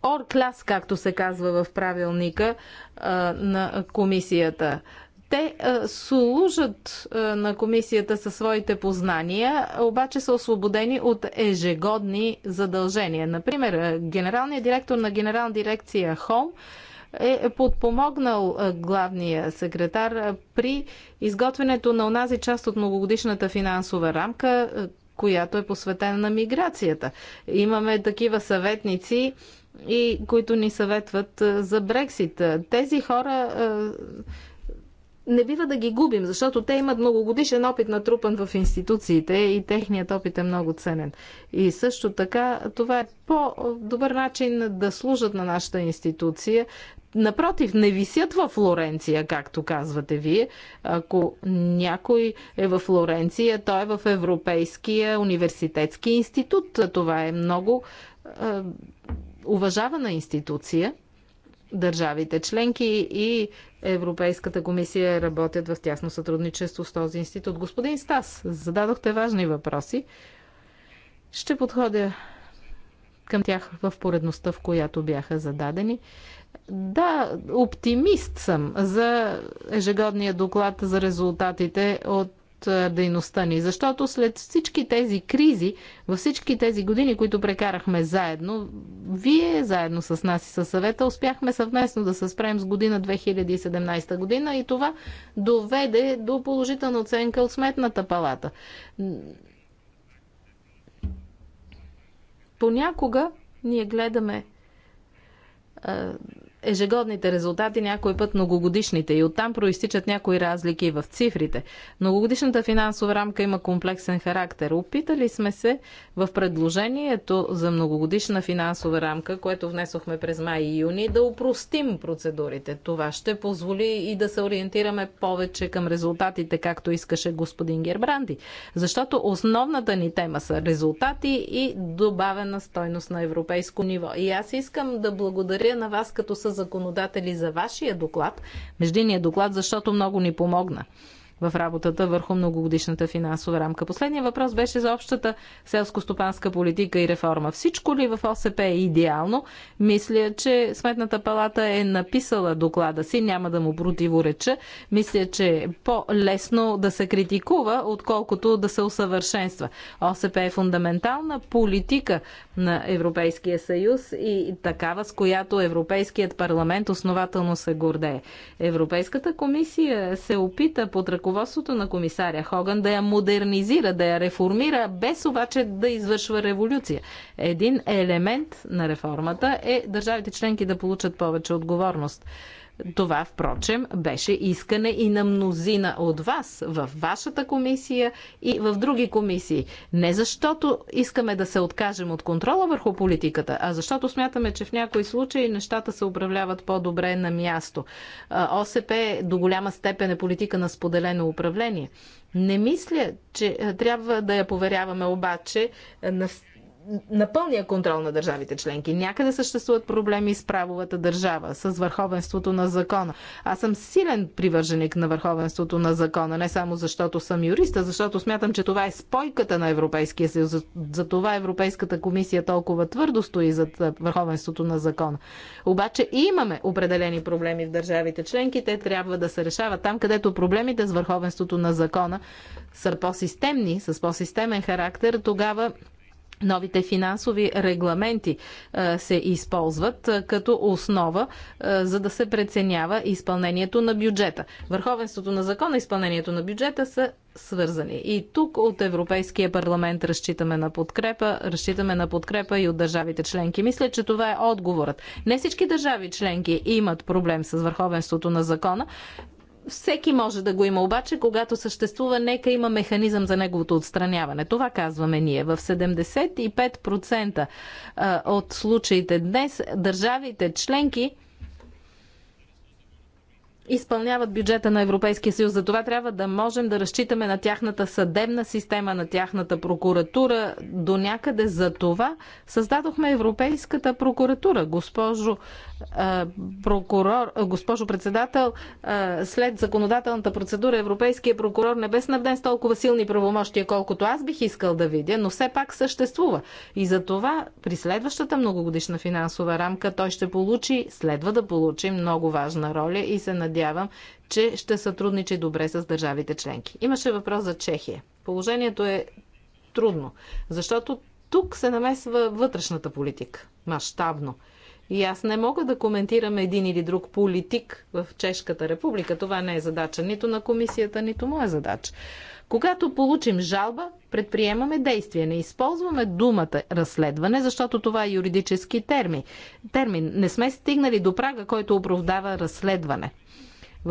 Ор клас, както се казва в правилника а, на комисията. Те а, е, служат а, е, на комисията със своите познания, обаче са освободени от ежегодни задължения. Например, е, генералният директор на генерална дирекция Хом е подпомогнал главния секретар при изготвянето на онази част от многогодишната финансова рамка, която е посветена на миграцията. Имаме такива съветници, и които ни съветват за Брексит. Тези хора не бива да ги губим, защото те имат многогодишен опит натрупан в институциите и техният опит е много ценен. И също така това е по-добър начин да служат на нашата институция. Напротив, не висят във Флоренция, както казвате вие. Ако някой е във Флоренция, той е в Европейския университетски институт. Това е много е, уважавана институция държавите членки и Европейската комисия работят в тясно сътрудничество с този институт. Господин Стас, зададохте важни въпроси. Ще подходя към тях в поредността, в която бяха зададени. Да, оптимист съм за ежегодния доклад за резултатите от дейността ни. Защото след всички тези кризи, във всички тези години, които прекарахме заедно, вие заедно с нас и със съвета успяхме съвместно да се справим с година 2017 година и това доведе до положителна оценка от Сметната палата. Понякога ние гледаме ежегодните резултати, някой път многогодишните и оттам проистичат някои разлики в цифрите. Многогодишната финансова рамка има комплексен характер. Опитали сме се в предложението за многогодишна финансова рамка, което внесохме през май и юни, да упростим процедурите. Това ще позволи и да се ориентираме повече към резултатите, както искаше господин Гербранди. Защото основната ни тема са резултати и добавена стойност на европейско ниво. И аз искам да благодаря на вас като съ законодатели за вашия доклад, междинния доклад, защото много ни помогна в работата върху многогодишната финансова рамка. Последният въпрос беше за общата селско-стопанска политика и реформа. Всичко ли в ОСП е идеално? Мисля, че Сметната палата е написала доклада си, няма да му противореча. Мисля, че е по-лесно да се критикува, отколкото да се усъвършенства. ОСП е фундаментална политика на Европейския съюз и такава, с която Европейският парламент основателно се гордее. Европейската комисия се опита под ръководството ръководството на комисаря Хоган да я модернизира, да я реформира, без обаче да извършва революция. Един елемент на реформата е държавите членки да получат повече отговорност. Това, впрочем, беше искане и на мнозина от вас в вашата комисия и в други комисии. Не защото искаме да се откажем от контрола върху политиката, а защото смятаме, че в някои случаи нещата се управляват по-добре на място. ОСП до голяма степен е политика на споделено управление. Не мисля, че трябва да я поверяваме обаче на на пълния контрол на държавите членки. Някъде съществуват проблеми с правовата държава, с върховенството на закона. Аз съм силен привърженик на върховенството на закона, не само защото съм юрист, а защото смятам, че това е спойката на Европейския съюз. За това Европейската комисия толкова твърдо стои зад върховенството на закона. Обаче имаме определени проблеми в държавите членки, те трябва да се решават там, където проблемите с върховенството на закона са по-системни, с по-системен характер, тогава Новите финансови регламенти е, се използват е, като основа, е, за да се преценява изпълнението на бюджета. Върховенството на закона и изпълнението на бюджета са свързани. И тук от Европейския парламент разчитаме на подкрепа, разчитаме на подкрепа и от държавите членки. Мисля, че това е отговорът. Не всички държави членки имат проблем с върховенството на закона. Всеки може да го има, обаче когато съществува, нека има механизъм за неговото отстраняване. Това казваме ние. В 75% от случаите днес държавите членки изпълняват бюджета на Европейския съюз. За това трябва да можем да разчитаме на тяхната съдебна система, на тяхната прокуратура. До някъде за това създадохме Европейската прокуратура. Госпожо, а, прокурор, а, госпожо председател, а, след законодателната процедура Европейския прокурор не бе снабден с толкова силни правомощия, колкото аз бих искал да видя, но все пак съществува. И за това при следващата многогодишна финансова рамка той ще получи, следва да получи много важна роля и се надявам надявам, че ще сътрудничи добре с държавите членки. Имаше въпрос за Чехия. Положението е трудно, защото тук се намесва вътрешната политика, мащабно. И аз не мога да коментирам един или друг политик в Чешката република. Това не е задача нито на комисията, нито моя задача. Когато получим жалба, предприемаме действия. Не използваме думата разследване, защото това е юридически термин. термин. Не сме стигнали до прага, който оправдава разследване.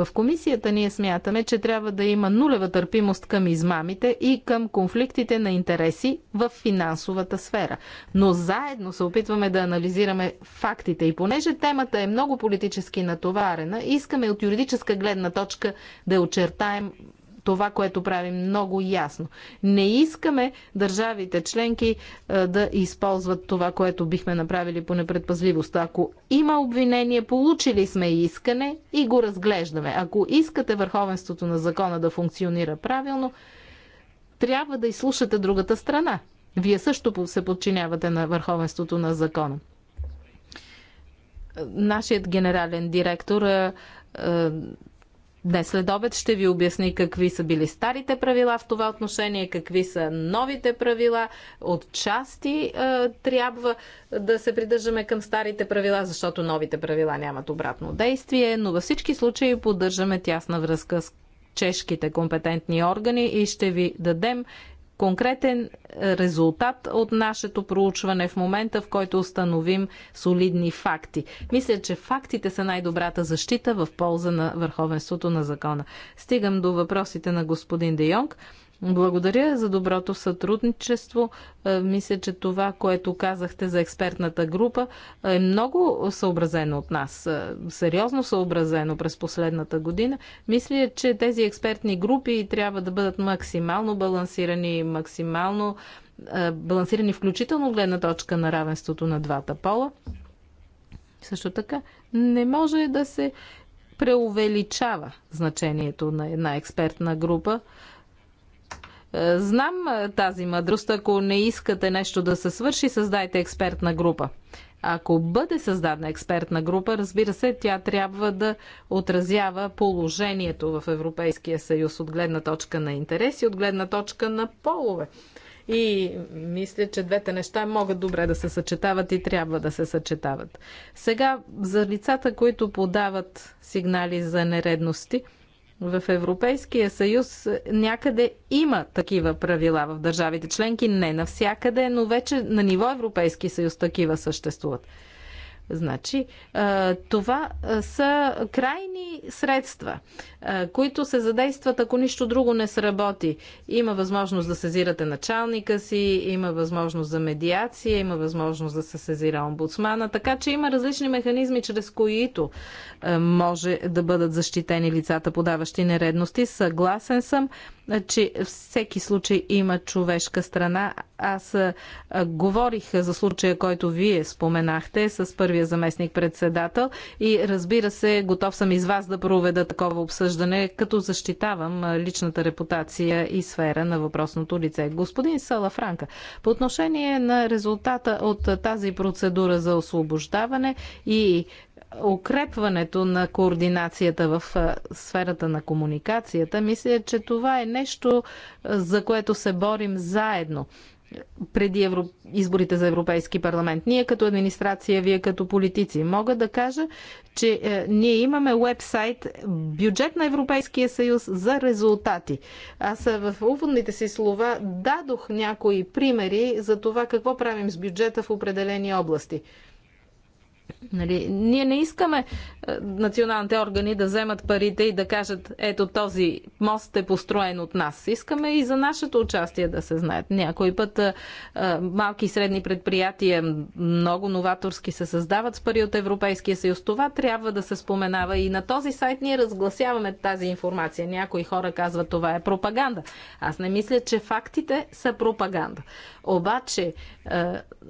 В комисията ние смятаме, че трябва да има нулева търпимост към измамите и към конфликтите на интереси в финансовата сфера. Но заедно се опитваме да анализираме фактите и понеже темата е много политически натоварена, искаме от юридическа гледна точка да очертаем това, което правим много ясно. Не искаме държавите членки е, да използват това, което бихме направили по непредпазливост. Ако има обвинение, получили сме искане и го разглеждаме. Ако искате върховенството на закона да функционира правилно, трябва да изслушате другата страна. Вие също се подчинявате на върховенството на закона. Нашият генерален директор е, е, Днес след обед ще ви обясни какви са били старите правила в това отношение, какви са новите правила. От части е, трябва да се придържаме към старите правила, защото новите правила нямат обратно действие, но във всички случаи поддържаме тясна връзка с чешките компетентни органи и ще ви дадем конкретен е, резултат от нашето проучване в момента, в който установим солидни факти. Мисля, че фактите са най-добрата защита в полза на върховенството на закона. Стигам до въпросите на господин Де Йонг. Благодаря за доброто сътрудничество. Е, мисля, че това, което казахте за експертната група, е много съобразено от нас. Е, сериозно съобразено през последната година. Мисля, че тези експертни групи трябва да бъдат максимално балансирани, максимално е, балансирани включително гледна точка на равенството на двата пола. Също така, не може да се преувеличава значението на една експертна група. Е, знам е, тази мъдрост. Ако не искате нещо да се свърши, създайте експертна група. Ако бъде създадена експертна група, разбира се, тя трябва да отразява положението в Европейския съюз от гледна точка на интереси, от гледна точка на полове. И мисля, че двете неща могат добре да се съчетават и трябва да се съчетават. Сега за лицата, които подават сигнали за нередности – в Европейския съюз някъде има такива правила в държавите членки, не навсякъде, но вече на ниво Европейски съюз такива съществуват. Значи, това са крайни средства, които се задействат, ако нищо друго не сработи. Има възможност да сезирате началника си, има възможност за медиация, има възможност да се сезира омбудсмана, така че има различни механизми, чрез които може да бъдат защитени лицата, подаващи нередности. Съгласен съм че значи, всеки случай има човешка страна. Аз а, говорих за случая, който вие споменахте с първия заместник председател и разбира се, готов съм из вас да проведа такова обсъждане, като защитавам личната репутация и сфера на въпросното лице. Господин Сала Франка, по отношение на резултата от тази процедура за освобождаване и укрепването на координацията в сферата на комуникацията, мисля, че това е нещо, за което се борим заедно преди евро... изборите за Европейски парламент. Ние като администрация, вие като политици. Мога да кажа, че е, ние имаме вебсайт Бюджет на Европейския съюз за резултати. Аз е, в уводните си слова дадох някои примери за това какво правим с бюджета в определени области. Нали, ние не искаме е, националните органи да вземат парите и да кажат, ето този мост е построен от нас. Искаме и за нашето участие да се знаят. Някой път е, е, малки и средни предприятия много новаторски се създават с пари от Европейския съюз. Това трябва да се споменава и на този сайт ние разгласяваме тази информация. Някои хора казват, това е пропаганда. Аз не мисля, че фактите са пропаганда. Обаче,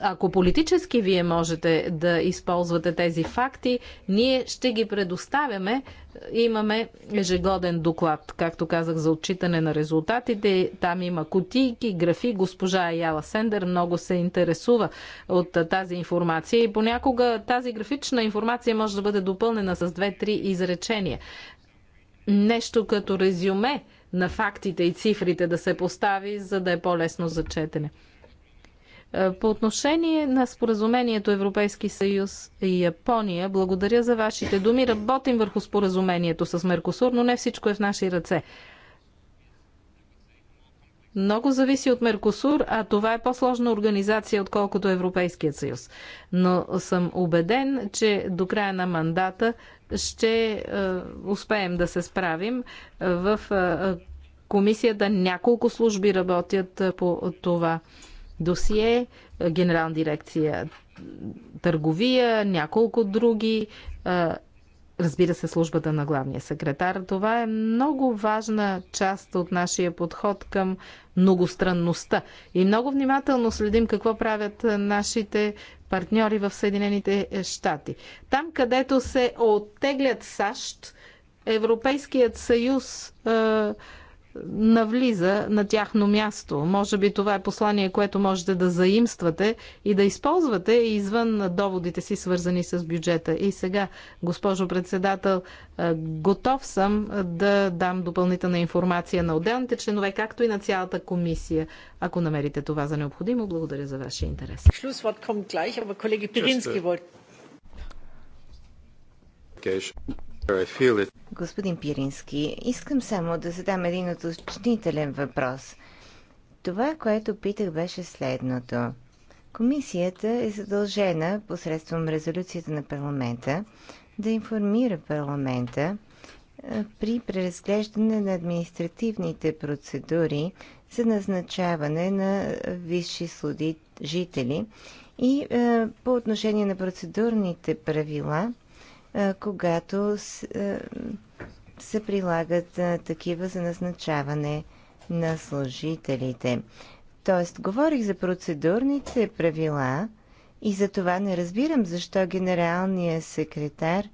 ако политически вие можете да използвате използвате тези факти. Ние ще ги предоставяме. Имаме ежегоден доклад, както казах, за отчитане на резултатите. Там има кутийки, графи. Госпожа Яла Сендер много се интересува от тази информация и понякога тази графична информация може да бъде допълнена с две-три изречения. Нещо като резюме на фактите и цифрите да се постави, за да е по-лесно за четене. Е, по отношение на споразумението Европейски съюз и Япония, благодаря за вашите думи. Работим върху споразумението с Меркосур, но не всичко е в наши ръце. Много зависи от Меркосур, а това е по-сложна организация, отколкото Европейският съюз. Но съм убеден, че до края на мандата ще е, успеем да се справим в е, комисията. Няколко служби работят е, по това досие, генерална дирекция търговия, няколко други, разбира се, службата на главния секретар. Това е много важна част от нашия подход към многостранността. И много внимателно следим какво правят нашите партньори в Съединените щати. Там, където се оттеглят САЩ, Европейският съюз е, навлиза на тяхно място. Може би това е послание, което можете да заимствате и да използвате извън доводите си, свързани с бюджета. И сега, госпожо председател, готов съм да дам допълнителна информация на отделните членове, както и на цялата комисия, ако намерите това за необходимо. Благодаря за вашия интерес. Господин Пирински, искам само да задам един уточнителен въпрос. Това, което питах, беше следното. Комисията е задължена посредством резолюцията на парламента да информира парламента при преразглеждане на административните процедури за назначаване на висши служители и по отношение на процедурните правила – когато се прилагат такива за назначаване на служителите. Тоест, говорих за процедурните правила и за това не разбирам защо генералният секретар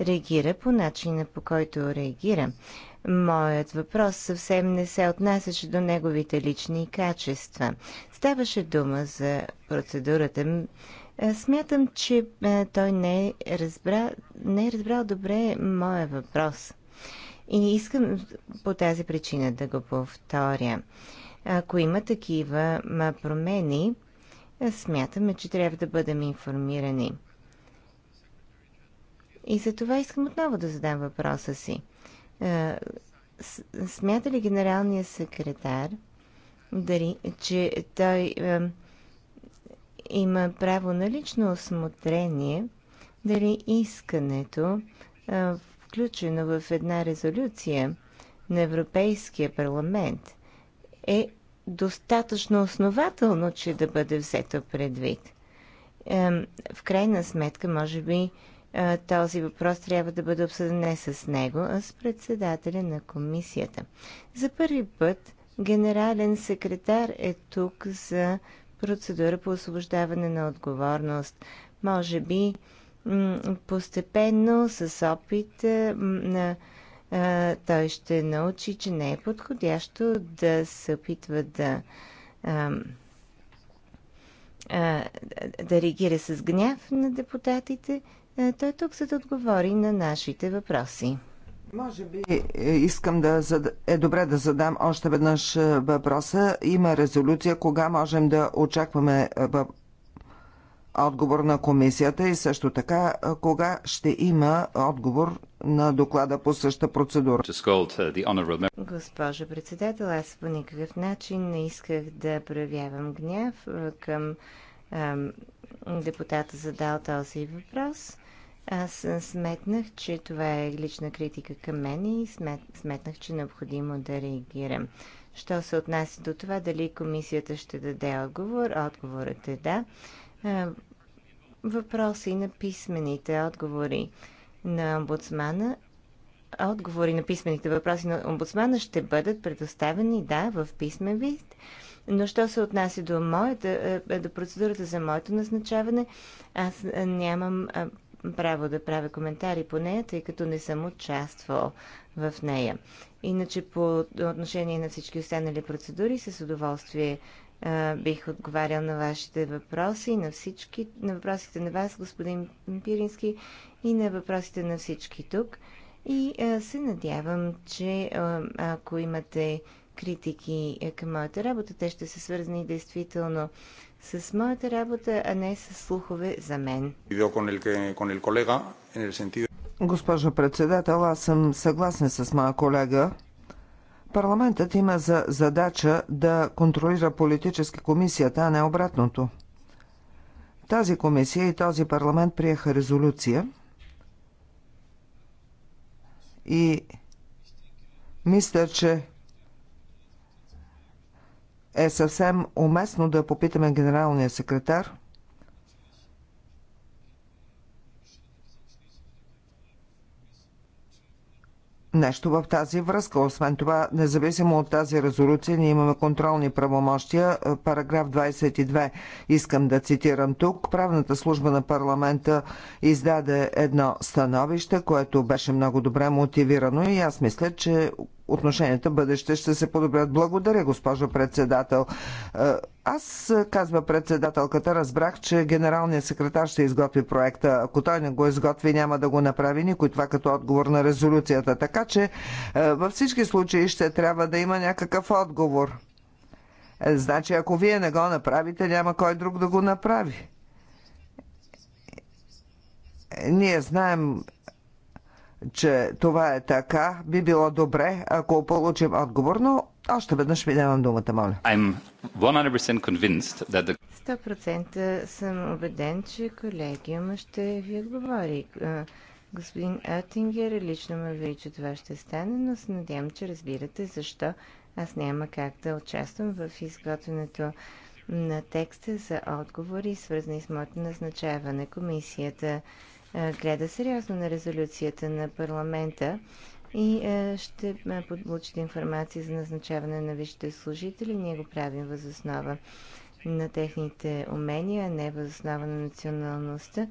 реагира по начина по който реагира. Моят въпрос съвсем не се отнасяше до неговите лични качества. Ставаше дума за процедурата. Е, смятам, че е, той не е, разбра, не е разбрал добре моя въпрос. И искам по тази причина да го повторя. Ако има такива промени, е, смятаме, че трябва да бъдем информирани. И за това искам отново да задам въпроса си. Смята ли генералният секретар, дали, че той има право на лично осмотрение дали искането, включено в една резолюция на Европейския парламент, е достатъчно основателно, че да бъде взето предвид. В крайна сметка, може би, този въпрос трябва да бъде обсъден не с него, а с председателя на комисията. За първи път генерален секретар е тук за процедура по освобождаване на отговорност. Може би постепенно, с опит, е, на е, той ще научи, че не е подходящо да се опитва да е, да реагира с гняв на депутатите. Той тук, за да отговори на нашите въпроси. Може би е, искам да е добре да задам още веднъж е, въпроса. Има резолюция, кога можем да очакваме е, отговор на комисията и също така кога ще има отговор на доклада по същата процедура. Госпожа председател, аз по никакъв начин не исках да проявявам гняв към депутата задал този въпрос. Аз сметнах, че това е лична критика към мен и смет, сметнах, че е необходимо да реагирам. Що се отнася до това, дали комисията ще даде отговор, отговорът е да. Въпроси на писмените отговори на омбудсмана отговори на писмените въпроси на омбудсмана ще бъдат предоставени, да, в писмен вид. Но що се отнася до, моята, е, е, до процедурата за моето назначаване, аз е, нямам право да правя коментари по нея, тъй като не съм участвал в нея. Иначе по отношение на всички останали процедури, с удоволствие а, бих отговарял на вашите въпроси, на всички, на въпросите на вас, господин Пирински, и на въпросите на всички тук. И а, се надявам, че а, ако имате критики към моята работа, те ще са свързани действително с моята работа, а не с слухове за мен. Госпожо председател, аз съм съгласен с моя колега. Парламентът има за задача да контролира политически комисията, а не обратното. Тази комисия и този парламент приеха резолюция и мисля, че е съвсем уместно да попитаме генералния секретар нещо в тази връзка. Освен това, независимо от тази резолюция, ние имаме контролни правомощия. Параграф 22 искам да цитирам тук. Правната служба на парламента издаде едно становище, което беше много добре мотивирано и аз мисля, че отношенията бъдеще ще се подобрят. Благодаря, госпожо председател. Е, аз, казва председателката, разбрах, че генералният секретар ще изготви проекта. Ако той не го изготви, няма да го направи никой. Това като отговор на резолюцията. Така че е, във всички случаи ще трябва да има някакъв отговор. Е, значи, ако вие не го направите, няма кой друг да го направи. Ние знаем че това е така, би било добре, ако получим отговор, но още веднъж ви давам думата, моля. I'm 100% convinced that the... 100% съм убеден, че колегиума ще ви отговори. Господин Оттингер лично ме вери, че това ще стане, но се надявам, че разбирате защо аз няма как да участвам в изготвянето на текста за отговори, свързани с моето назначаване. Комисията е, гледа сериозно на резолюцията на парламента и е, ще е, получите информация за назначаване на висшите служители. Ние го правим възоснова на техните умения, а не възоснова на националността.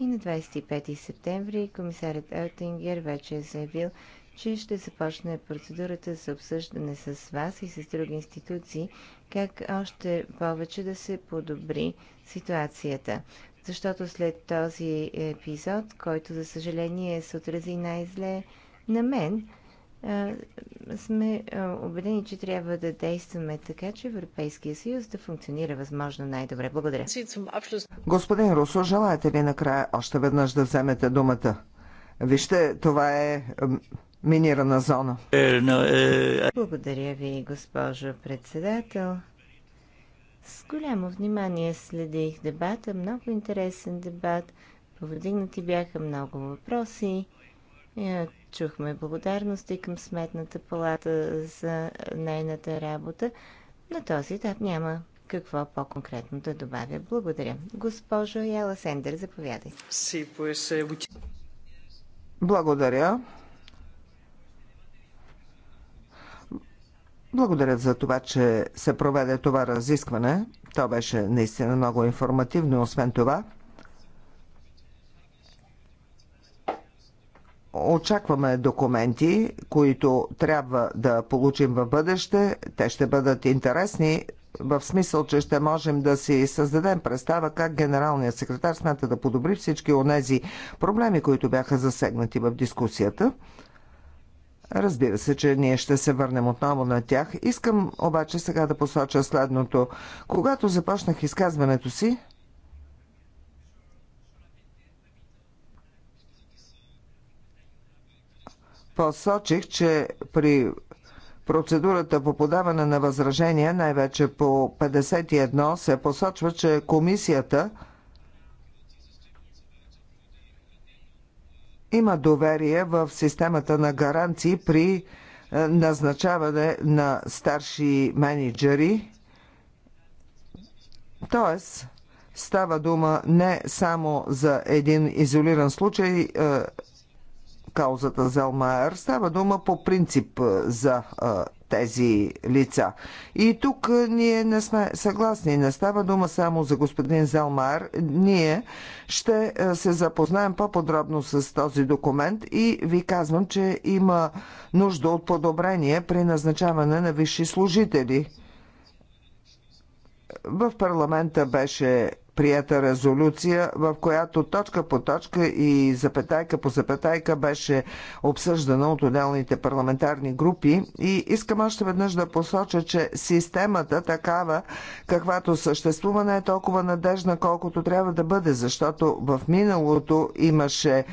И на 25 септември комисарят Елтингер вече е заявил, че ще започне процедурата за обсъждане с вас и с други институции, как още повече да се подобри ситуацията. Защото след този епизод, който за съжаление се отрази най-зле на мен, сме убедени, че трябва да действаме така, че Европейския съюз да функционира възможно най-добре. Благодаря. Господин Русо, желаете ли накрая още веднъж да вземете думата? Вижте, това е минирана зона. Е, е, е, Благодаря ви, госпожо председател. С голямо внимание следих дебата, много интересен дебат. Повдигнати бяха много въпроси. Е, чухме благодарности към Сметната палата за нейната работа. На този етап няма какво по-конкретно да добавя. Благодаря. Госпожо Яла Сендер, заповядай. Благодаря. Благодаря за това, че се проведе това разискване. То беше наистина много информативно. Освен това, Очакваме документи, които трябва да получим в бъдеще. Те ще бъдат интересни в смисъл, че ще можем да си създадем представа как генералният секретар смята да подобри всички онези проблеми, които бяха засегнати в дискусията. Разбира се, че ние ще се върнем отново на тях. Искам обаче сега да посоча следното. Когато започнах изказването си, посочих, че при процедурата по подаване на възражения, най-вече по 51, се посочва, че комисията – има доверие в системата на гаранции при е, назначаване на старши менеджери. Тоест, става дума не само за един изолиран случай, е, каузата Зелмайер, става дума по принцип е, за тези лица. И тук ние не сме съгласни. Не става дума само за господин Залмар. Ние ще се запознаем по-подробно с този документ и ви казвам, че има нужда от подобрение при назначаване на висши служители. В парламента беше прията резолюция, в която точка по точка и запетайка по запетайка беше обсъждана от отделните парламентарни групи. И искам още веднъж да посоча, че системата такава, каквато съществува, не е толкова надежна, колкото трябва да бъде, защото в миналото имаше е,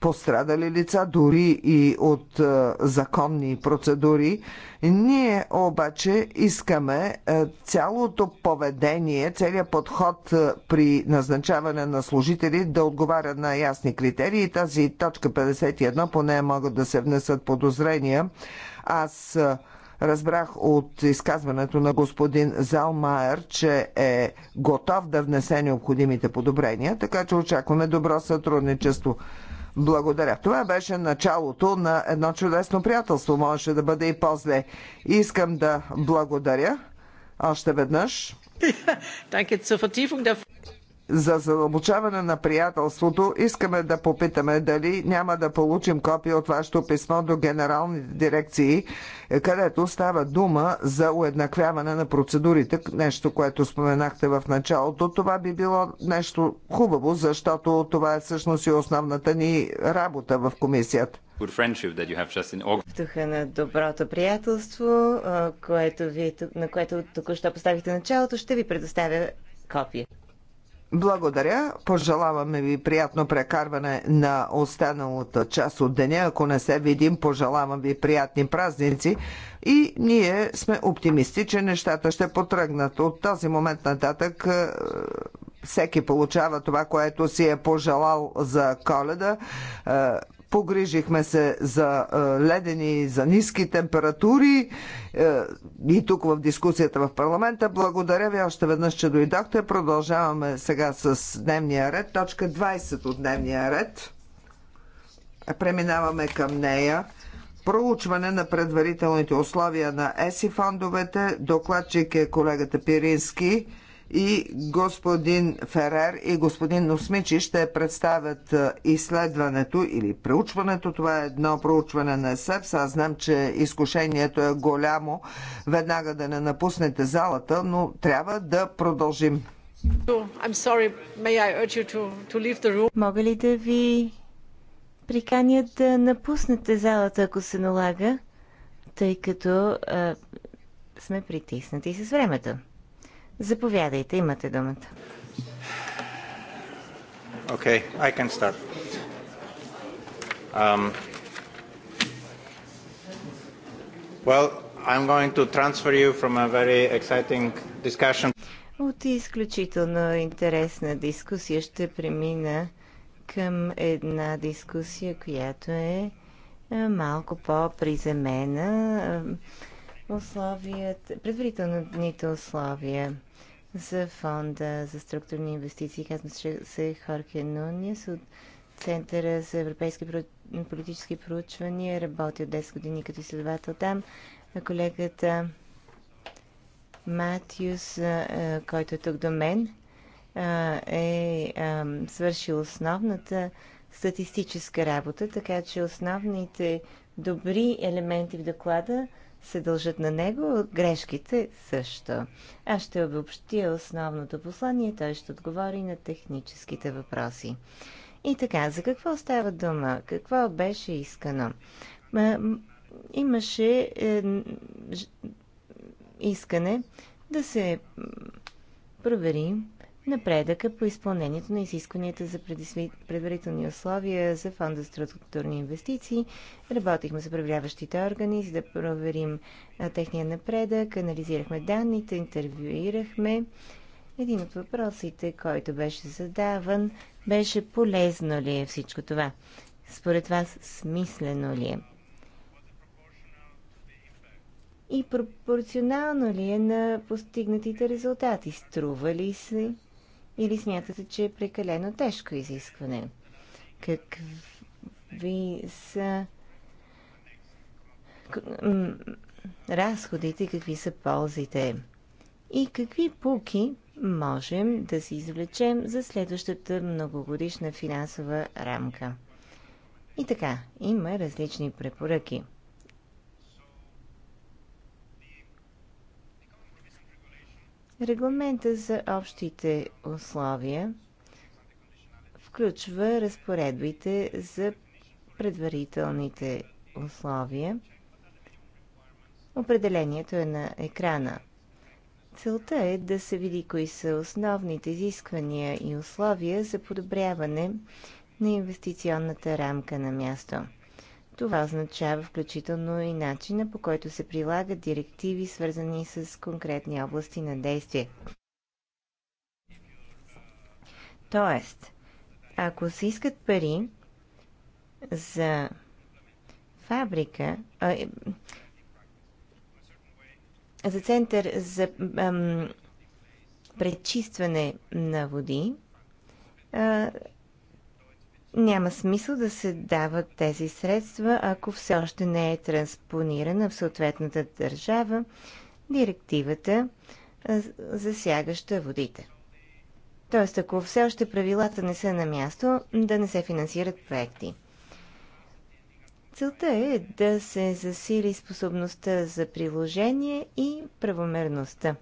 пострадали лица, дори и от е, законни процедури. Ние обаче искаме е, цялото поведение, целият подход е, при назначаване на служители да отговаря на ясни критерии. Тази точка 51 по нея могат да се внесат подозрения. Аз разбрах от изказването на господин Залмайер, че е готов да внесе необходимите подобрения, така че очакваме добро сътрудничество. Благодаря. Това беше началото на едно чудесно приятелство. Можеше да бъде и по-зле. Искам да благодаря още веднъж. за задълбочаване на приятелството, искаме да попитаме дали няма да получим копия от вашето писмо до генералните дирекции, където става дума за уеднаквяване на процедурите, нещо, което споменахте в началото. Това би било нещо хубаво, защото това е всъщност и основната ни работа в комисията. В духа на доброто приятелство, което ви, на което току-що поставихте началото, ще ви предоставя копия. Благодаря. Пожелаваме ви приятно прекарване на останалата част от деня. Ако не се видим, пожелавам ви приятни празници. И ние сме оптимисти, че нещата ще потръгнат. От този момент нататък е, всеки получава това, което си е пожелал за коледа е, погрижихме се за е, ледени, за ниски температури е, и тук в дискусията в парламента. Благодаря ви още веднъж, че дойдохте. Продължаваме сега с дневния ред. Точка 20 от дневния ред. Е, преминаваме към нея. Проучване на предварителните условия на ЕСИ фондовете. Докладчик е колегата Пирински и господин Ферер и господин Носмичи ще представят изследването или проучването. Това е едно проучване на СЕПС. Аз знам, че изкушението е голямо веднага да не напуснете залата, но трябва да продължим. Мога ли да ви приканя да напуснете залата, ако се налага, тъй като а, сме притиснати с времето. Заповядайте, имате думата. Okay, I can start. Um, well, I'm going to transfer you from a very exciting discussion. От изключително интересна дискусия ще премина към една дискусия, която е, е малко по-приземена. Е, условията, предварителните условия за фонда за структурни инвестиции. Казвам се Хорхе Нунис от Центъра за европейски политически проучвания. Работи от 10 години като изследовател там. Колегата Матиус, който е тук до мен, е свършил основната статистическа работа, така че основните добри елементи в доклада – се дължат на него, грешките също. Аз ще обобщя основното послание, той ще отговори на техническите въпроси. И така, за какво става дума? Какво беше искано? Имаше е, искане да се провери напредъка по изпълнението на изискванията за предварителни условия за Фонда за структурни инвестиции. Работихме с управляващите органи, за да проверим техния напредък, анализирахме данните, интервюирахме. Един от въпросите, който беше задаван, беше полезно ли е всичко това? Според вас, смислено ли е? И пропорционално ли е на постигнатите резултати? Струва ли се или смятате, че е прекалено тежко изискване? Какви са разходите, какви са ползите? И какви пуки можем да си извлечем за следващата многогодишна финансова рамка? И така, има различни препоръки – Регламента за общите условия включва разпоредбите за предварителните условия. Определението е на екрана. Целта е да се види кои са основните изисквания и условия за подобряване на инвестиционната рамка на място. Това означава включително и начина по който се прилагат директиви, свързани с конкретни области на действие. Тоест, ако се искат пари за фабрика, а, е, за център за ам, пречистване на води, а, няма смисъл да се дават тези средства, ако все още не е транспонирана в съответната държава директивата, засягаща водите. Тоест, ако все още правилата не са на място, да не се финансират проекти. Целта е да се засили способността за приложение и правомерността.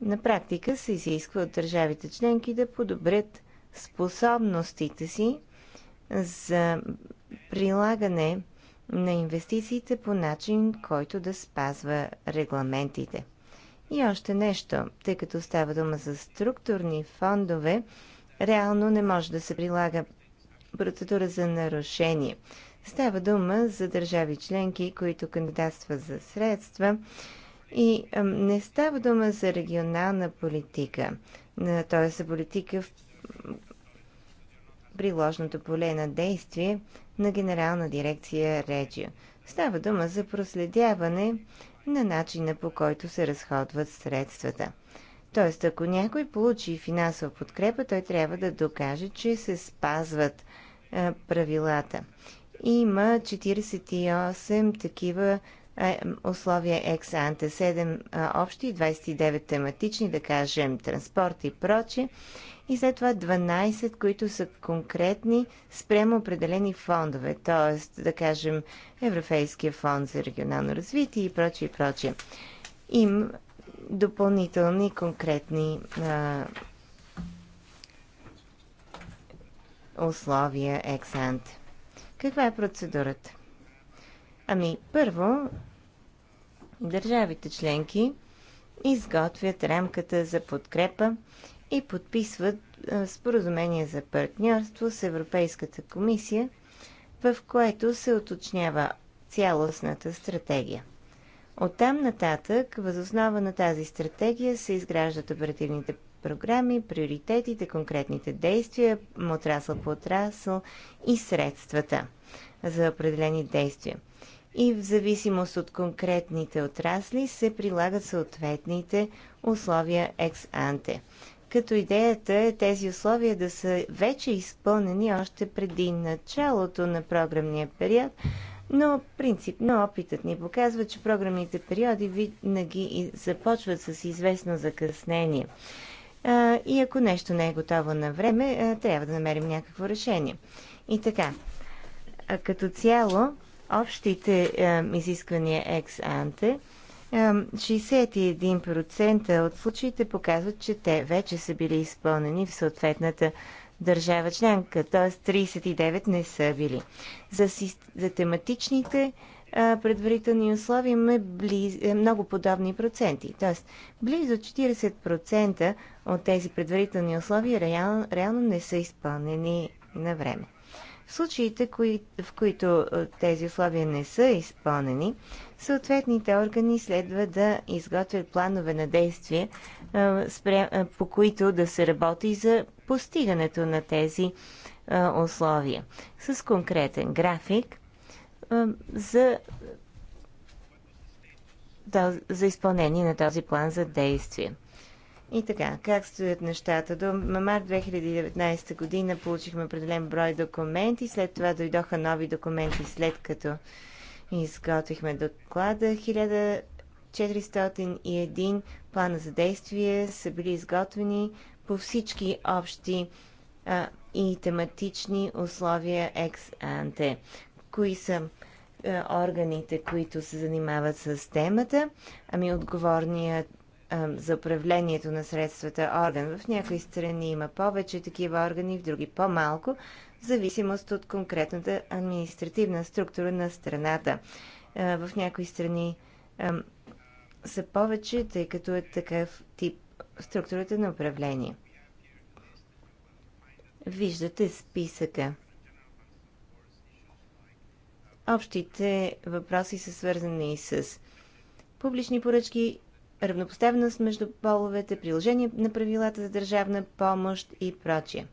На практика се изисква от държавите членки да подобрят способностите си за прилагане на инвестициите по начин, който да спазва регламентите. И още нещо, тъй като става дума за структурни фондове, реално не може да се прилага процедура за нарушение. Става дума за държави членки, които кандидатстват за средства и не става дума за регионална политика, т.е. за политика в приложното поле на действие на Генерална дирекция Реджио. Става дума за проследяване на начина по който се разходват средствата. Тоест, ако някой получи финансова подкрепа, той трябва да докаже, че се спазват а, правилата. Има 48 такива а, условия екс-анте, 7 а, общи и 29 тематични, да кажем транспорт и прочи и след това 12, които са конкретни спрямо определени фондове, т.е. да кажем Европейския фонд за регионално развитие и прочие, и прочие. Им допълнителни конкретни а, условия ексант. Каква е процедурата? Ами, първо, държавите членки изготвят рамката за подкрепа и подписват споразумение за партньорство с Европейската комисия, в което се уточнява цялостната стратегия. Оттам нататък, възоснова на тази стратегия, се изграждат оперативните програми, приоритетите, конкретните действия, отрасъл по отрасъл и средствата за определени действия. И в зависимост от конкретните отрасли се прилагат съответните условия екс-анте като идеята е тези условия да са вече изпълнени още преди началото на програмния период, но принципно опитът ни показва, че програмните периоди винаги започват с известно закъснение. И ако нещо не е готово на време, трябва да намерим някакво решение. И така, като цяло, общите изисквания екс-анте – 61% от случаите показват, че те вече са били изпълнени в съответната държава членка, т.е. 39 не са били. За, за тематичните а, предварителни условия имаме близ, е, много подобни проценти. Т.е. близо 40% от тези предварителни условия реал, реално не са изпълнени на време. В случаите, кои, в които тези условия не са изпълнени, съответните органи следва да изготвят планове на действие, по които да се работи за постигането на тези условия. С конкретен график за, за изпълнение на този план за действие. И така, как стоят нещата? До март 2019 година получихме определен брой документи, след това дойдоха нови документи, след като Изготвихме доклада 1401 плана за действие са били изготвени по всички общи а, и тематични условия екс-анте. Кои са а, органите, които се занимават с темата? Ами отговорният а, за управлението на средствата орган. В някои страни има повече такива органи, в други по-малко, в зависимост от конкретната административна структура на страната. В някои страни са повече, тъй като е такъв тип структурата на управление. Виждате списъка. Общите въпроси са свързани с публични поръчки, равнопоставеност между половете, приложение на правилата за държавна помощ и прочие.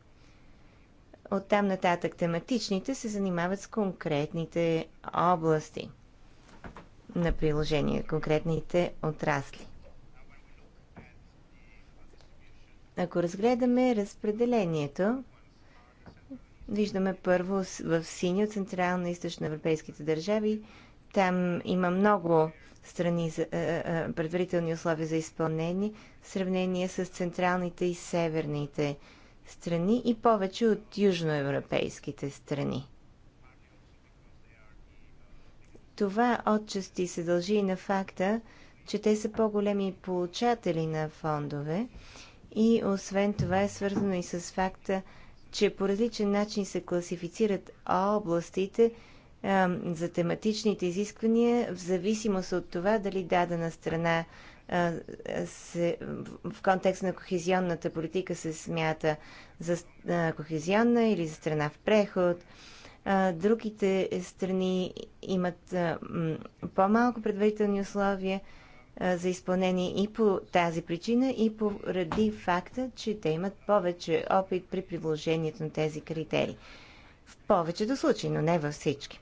Оттам нататък тематичните се занимават с конкретните области на приложение, конкретните отрасли. Ако разгледаме разпределението, виждаме първо в синьо централно и източно европейските държави. Там има много страни за, предварителни условия за изпълнение в сравнение с централните и северните страни и повече от южноевропейските страни. Това отчасти се дължи и на факта, че те са по-големи получатели на фондове и освен това е свързано и с факта, че по различен начин се класифицират областите за тематичните изисквания в зависимост от това дали дадена страна се, в контекст на кохезионната политика се смята за кохезионна или за страна в преход. Другите страни имат по-малко предварителни условия за изпълнение и по тази причина, и поради факта, че те имат повече опит при приложението на тези критерии. В повечето случаи, но не във всички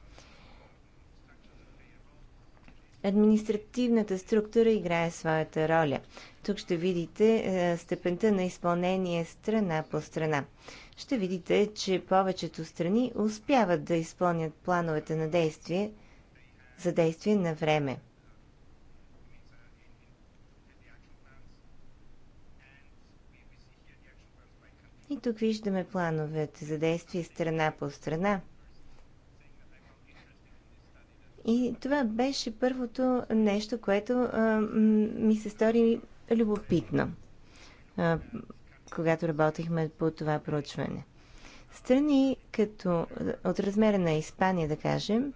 административната структура играе своята роля. Тук ще видите е, степента на изпълнение страна по страна. Ще видите, че повечето страни успяват да изпълнят плановете на действие за действие на време. И тук виждаме плановете за действие страна по страна – и това беше първото нещо, което а, ми се стори любопитно, а, когато работихме по това проучване. Страни като от размера на Испания, да кажем,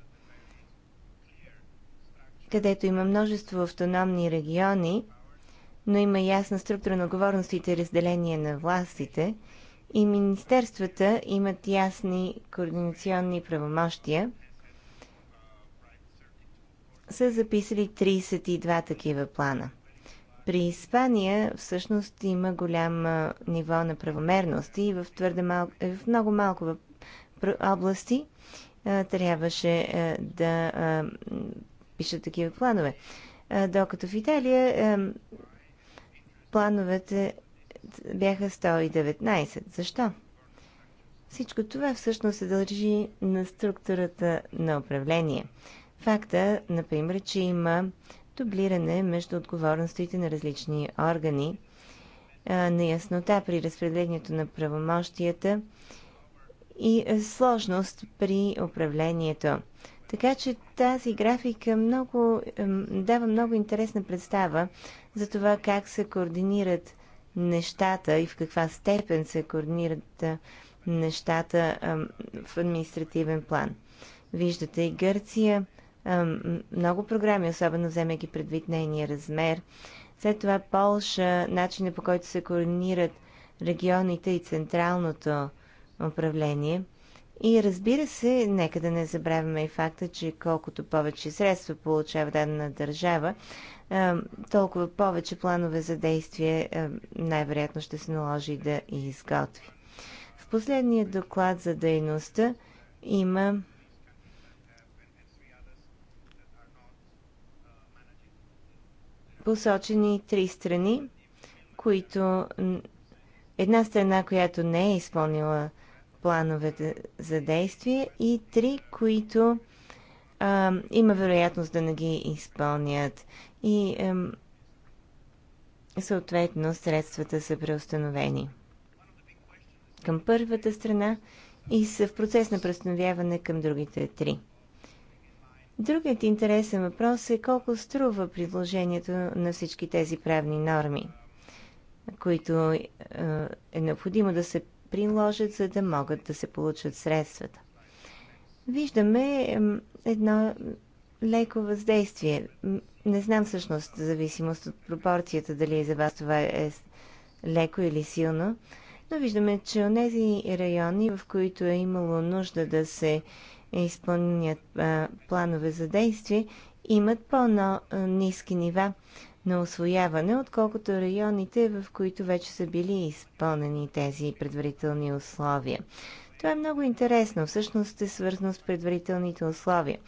където има множество автономни региони, но има ясна структура на отговорностите и разделение на властите, и министерствата имат ясни координационни правомощия – са записали 32 такива плана. При Испания всъщност има голям ниво на правомерност и в, твърде мал... Е, в много малко области трябваше да пишат такива планове. Докато в Италия плановете бяха 119. Защо? Всичко това всъщност се дължи на структурата на управление. Факта, например, че има дублиране между отговорностите на различни органи, неяснота при разпределението на правомощията и сложност при управлението. Така че тази графика много, дава много интересна представа за това как се координират нещата и в каква степен се координират нещата в административен план. Виждате и Гърция, много програми, особено вземайки предвид нейния размер. След това Полша, начина по който се координират регионите и централното управление. И разбира се, нека да не забравяме и факта, че колкото повече средства получава дадена държава, толкова повече планове за действие най-вероятно ще се наложи да изготви. В последния доклад за дейността има посочени три страни, които една страна, която не е изпълнила плановете за действие и три, които а, има вероятност да не ги изпълнят. И а, съответно средствата са преустановени към първата страна и са в процес на преустановяване към другите три. Другият интересен въпрос е колко струва приложението на всички тези правни норми, които е, е необходимо да се приложат, за да могат да се получат средствата. Виждаме едно леко въздействие. Не знам всъщност, в зависимост от пропорцията, дали за вас това е леко или силно, но виждаме, че от тези райони, в които е имало нужда да се е изпълнят планове за действие, имат по-низки нива на освояване, отколкото районите, в които вече са били изпълнени тези предварителни условия. Това е много интересно. Всъщност е свързано с предварителните условия.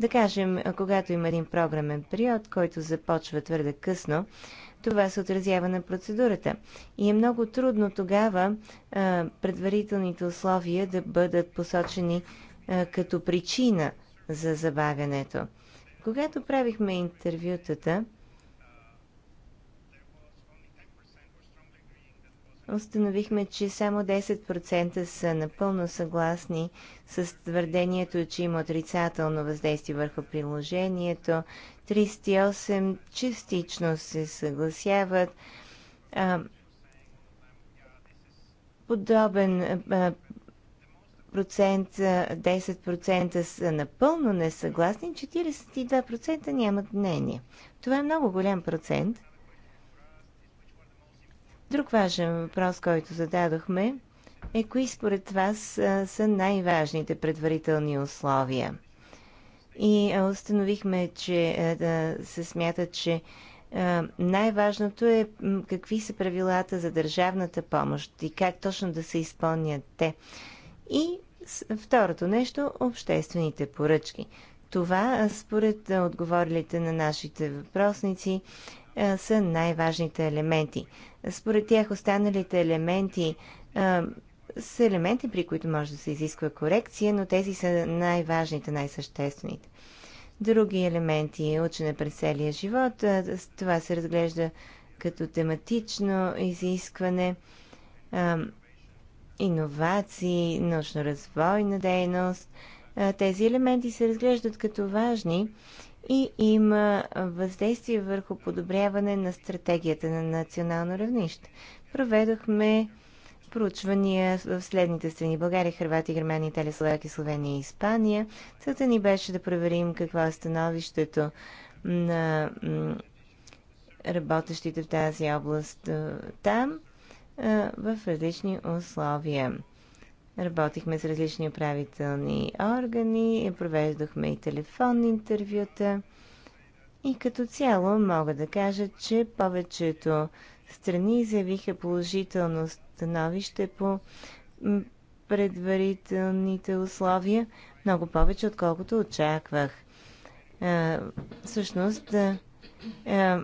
Да кажем, когато има един програмен период, който започва твърде късно, това се отразява на процедурата. И е много трудно тогава предварителните условия да бъдат посочени като причина за забавянето. Когато правихме интервютата, установихме, че само 10% са напълно съгласни с твърдението, че има отрицателно въздействие върху приложението. 38 частично се съгласяват. подобен 10%, 10% са напълно несъгласни, 42% нямат мнение. Това е много голям процент. Друг важен въпрос, който зададохме, е кои според вас са най-важните предварителни условия. И установихме, че да се смята, че най-важното е какви са правилата за държавната помощ и как точно да се изпълнят те. И Второто нещо – обществените поръчки. Това, според отговорилите на нашите въпросници, са най-важните елементи. Според тях останалите елементи са елементи, при които може да се изисква корекция, но тези са най-важните, най-съществените. Други елементи – учене през целия живот, това се разглежда като тематично изискване – иновации, научно-развойна дейност. Тези елементи се разглеждат като важни и има въздействие върху подобряване на стратегията на национално равнище. Проведохме проучвания в следните страни България, Хрватия, Германия, Италия, Словакия, Словения и Испания. Целта ни беше да проверим какво е становището на работещите в тази област там в различни условия. Работихме с различни управителни органи, провеждахме и телефонни интервюта. И като цяло мога да кажа, че повечето страни заявиха положително становище по предварителните условия, много повече отколкото очаквах. Всъщност, е,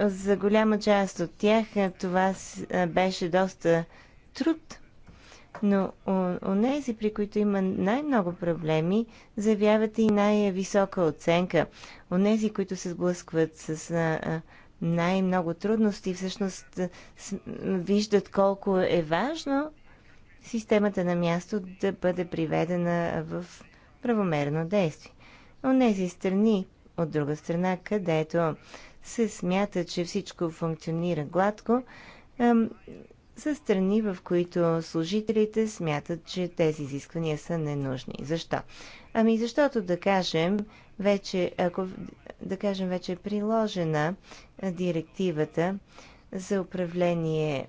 за голяма част от тях е, това е, беше доста труд, но нези, при които има най-много проблеми, заявяват и най-висока оценка. Онези, които се сблъскват с най-много трудности, всъщност виждат колко е важно системата на място да бъде приведена в правомерно действие. нези страни, от друга страна, където се смята, че всичко функционира гладко, са страни, в които служителите смятат, че тези изисквания са ненужни. Защо? Ами защото, да кажем, вече, ако, да кажем, вече е приложена директивата за управление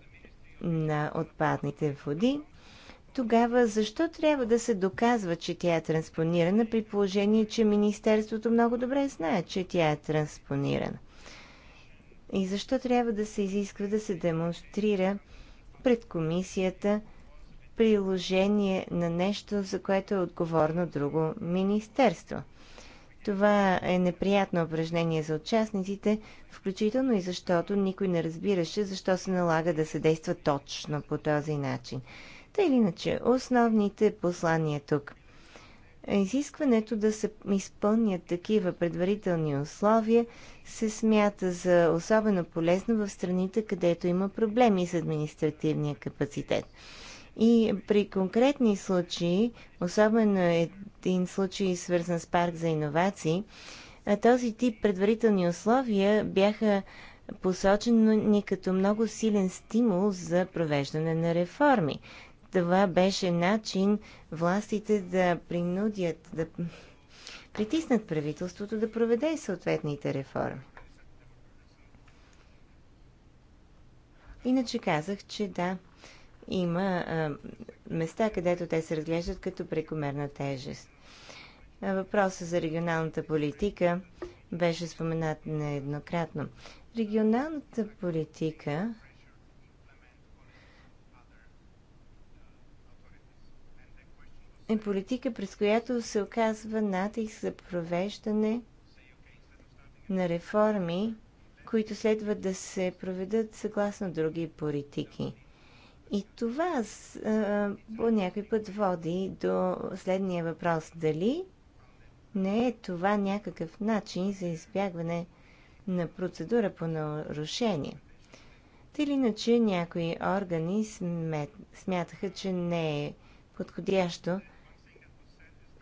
на отпадните води, тогава защо трябва да се доказва, че тя е транспонирана, при положение, че Министерството много добре знае, че тя е транспонирана? И защо трябва да се изисква да се демонстрира пред комисията приложение на нещо, за което е отговорно друго министерство? Това е неприятно упражнение за участниците, включително и защото никой не разбираше защо се налага да се действа точно по този начин. Та или иначе, основните послания тук. Изискването да се изпълнят такива предварителни условия се смята за особено полезно в страните, където има проблеми с административния капацитет. И при конкретни случаи, особено един случай свързан с парк за иновации, този тип предварителни условия бяха посочени като много силен стимул за провеждане на реформи. Това беше начин властите да принудят, да притиснат правителството да проведе съответните реформи. Иначе казах, че да, има а, места, където те се разглеждат като прекомерна тежест. Въпросът за регионалната политика беше споменат нееднократно. Регионалната политика е политика, през която се оказва натиск за провеждане на реформи, които следва да се проведат съгласно други политики. И това по някой път води до следния въпрос. Дали не е това някакъв начин за избягване на процедура по нарушение? Тъй или иначе някои органи смятаха, че не е подходящо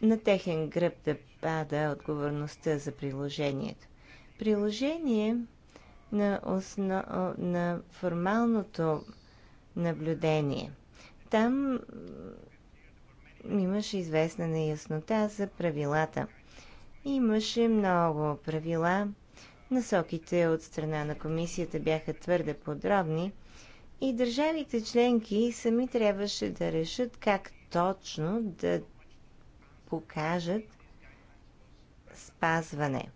на техен гръб да пада отговорността за приложението. Приложение на, осно... на формалното наблюдение. Там имаше известна неяснота за правилата. Имаше много правила. Насоките от страна на комисията бяха твърде подробни и държавите членки сами трябваше да решат как точно да покажат спазване.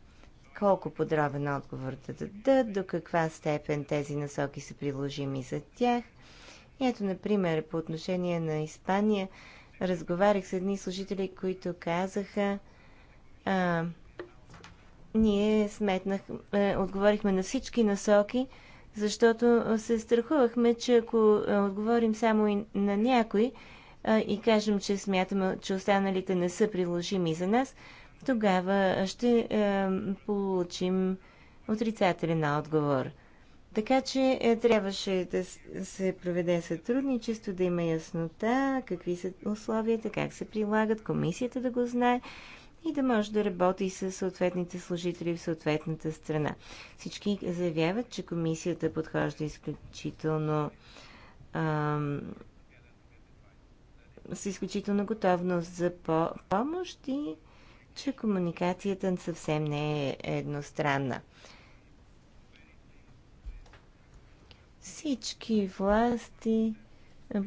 Колко подробен отговор да дадат, до каква степен тези насоки са приложими за тях. Ето, например, по отношение на Испания, разговарях с едни служители, които казаха, а, ние сметнах, а, е, отговорихме на всички насоки, защото се страхувахме, че ако е, отговорим само и на някой, и кажем, че смятаме, че останалите не са приложими за нас, тогава ще е, получим отрицателен отговор. Така че е, трябваше да се проведе сътрудничество, да има яснота, какви са условията, как се прилагат, комисията да го знае и да може да работи с съответните служители в съответната страна. Всички заявяват, че комисията подхожда изключително с изключителна готовност за по помощ и че комуникацията съвсем не е едностранна. Всички власти,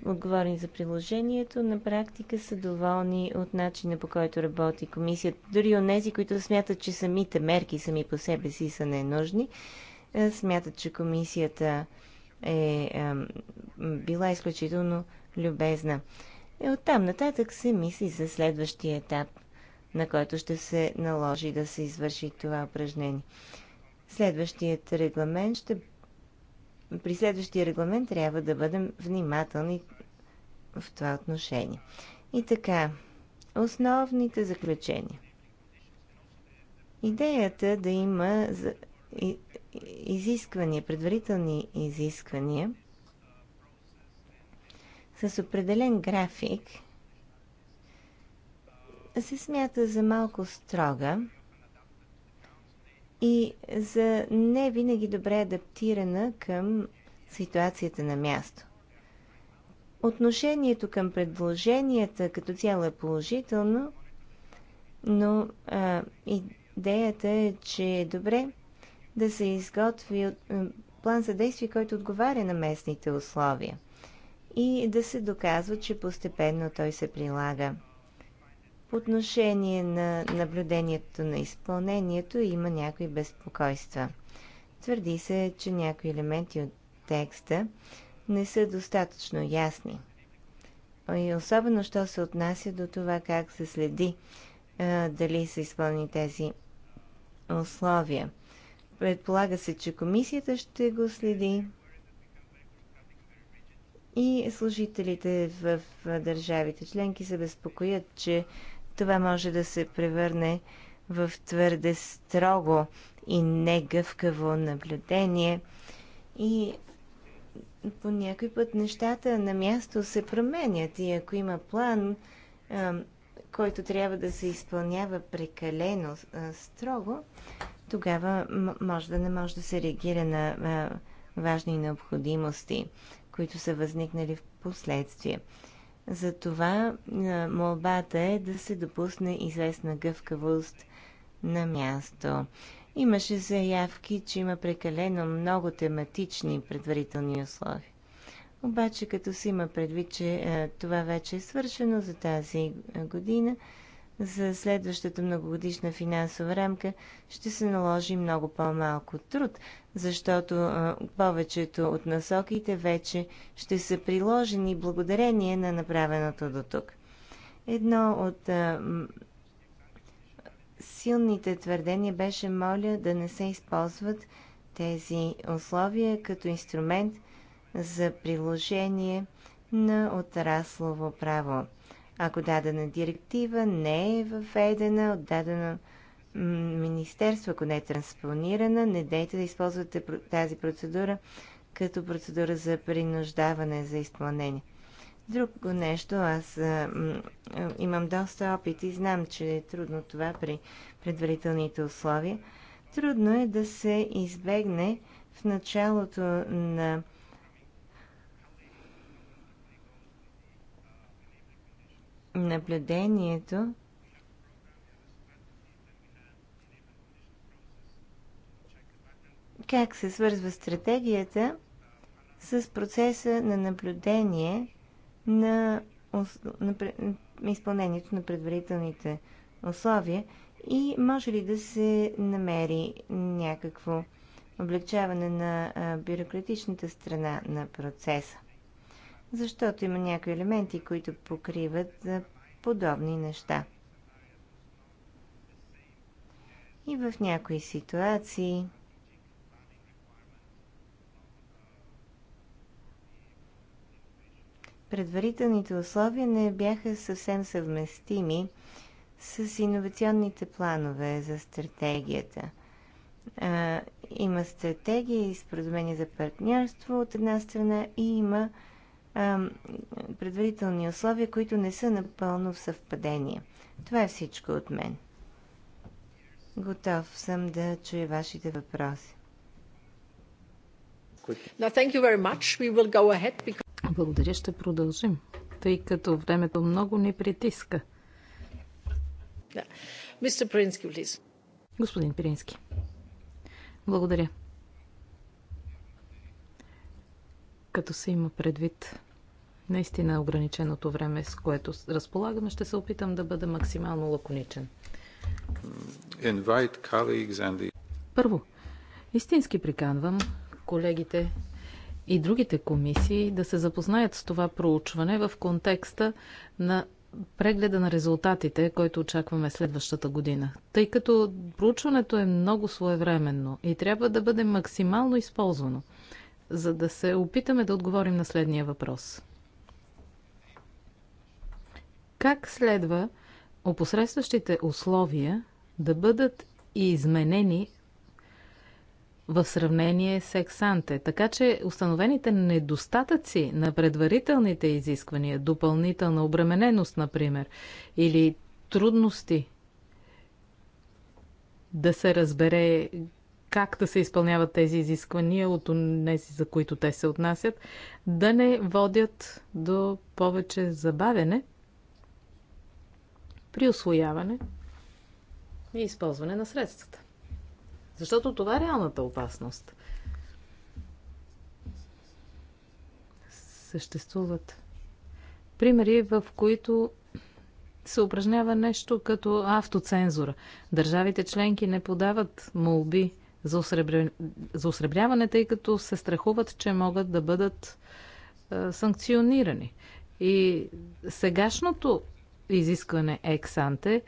говорим за приложението, на практика са доволни от начина по който работи комисията. Дори от тези, които смятат, че самите мерки сами по себе си са ненужни, смятат, че комисията е, е била изключително любезна. И е, оттам нататък се мисли за следващия етап, на който ще се наложи да се извърши това упражнение. Следващият регламент ще... При следващия регламент трябва да бъдем внимателни в това отношение. И така, основните заключения. Идеята да има изисквания, предварителни изисквания – с определен график се смята за малко строга и за не винаги добре адаптирана към ситуацията на място. Отношението към предложенията като цяло е положително, но а, идеята е, че е добре да се изготви план за действие, който отговаря на местните условия и да се доказва, че постепенно той се прилага. По отношение на наблюдението на изпълнението има някои безпокойства. Твърди се, че някои елементи от текста не са достатъчно ясни. И особено, що се отнася до това как се следи дали са изпълнени тези условия. Предполага се, че комисията ще го следи и служителите в държавите членки се безпокоят, че това може да се превърне в твърде строго и негъвкаво наблюдение. И по някой път нещата на място се променят и ако има план, който трябва да се изпълнява прекалено строго, тогава може да не може да се реагира на важни необходимости които са възникнали в последствие. Затова молбата е да се допусне известна гъвкавост на място. Имаше заявки, че има прекалено много тематични предварителни условия. Обаче, като се има предвид, че е, това вече е свършено за тази година, за следващата многогодишна финансова рамка ще се наложи много по-малко труд, защото повечето от насоките вече ще са приложени благодарение на направеното до тук. Едно от силните твърдения беше моля да не се използват тези условия като инструмент за приложение на отраслово право. Ако дадена директива не е въведена от дадено министерство, ако не е транспонирана, не дейте да използвате тази процедура като процедура за принуждаване за изпълнение. Друго нещо, аз а, имам доста опит и знам, че е трудно това при предварителните условия. Трудно е да се избегне в началото на наблюдението как се свързва стратегията с процеса на наблюдение на, на, на изпълнението на предварителните условия и може ли да се намери някакво облегчаване на бюрократичната страна на процеса? Защото има някои елементи, които покриват подобни неща. И в някои ситуации предварителните условия не бяха съвсем съвместими с иновационните планове за стратегията. А, има стратегия и споразумение за партньорство от една страна и има а, предварителни условия, които не са напълно в съвпадение. Това е всичко от мен. Готов съм да чуя вашите въпроси. Now, thank you very much. We will go ahead because... Благодаря, ще продължим, тъй като времето много ни притиска. Мистер Прински, please. Господин Прински. Благодаря. Като се има предвид наистина ограниченото време, с което разполагаме, ще се опитам да бъда максимално лаконичен. Първо, истински приканвам колегите и другите комисии да се запознаят с това проучване в контекста на прегледа на резултатите, който очакваме следващата година. Тъй като проучването е много своевременно и трябва да бъде максимално използвано, за да се опитаме да отговорим на следния въпрос. Как следва опосредстващите условия да бъдат изменени в сравнение с ексанте. Така че установените недостатъци на предварителните изисквания, допълнителна обремененост, например, или трудности да се разбере как да се изпълняват тези изисквания от тези, за които те се отнасят, да не водят до повече забавене при освояване и използване на средствата. Защото това е реалната опасност. Съществуват примери, в които се упражнява нещо като автоцензура. Държавите членки не подават молби за, осребря... за осребряване, тъй като се страхуват, че могат да бъдат е, санкционирани. И сегашното изискване ексанте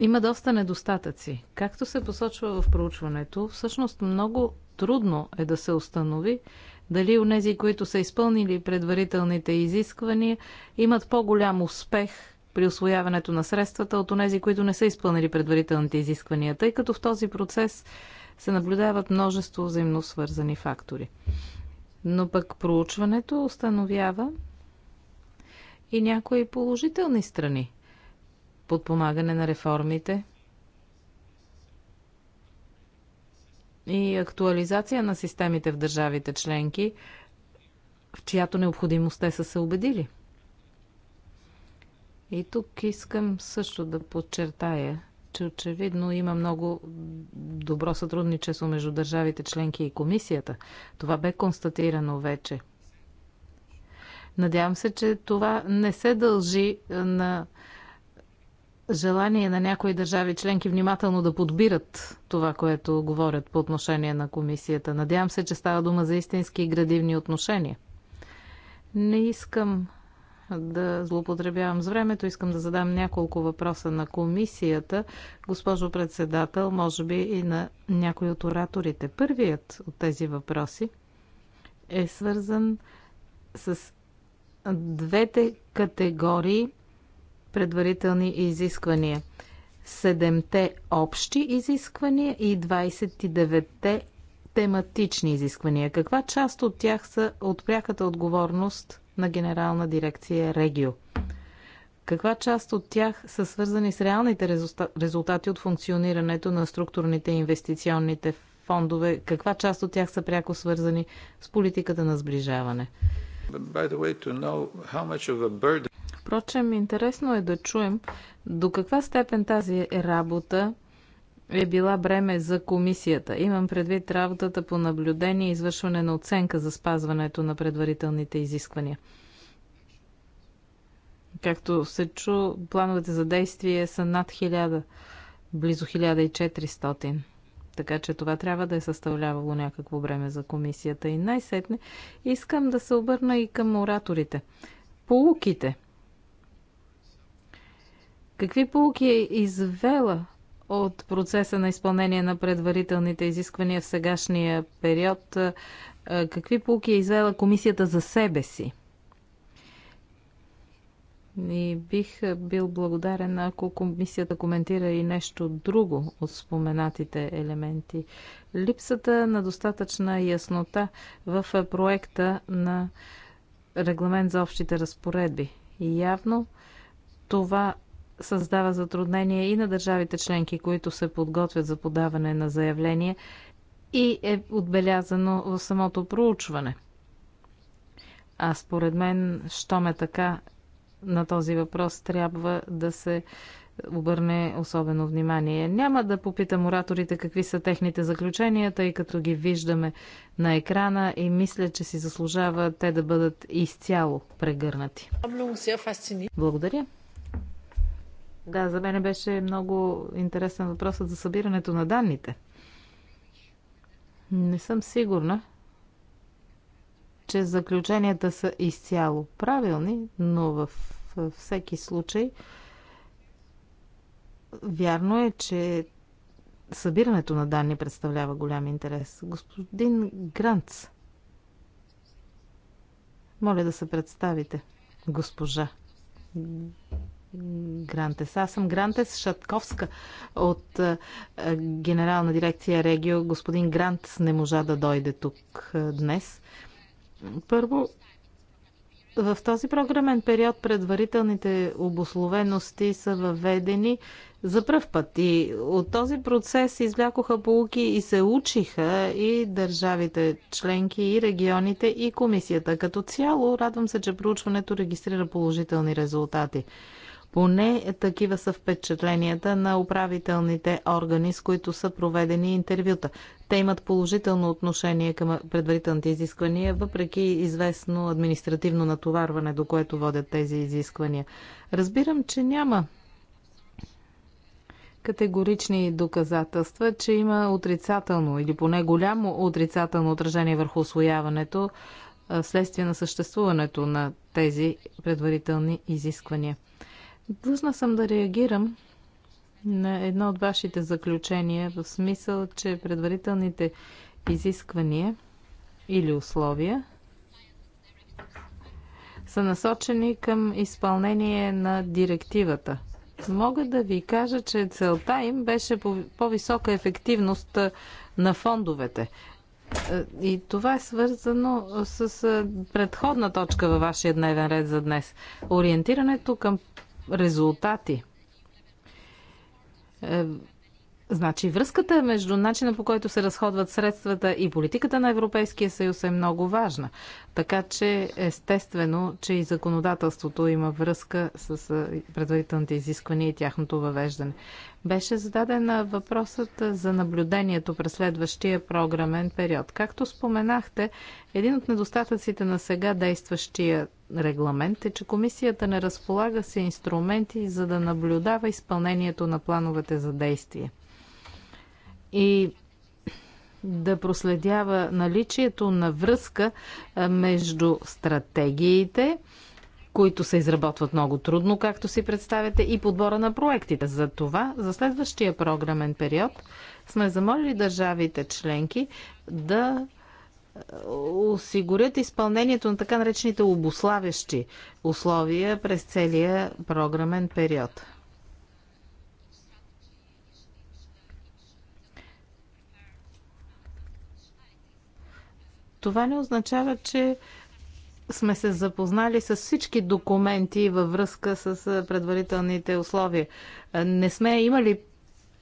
има доста недостатъци. Както се посочва в проучването, всъщност много трудно е да се установи дали у нези, които са изпълнили предварителните изисквания, имат по-голям успех при освояването на средствата от онези, които не са изпълнили предварителните изисквания, тъй като в този процес се наблюдават множество взаимно свързани фактори. Но пък проучването установява и някои положителни страни – подпомагане на реформите и актуализация на системите в държавите членки, в чиято необходимост те са се убедили. И тук искам също да подчертая, че очевидно има много добро сътрудничество между държавите членки и комисията. Това бе констатирано вече. Надявам се, че това не се дължи на желание на някои държави членки внимателно да подбират това, което говорят по отношение на комисията. Надявам се, че става дума за истински градивни отношения. Не искам да злоупотребявам с времето. Искам да задам няколко въпроса на комисията. Госпожо председател, може би и на някой от ораторите. Първият от тези въпроси е свързан с двете категории предварителни изисквания. Седемте общи изисквания и 29-те тематични изисквания. Каква част от тях са от пряката отговорност на Генерална дирекция Регио? Каква част от тях са свързани с реалните резултати от функционирането на структурните инвестиционните фондове? Каква част от тях са пряко свързани с политиката на сближаване? Way, burden... Впрочем, интересно е да чуем до каква степен тази работа е била бреме за комисията. Имам предвид работата по наблюдение и извършване на оценка за спазването на предварителните изисквания. Както се чу, плановете за действие са над 1000, близо 1400. Така че това трябва да е съставлявало някакво време за комисията. И най-сетне искам да се обърна и към ораторите. Полуките Какви полуки е извела от процеса на изпълнение на предварителните изисквания в сегашния период? Какви полуки е извела комисията за себе си? И бих бил благодарен, ако комисията коментира и нещо друго от споменатите елементи. Липсата на достатъчна яснота в проекта на регламент за общите разпоредби. явно това създава затруднение и на държавите членки, които се подготвят за подаване на заявление и е отбелязано в самото проучване. А според мен, щом е така, на този въпрос трябва да се обърне особено внимание. Няма да попитам ораторите какви са техните заключения, тъй като ги виждаме на екрана и мисля, че си заслужава те да бъдат изцяло прегърнати. Благодаря. Да, за мен беше много интересен въпросът за събирането на данните. Не съм сигурна, че заключенията са изцяло правилни, но във всеки случай вярно е, че събирането на данни представлява голям интерес. Господин Гранц, моля да се представите, госпожа Грантес. Аз съм Грантес Шатковска от е, е, Генерална дирекция Регио. Господин Грант не можа да дойде тук е, днес. Първо, в този програмен период предварителните обословености са въведени за пръв път. И от този процес извлякоха полуки и се учиха и държавите членки, и регионите, и комисията. Като цяло радвам се, че проучването регистрира положителни резултати. Поне такива са впечатленията на управителните органи, с които са проведени интервюта. Те имат положително отношение към предварителните изисквания, въпреки известно административно натоварване, до което водят тези изисквания. Разбирам, че няма категорични доказателства, че има отрицателно или поне голямо отрицателно отражение върху освояването следствие на съществуването на тези предварителни изисквания. Длъжна съм да реагирам на едно от вашите заключения в смисъл, че предварителните изисквания или условия са насочени към изпълнение на директивата. Мога да ви кажа, че целта им беше по-висока ефективност на фондовете. И това е свързано с предходна точка във вашия дневен ред за днес. Ориентирането към резултати. Е, Значи връзката между начина по който се разходват средствата и политиката на Европейския съюз е много важна. Така че естествено, че и законодателството има връзка с предварителните изисквания и тяхното въвеждане. Беше зададен въпросът за наблюдението през следващия програмен период. Както споменахте, един от недостатъците на сега действащия регламент е, че комисията не разполага се инструменти за да наблюдава изпълнението на плановете за действие и да проследява наличието на връзка между стратегиите, които се изработват много трудно, както си представяте, и подбора на проектите. За това, за следващия програмен период, сме замолили държавите членки да осигурят изпълнението на така наречените обославящи условия през целия програмен период. Това не означава, че сме се запознали с всички документи във връзка с предварителните условия. Не сме имали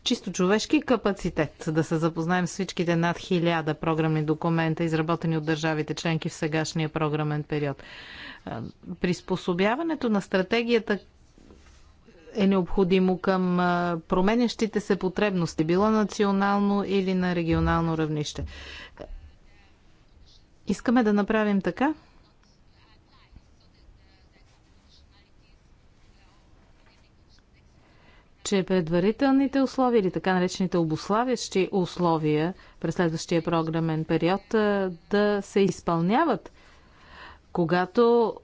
чисто човешки капацитет да се запознаем с всичките над хиляда програмни документа, изработени от държавите членки в сегашния програмен период. Приспособяването на стратегията е необходимо към променящите се потребности, било национално или на регионално равнище. Искаме да направим така, че предварителните условия или така наречените обославящи условия през следващия програмен период да се изпълняват, когато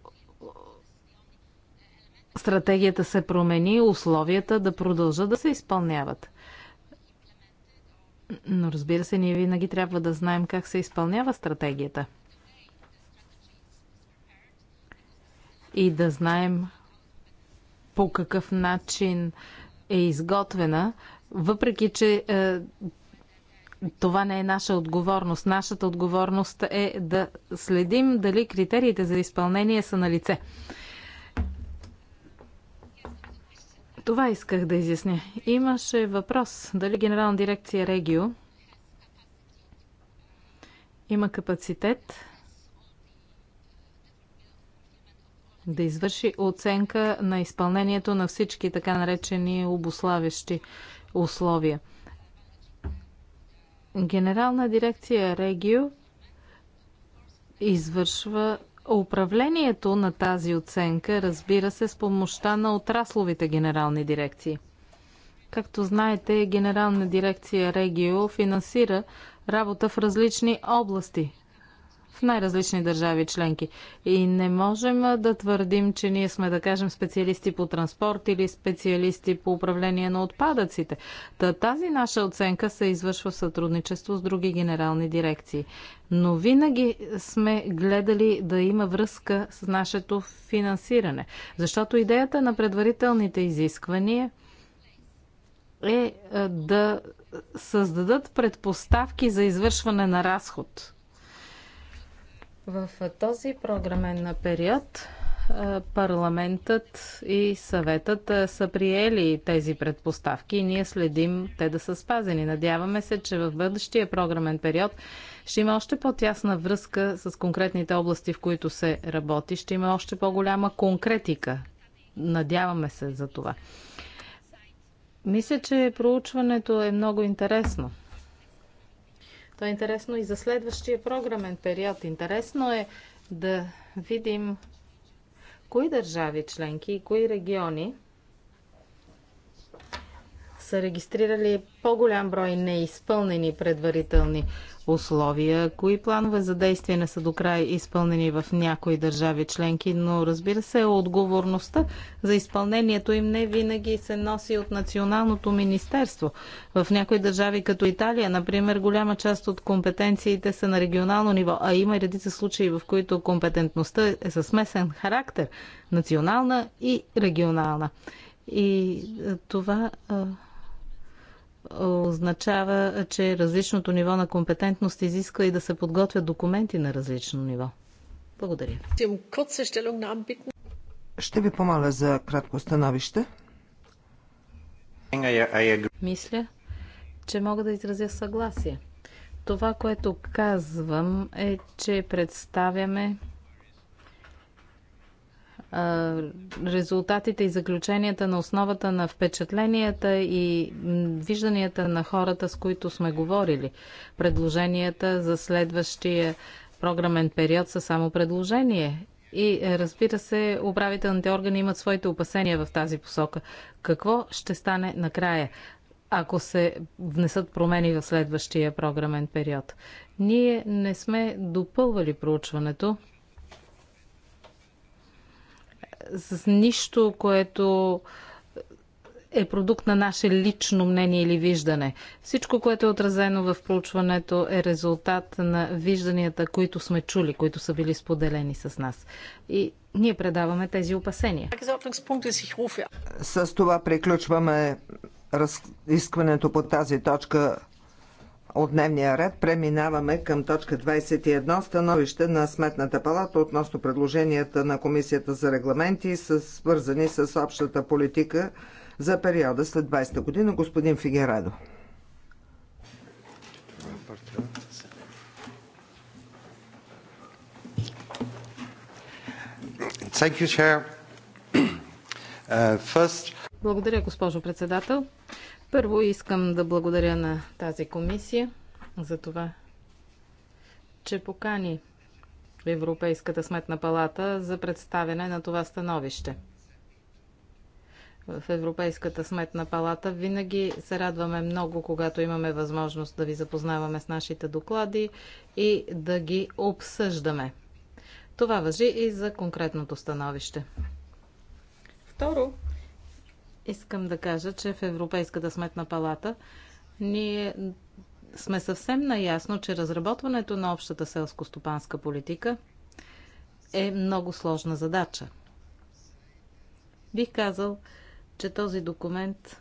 стратегията се промени, условията да продължат да се изпълняват. Но разбира се, ние винаги трябва да знаем как се изпълнява стратегията. И да знаем по какъв начин е изготвена, въпреки че е, това не е наша отговорност. Нашата отговорност е да следим дали критериите за изпълнение са на лице. Това исках да изясня. Имаше въпрос дали Генерална дирекция Регио има капацитет да извърши оценка на изпълнението на всички така наречени обославящи условия. Генерална дирекция Регио извършва Управлението на тази оценка разбира се с помощта на отрасловите генерални дирекции. Както знаете, Генерална дирекция Регио финансира работа в различни области в най-различни държави членки. И не можем да твърдим, че ние сме, да кажем, специалисти по транспорт или специалисти по управление на отпадъците. Та, тази наша оценка се извършва в сътрудничество с други генерални дирекции. Но винаги сме гледали да има връзка с нашето финансиране. Защото идеята на предварителните изисквания е да създадат предпоставки за извършване на разход. В този програмен период парламентът и съветът са приели тези предпоставки и ние следим те да са спазени. Надяваме се, че в бъдещия програмен период ще има още по-тясна връзка с конкретните области, в които се работи. Ще има още по-голяма конкретика. Надяваме се за това. Мисля, че проучването е много интересно. То е интересно и за следващия програмен период. Интересно е да видим кои държави членки и кои региони са регистрирали по-голям брой неизпълнени предварителни условия. Кои планове за действие не са до край изпълнени в някои държави членки, но разбира се, отговорността за изпълнението им не винаги се носи от Националното министерство. В някои държави, като Италия, например, голяма част от компетенциите са на регионално ниво, а има и редица случаи, в които компетентността е със смесен характер национална и регионална. И е, това е, означава, че различното ниво на компетентност изисква и да се подготвят документи на различно ниво. Благодаря. Ще ви помоля за кратко становище. Мисля, че мога да изразя съгласие. Това, което казвам е, че представяме резултатите и заключенията на основата на впечатленията и вижданията на хората, с които сме говорили. Предложенията за следващия програмен период са само предложение. И е, разбира се, управителните органи имат своите опасения в тази посока. Какво ще стане накрая, ако се внесат промени в следващия програмен период? Ние не сме допълвали проучването, с нищо, което е продукт на наше лично мнение или виждане. Всичко, което е отразено в проучването, е резултат на вижданията, които сме чули, които са били споделени с нас. И ние предаваме тези опасения. С това приключваме разискването по тази точка от дневния ред преминаваме към точка 21 становище на Сметната палата относно предложенията на Комисията за регламенти, свързани с общата политика за периода след 20-та година. Господин Фигерадо. Uh, Благодаря, госпожо председател. Първо искам да благодаря на тази комисия за това, че покани Европейската сметна палата за представяне на това становище. В Европейската сметна палата винаги се радваме много, когато имаме възможност да ви запознаваме с нашите доклади и да ги обсъждаме. Това въжи и за конкретното становище. Второ, искам да кажа, че в Европейската сметна палата ние сме съвсем наясно, че разработването на общата селско-стопанска политика е много сложна задача. Бих казал, че този документ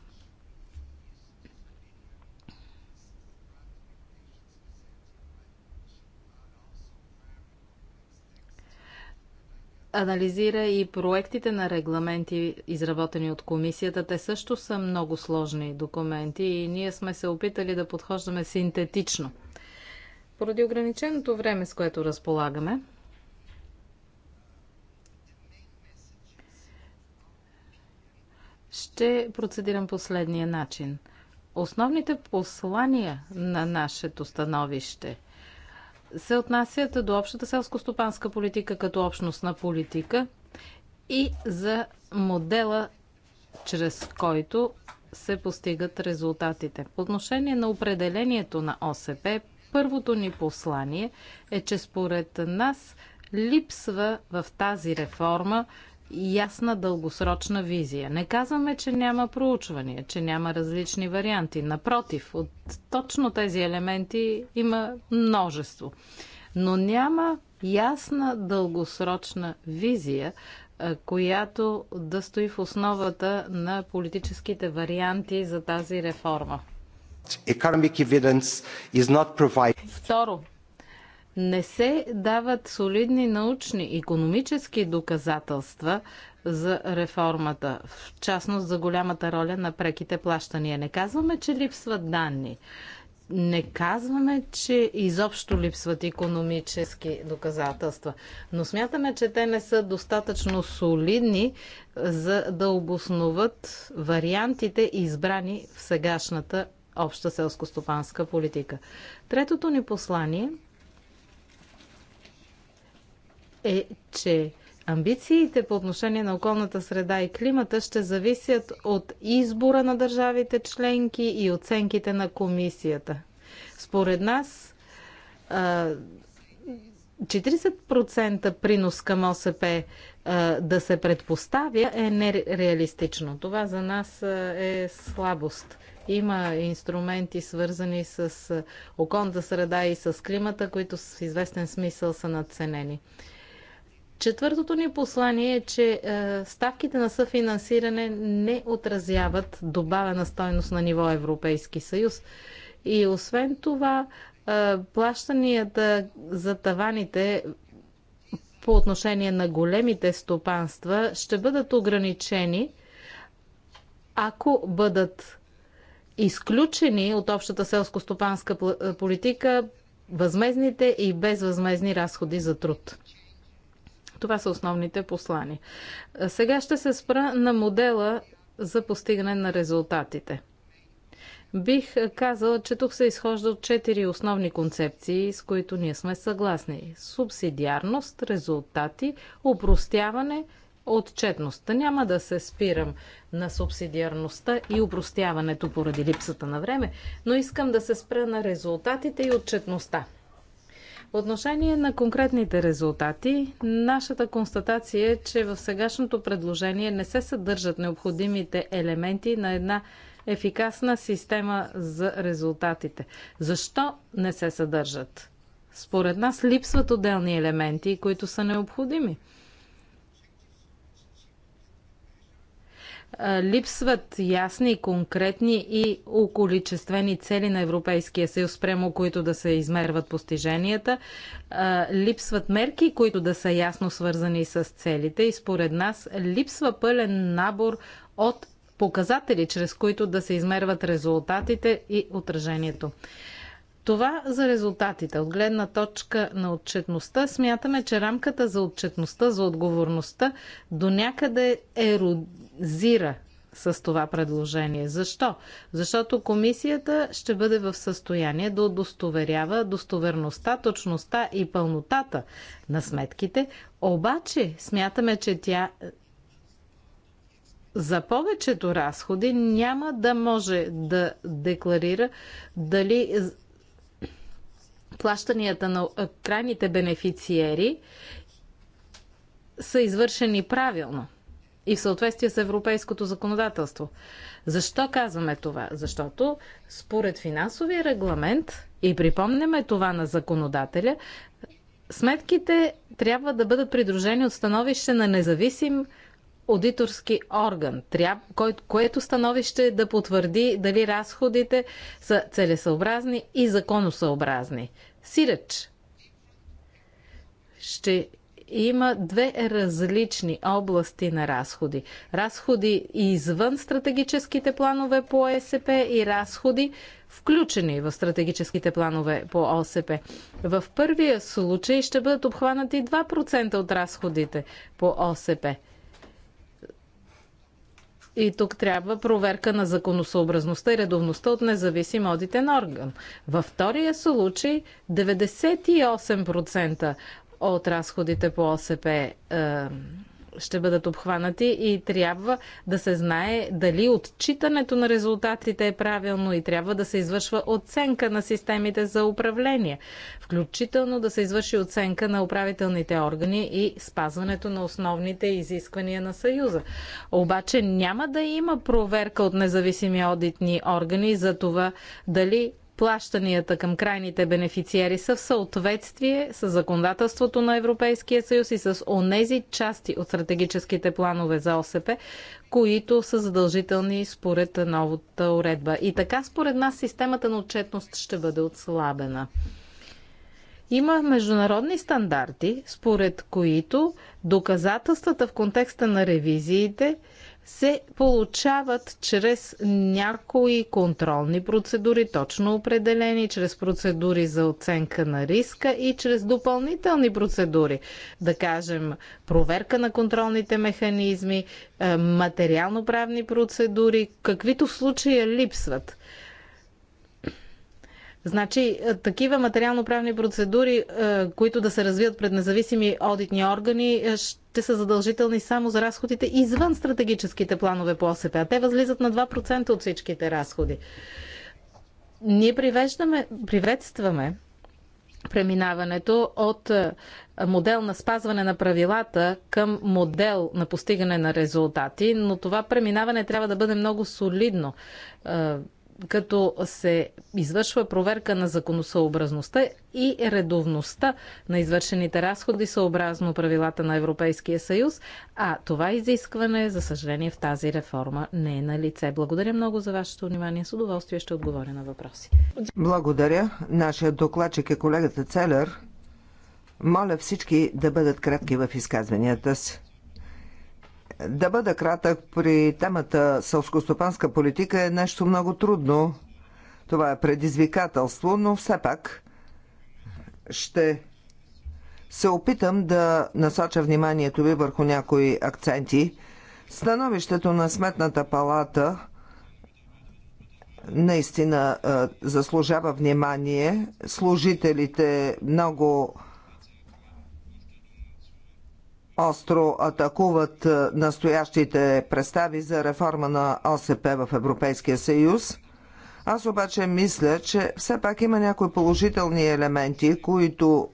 анализира и проектите на регламенти, изработени от комисията. Те също са много сложни документи и ние сме се опитали да подхождаме синтетично. Поради ограниченото време, с което разполагаме, ще процедирам последния начин. Основните послания на нашето становище – се отнасят до общата селско-стопанска политика като общностна политика и за модела, чрез който се постигат резултатите. По отношение на определението на ОСП, първото ни послание е, че според нас липсва в тази реформа ясна дългосрочна визия. Не казваме, че няма проучвания, че няма различни варианти. Напротив, от точно тези елементи има множество. Но няма ясна дългосрочна визия, която да стои в основата на политическите варианти за тази реформа. Второ, не се дават солидни научни, економически доказателства за реформата, в частност за голямата роля на преките плащания. Не казваме, че липсват данни. Не казваме, че изобщо липсват економически доказателства, но смятаме, че те не са достатъчно солидни, за да обосноват вариантите, избрани в сегашната обща селскостопанска политика. Третото ни послание – е, че амбициите по отношение на околната среда и климата ще зависят от избора на държавите членки и оценките на комисията. Според нас, 40% принос към ОСП да се предпоставя е нереалистично. Това за нас е слабост. Има инструменти, свързани с околната среда и с климата, които в известен смисъл са надценени. Четвъртото ни послание е, че е, ставките на съфинансиране не отразяват добавена стойност на ниво Европейски съюз. И освен това, е, плащанията за таваните по отношение на големите стопанства ще бъдат ограничени, ако бъдат изключени от общата селско-стопанска политика възмезните и безвъзмезни разходи за труд. Това са основните послания. Сега ще се спра на модела за постигане на резултатите. Бих казала, че тук се изхожда от четири основни концепции, с които ние сме съгласни. Субсидиарност, резултати, упростяване, отчетността. Няма да се спирам на субсидиарността и упростяването поради липсата на време, но искам да се спра на резултатите и отчетността. По отношение на конкретните резултати, нашата констатация е, че в сегашното предложение не се съдържат необходимите елементи на една ефикасна система за резултатите. Защо не се съдържат? Според нас липсват отделни елементи, които са необходими – липсват ясни, конкретни и околичествени цели на Европейския съюз, прямо които да се измерват постиженията. Липсват мерки, които да са ясно свързани с целите и според нас липсва пълен набор от показатели, чрез които да се измерват резултатите и отражението. Това за резултатите. От гледна точка на отчетността смятаме, че рамката за отчетността, за отговорността до някъде ерозира с това предложение. Защо? Защото комисията ще бъде в състояние да удостоверява достоверността, точността и пълнотата на сметките, обаче смятаме, че тя за повечето разходи няма да може да декларира дали плащанията на крайните бенефициери са извършени правилно и в съответствие с европейското законодателство. Защо казваме това? Защото според финансовия регламент, и припомняме това на законодателя, сметките трябва да бъдат придружени от становище на независим аудиторски орган, което становище да потвърди дали разходите са целесъобразни и законосъобразни сиреч. Ще има две различни области на разходи. Разходи извън стратегическите планове по ОСП и разходи включени в стратегическите планове по ОСП. В първия случай ще бъдат обхванати 2% от разходите по ОСП – и тук трябва проверка на законосъобразността и редовността от независим одитен орган. Във втория случай 98% от разходите по ОСП е, ще бъдат обхванати и трябва да се знае дали отчитането на резултатите е правилно и трябва да се извършва оценка на системите за управление, включително да се извърши оценка на управителните органи и спазването на основните изисквания на Съюза. Обаче няма да има проверка от независими одитни органи за това дали плащанията към крайните бенефициери са в съответствие с законодателството на Европейския съюз и с онези части от стратегическите планове за ОСП, които са задължителни според новата уредба. И така, според нас, системата на отчетност ще бъде отслабена. Има международни стандарти, според които доказателствата в контекста на ревизиите – се получават чрез някои контролни процедури, точно определени, чрез процедури за оценка на риска и чрез допълнителни процедури. Да кажем, проверка на контролните механизми, е, материално-правни процедури, каквито в случая липсват. Значи, е, такива материално-правни процедури, е, които да се развият пред независими одитни органи, е, ще са задължителни само за разходите извън стратегическите планове по ОСП. А те възлизат на 2% от всичките разходи. Ние привеждаме, приветстваме преминаването от модел на спазване на правилата към модел на постигане на резултати, но това преминаване трябва да бъде много солидно като се извършва проверка на законосъобразността и редовността на извършените разходи съобразно правилата на Европейския съюз, а това изискване, за съжаление, в тази реформа не е на лице. Благодаря много за вашето внимание. С удоволствие ще отговоря на въпроси. Благодаря. Нашия докладчик е колегата Целер. Моля всички да бъдат кратки в изказванията си. Да бъда кратък при темата сълскостопанска политика е нещо много трудно. Това е предизвикателство, но все пак ще се опитам да насоча вниманието ви върху някои акценти. Становището на Сметната палата наистина е, заслужава внимание. Служителите много остро атакуват е, настоящите представи за реформа на ОСП в Европейския съюз. Аз обаче мисля, че все пак има някои положителни елементи, които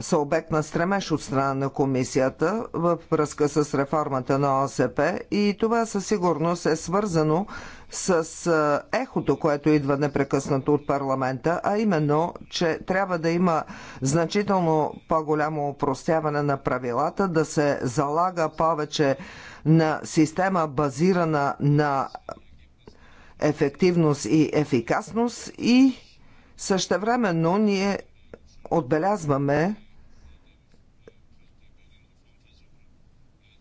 са обект на стремеж от страна на комисията във връзка с реформата на ОСП и това със сигурност е свързано с ехото, което идва непрекъснато от парламента, а именно, че трябва да има значително по-голямо упростяване на правилата, да се залага повече на система базирана на ефективност и ефикасност и същевременно ние отбелязваме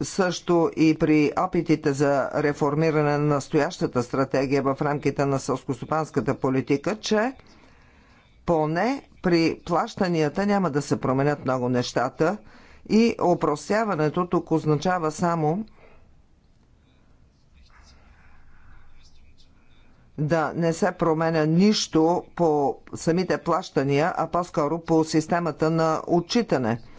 също и при опитите за реформиране на настоящата стратегия в рамките на сълскостопанската политика, че поне при плащанията няма да се променят много нещата и опростяването тук означава само да не се променя нищо по самите плащания, а по-скоро по системата на отчитане –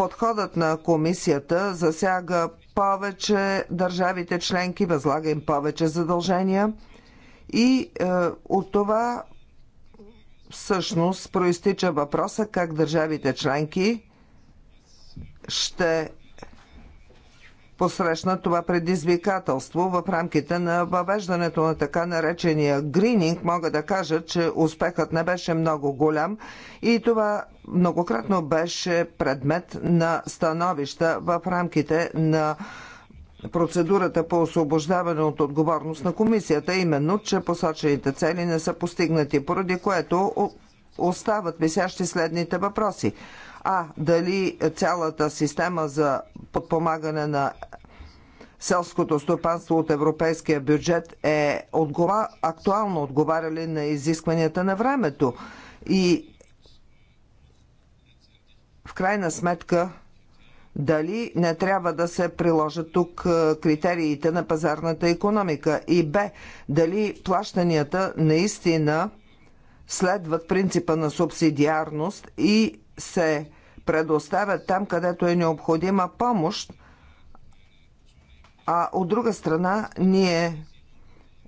подходът на комисията засяга повече държавите членки, възлага им повече задължения и е, от това всъщност проистича въпроса как държавите членки ще посрещнат това предизвикателство в рамките на въвеждането на така наречения грининг. Мога да кажа, че успехът не беше много голям и това многократно беше предмет на становища в рамките на процедурата по освобождаване от отговорност на комисията, именно, че посочените цели не са постигнати, поради което остават висящи следните въпроси. А дали цялата система за подпомагане на селското стопанство от европейския бюджет е отгова... актуално отговаряли на изискванията на времето? И в крайна сметка дали не трябва да се приложат тук е, критериите на пазарната економика и б. дали плащанията наистина следват принципа на субсидиарност и се предоставят там, където е необходима помощ, а от друга страна ние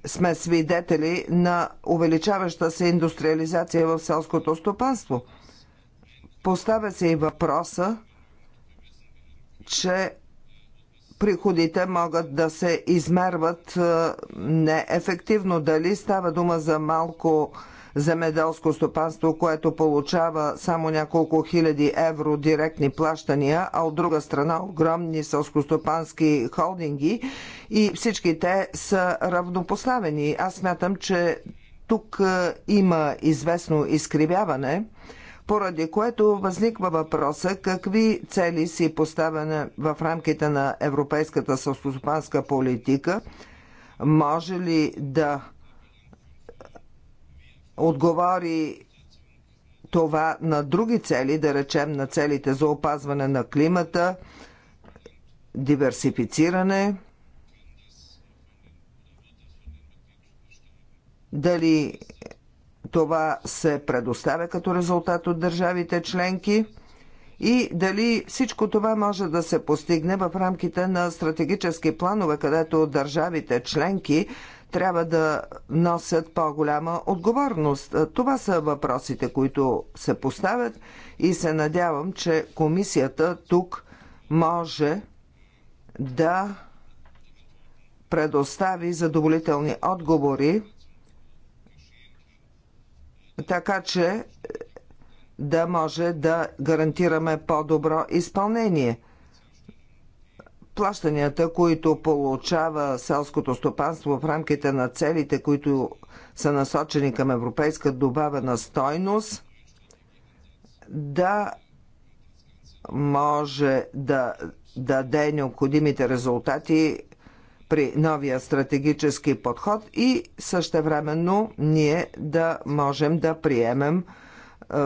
сме свидетели на увеличаваща се индустриализация в селското стопанство. Поставя се и въпроса, че приходите могат да се измерват е, неефективно. Дали става дума за малко земеделско стопанство, което получава само няколко хиляди евро директни плащания, а от друга страна огромни сълскостопански холдинги и всички те са равнопоставени. Аз смятам, че тук е, има известно изкривяване поради което възниква въпроса какви цели си поставяне в рамките на европейската селскостопанска политика, може ли да отговори това на други цели, да речем на целите за опазване на климата, диверсифициране, дали това се предоставя като резултат от държавите членки и дали всичко това може да се постигне в рамките на стратегически планове, където държавите членки трябва да носят по-голяма отговорност. Това са въпросите, които се поставят и се надявам, че комисията тук може да предостави задоволителни отговори, така че да може да гарантираме по-добро изпълнение – плащанията, които получава селското стопанство в рамките на целите, които са насочени към европейска добавена стойност, да може да даде необходимите резултати при новия стратегически подход и същевременно ние да можем да приемем е,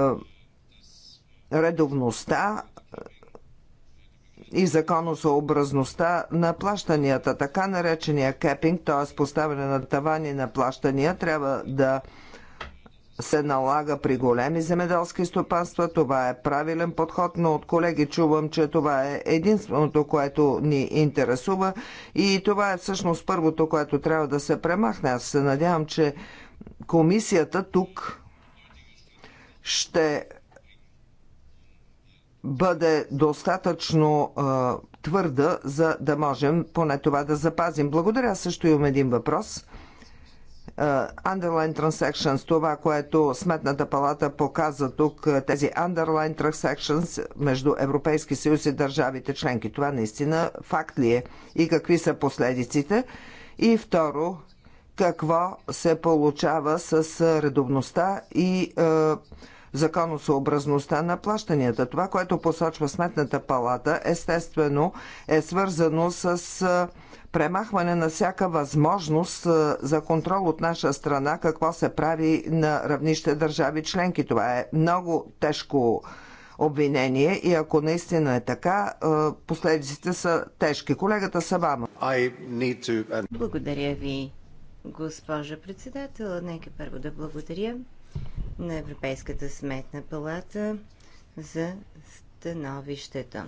редовността и законосъобразността на плащанията. Така наречения кепинг, т.е. поставяне на тавани на плащания, трябва да се налага при големи земеделски стопанства. Това е правилен подход, но от колеги чувам, че това е единственото, което ни интересува и това е всъщност първото, което трябва да се премахне. Аз се надявам, че комисията тук ще бъде достатъчно а, твърда, за да можем поне това да запазим. Благодаря. Също имам един въпрос. Underline Transactions, това, което Сметната палата показа тук, тези Underline Transactions между Европейски съюз и държавите членки. Това наистина факт ли е? И какви са последиците? И второ, какво се получава с редовността и uh, законосъобразността на плащанията. Това, което посочва Сметната палата, естествено е свързано с премахване на всяка възможност за контрол от наша страна, какво се прави на равнище държави членки. Това е много тежко обвинение и ако наистина е така, последиците са тежки. Колегата Сабама. To... Благодаря ви, госпожа председател. Нека първо да благодаря на Европейската сметна палата за становището.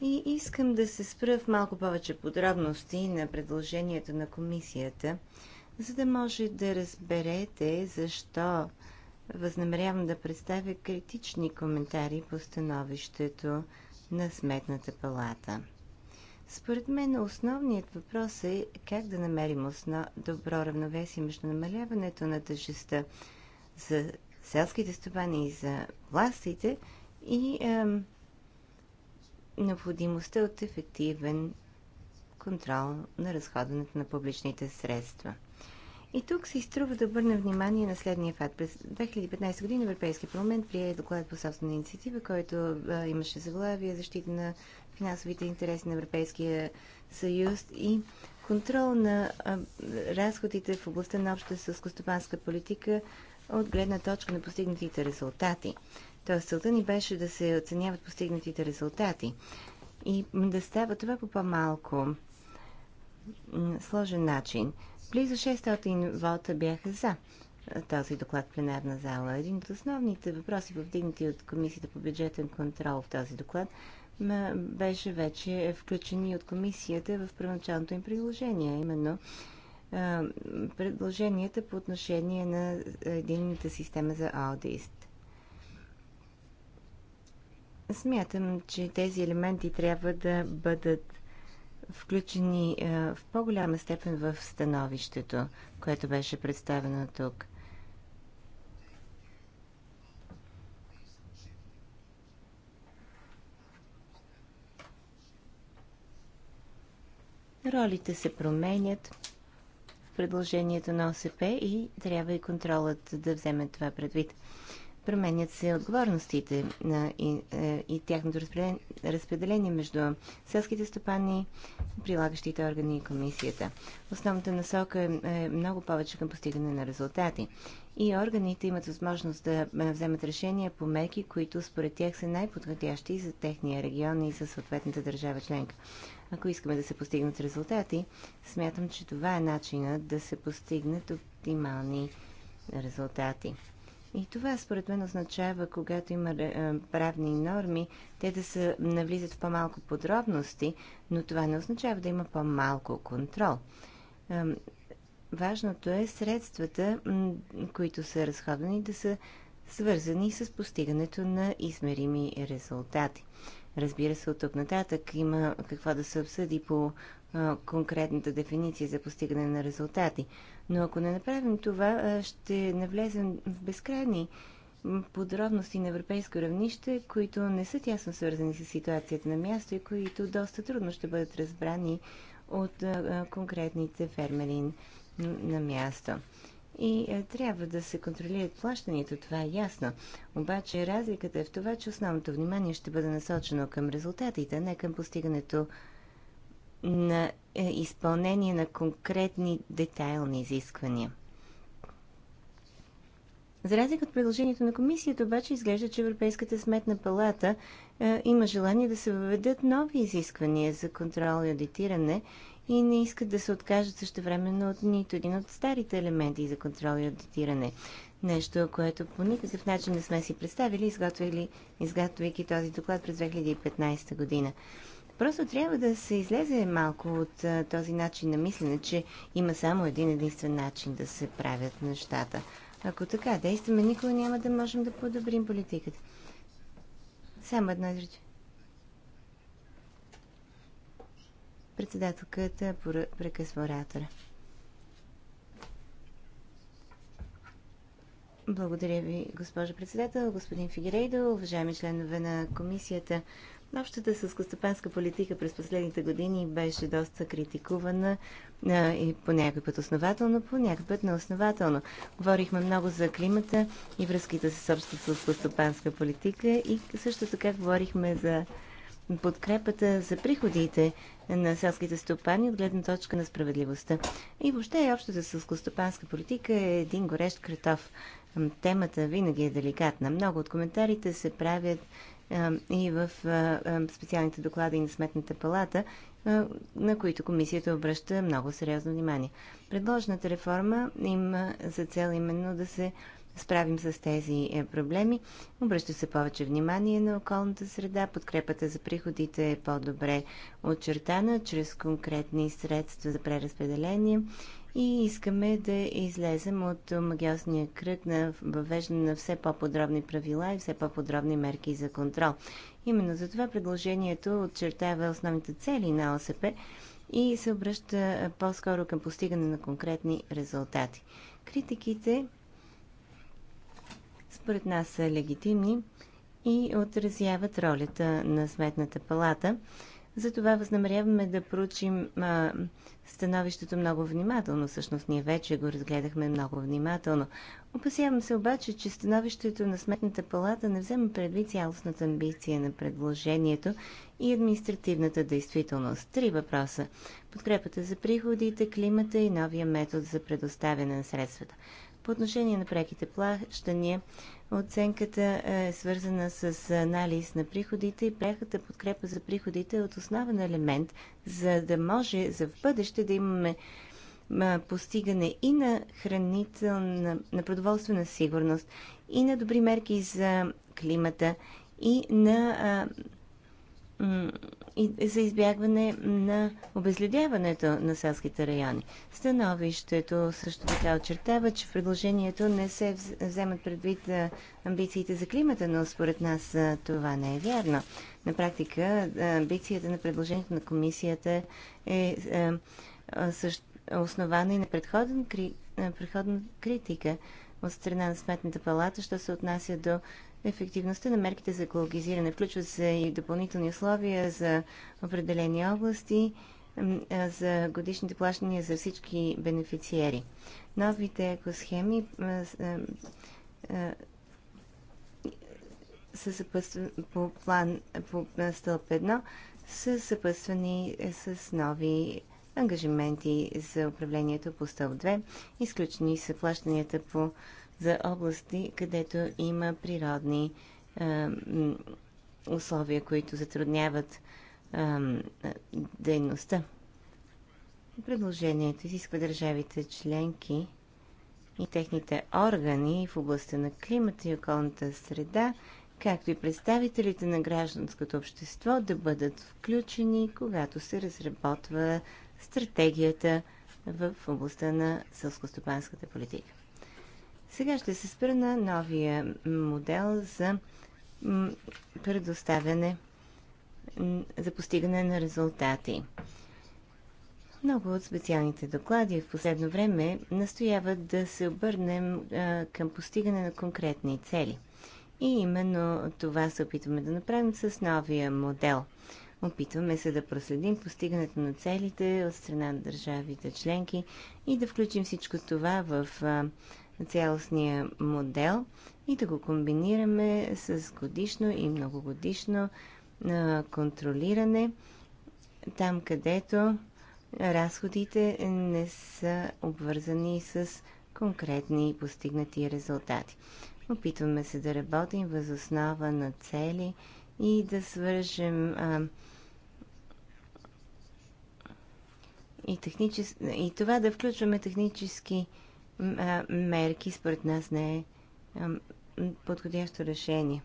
И искам да се спра в малко повече подробности на предложението на комисията, за да може да разберете защо възнамерявам да представя критични коментари по становището на Сметната палата. Според мен основният въпрос е как да намерим основ... добро равновесие между намаляването на тъжеста за селските стопани и за властите и е, необходимостта от ефективен контрол на разходването на публичните средства. И тук се изтрува да обърнем внимание на следния факт. През 2015 година Европейския парламент прие доклад по собствена инициатива, който а, е, имаше заглавие защита на финансовите интереси на Европейския съюз и контрол на а, е, разходите в областта на общата сълскостопанска политика от гледна точка на постигнатите резултати. Тоест, целта ни беше да се оценяват постигнатите резултати и да става това по по-малко сложен начин. Близо 600 вота бяха за този доклад в пленарна зала. Един от основните въпроси, повдигнати от Комисията по бюджетен контрол в този доклад, беше вече включен и от комисията в първоначалното им приложение, именно предложенията по отношение на единната система за аудист. Смятам, че тези елементи трябва да бъдат включени в по-голяма степен в становището, което беше представено тук. Ролите се променят предложението на ОСП и трябва и контролът да вземе това предвид. Променят се отговорностите на, и, е, и тяхното разпределение, разпределение между селските стопани, прилагащите органи и комисията. Основната насока е, е много повече към постигане на резултати. И органите имат възможност да е, вземат решения по мерки, които според тях са най-подходящи за техния регион и за съответната държава членка. Ако искаме да се постигнат резултати, смятам, че това е начинът да се постигнат оптимални резултати. И това според мен означава, когато има е, правни норми, те да се навлизат в по-малко подробности, но това не означава да има по-малко контрол. Важното е средствата, които са разходени, да са свързани с постигането на измерими резултати. Разбира се, от тук нататък има какво да се обсъди по конкретната дефиниция за постигане на резултати. Но ако не направим това, ще навлезем в безкрайни подробности на европейско равнище, които не са тясно свързани с ситуацията на място и които доста трудно ще бъдат разбрани от конкретните фермери на място и е, трябва да се контролират плащането, това е ясно. Обаче разликата е в това, че основното внимание ще бъде насочено към резултатите, не към постигането на е, изпълнение на конкретни детайлни изисквания. За разлика от предложението на комисията, обаче изглежда, че Европейската сметна палата е, има желание да се въведат нови изисквания за контрол и аудитиране и не искат да се откажат също времено от нито един от старите елементи за контрол и аудитиране. Нещо, което по никакъв начин не сме си представили, изготвили, изготвяйки този доклад през 2015 година. Просто трябва да се излезе малко от а, този начин на мислене, че има само един единствен начин да се правят нещата. Ако така действаме, никога няма да можем да подобрим политиката. Само едно изречение. Председателката прекъсва оратора. Благодаря ви, госпожо председател, господин Фигерейдо, уважаеми членове на комисията. Общата костопанска политика през последните години беше доста критикувана а, и по някакъв път основателно, по някакъв път неоснователно. Говорихме много за климата и връзките с общата костопанска политика и също така говорихме за подкрепата за приходите на селските стопани от гледна точка на справедливостта. И въобще общата селскостопанска политика е един горещ кретов. Темата винаги е деликатна. Много от коментарите се правят и в специалните доклади на Сметната палата, на които комисията обръща много сериозно внимание. Предложената реформа има за цел именно да се справим с тези е, проблеми. Обръща се повече внимание на околната среда. Подкрепата за приходите е по-добре очертана чрез конкретни средства за преразпределение и искаме да излезем от магиосния кръг на въвеждане на все по-подробни правила и все по-подробни мерки за контрол. Именно за това предложението отчертава основните цели на ОСП и се обръща по-скоро към постигане на конкретни резултати. Критиките според нас са легитимни и отразяват ролята на Сметната палата. Затова възнамеряваме да проучим а, становището много внимателно. Всъщност ние вече го разгледахме много внимателно. Опасявам се обаче, че становището на Сметната палата не взема предвид цялостната амбиция на предложението и административната действителност. Три въпроса. Подкрепата за приходите, климата и новия метод за предоставяне на средствата. По отношение на преките плащания, оценката е свързана с анализ на приходите и прехата, подкрепа за приходите е от основен елемент, за да може за в бъдеще да имаме постигане и на хранителна, на продоволствена сигурност, и на добри мерки за климата, и на а, за избягване на обезлюдяването на селските райони. Становището също така очертава, че в предложението не се вземат предвид амбициите за климата, но според нас това не е вярно. На практика амбицията на предложението на комисията е основана и на предходна критика от страна на Сметната палата, що се отнася до ефективността на мерките за екологизиране. Включват се и допълнителни условия за определени области, за годишните плащания за всички бенефициери. Новите екосхеми са съпътствани по, план, по стълб 1 са съпътствани е, с нови ангажименти за управлението по стълб 2. Изключени са плащанията по за области, където има природни е, условия, които затрудняват е, дейността. Предложението изисква държавите членки и техните органи в областта на климата и околната среда, както и представителите на гражданското общество да бъдат включени, когато се разработва стратегията в областта на сълскостопанската политика. Сега ще се спра на новия модел за предоставяне за постигане на резултати. Много от специалните доклади в последно време настояват да се обърнем към постигане на конкретни цели. И именно това се опитваме да направим с новия модел. Опитваме се да проследим постигането на целите от страна на държавите членки и да включим всичко това в а, цялостния модел и да го комбинираме с годишно и многогодишно контролиране там, където разходите не са обвързани с конкретни постигнати резултати. Опитваме се да работим въз основа на цели и да свържем а, и, техничес... и това да включваме технически мерки, според нас не е подходящо решение.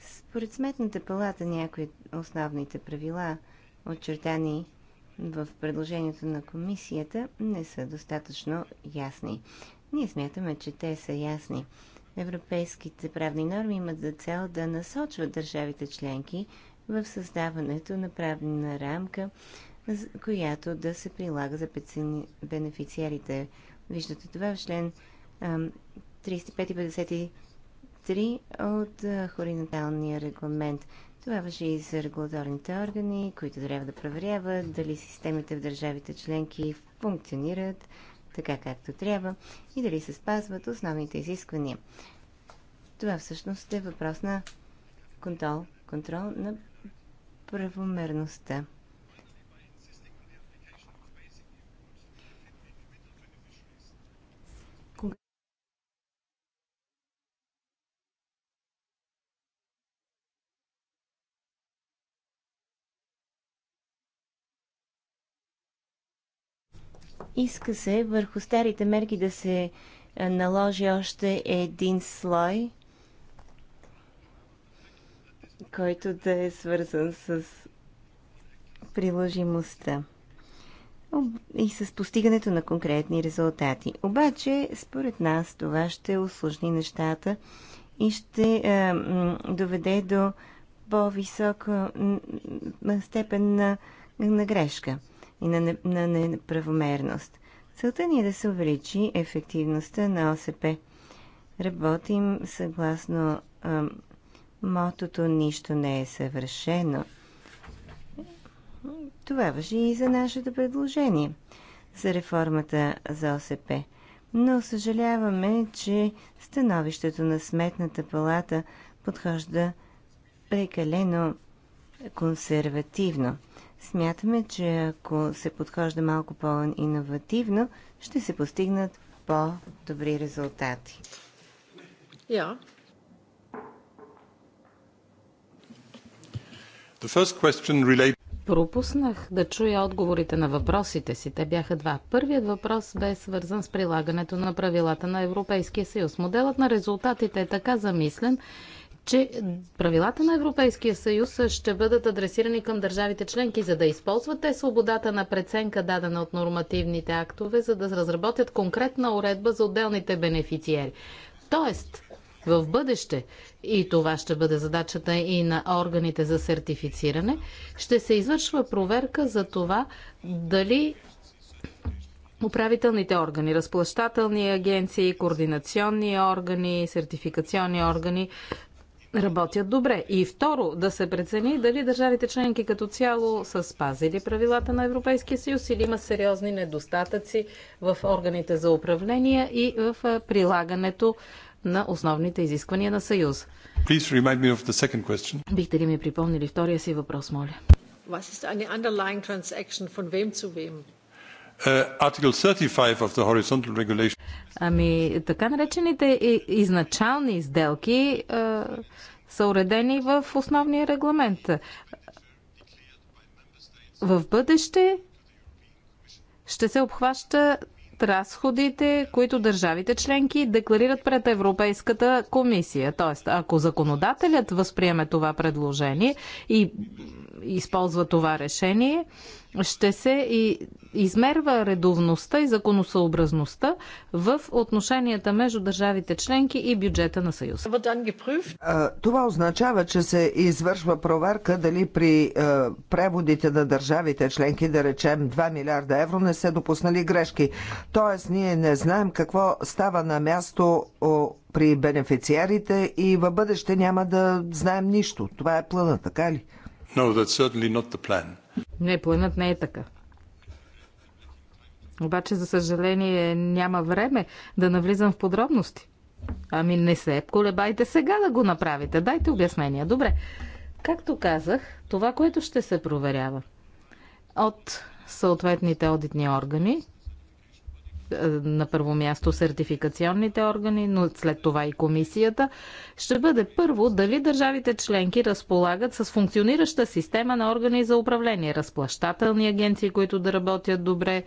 Според сметната палата някои основните правила, очертани в предложението на комисията, не са достатъчно ясни. Ние смятаме, че те са ясни. Европейските правни норми имат за цел да насочват държавите членки в създаването на правна рамка която да се прилага за бенефициарите. Виждате това в член 35 53 от хоризонталния регламент. Това въжи и за регулаторните органи, които трябва да проверяват дали системите в държавите членки функционират така както трябва и дали се спазват основните изисквания. Това всъщност е въпрос на контрол, контрол на правомерността. Иска се върху старите мерки да се е, наложи още един слой, който да е свързан с приложимостта и с постигането на конкретни резултати. Обаче, според нас, това ще осложни нещата и ще е, доведе до по-висока степен на, на грешка и на, на неправомерност. Целта ни е да се увеличи ефективността на ОСП. Работим съгласно а, мотото Нищо не е съвършено. Това въжи и за нашето предложение за реформата за ОСП. Но съжаляваме, че становището на Сметната палата подхожда прекалено консервативно. Смятаме, че ако се подхожда малко по-инновативно, ще се постигнат по-добри резултати. Yeah. The first question relate... Пропуснах да чуя отговорите на въпросите си. Те бяха два. Първият въпрос бе свързан с прилагането на правилата на Европейския съюз. Моделът на резултатите е така замислен, че правилата на Европейския съюз ще бъдат адресирани към държавите членки, за да използват те свободата на преценка, дадена от нормативните актове, за да разработят конкретна уредба за отделните бенефициери. Тоест, в бъдеще, и това ще бъде задачата и на органите за сертифициране, ще се извършва проверка за това дали управителните органи, разплащателни агенции, координационни органи, сертификационни органи работят добре. И второ, да се прецени дали държавите членки като цяло са спазили правилата на Европейския съюз или има сериозни недостатъци в органите за управление и в прилагането на основните изисквания на съюз. Бихте ли ми припомнили втория си въпрос, моля? Underlying Transaction wem wem? Uh, ами, така наречените изначални сделки а, е, са уредени в основния регламент. В бъдеще ще се обхваща разходите, които държавите членки декларират пред Европейската комисия. Тоест, ако законодателят възприеме това предложение и използва това решение, ще се и измерва редовността и законосъобразността в отношенията между държавите членки и бюджета на Съюз. Това означава, че се извършва проверка дали при преводите на държавите членки, да речем 2 милиарда евро, не се допуснали грешки. Тоест, ние не знаем какво става на място при бенефициарите и в бъдеще няма да знаем нищо. Това е плана, така ли? No, that's certainly not the plan. Не, планът не е така. Обаче, за съжаление, няма време да навлизам в подробности. Ами не се колебайте сега да го направите. Дайте обяснения. Добре. Както казах, това, което ще се проверява от съответните одитни органи, е, на първо място сертификационните органи, но след това и комисията, ще бъде първо дали държавите членки разполагат с функционираща система на органи за управление, разплащателни агенции, които да работят добре,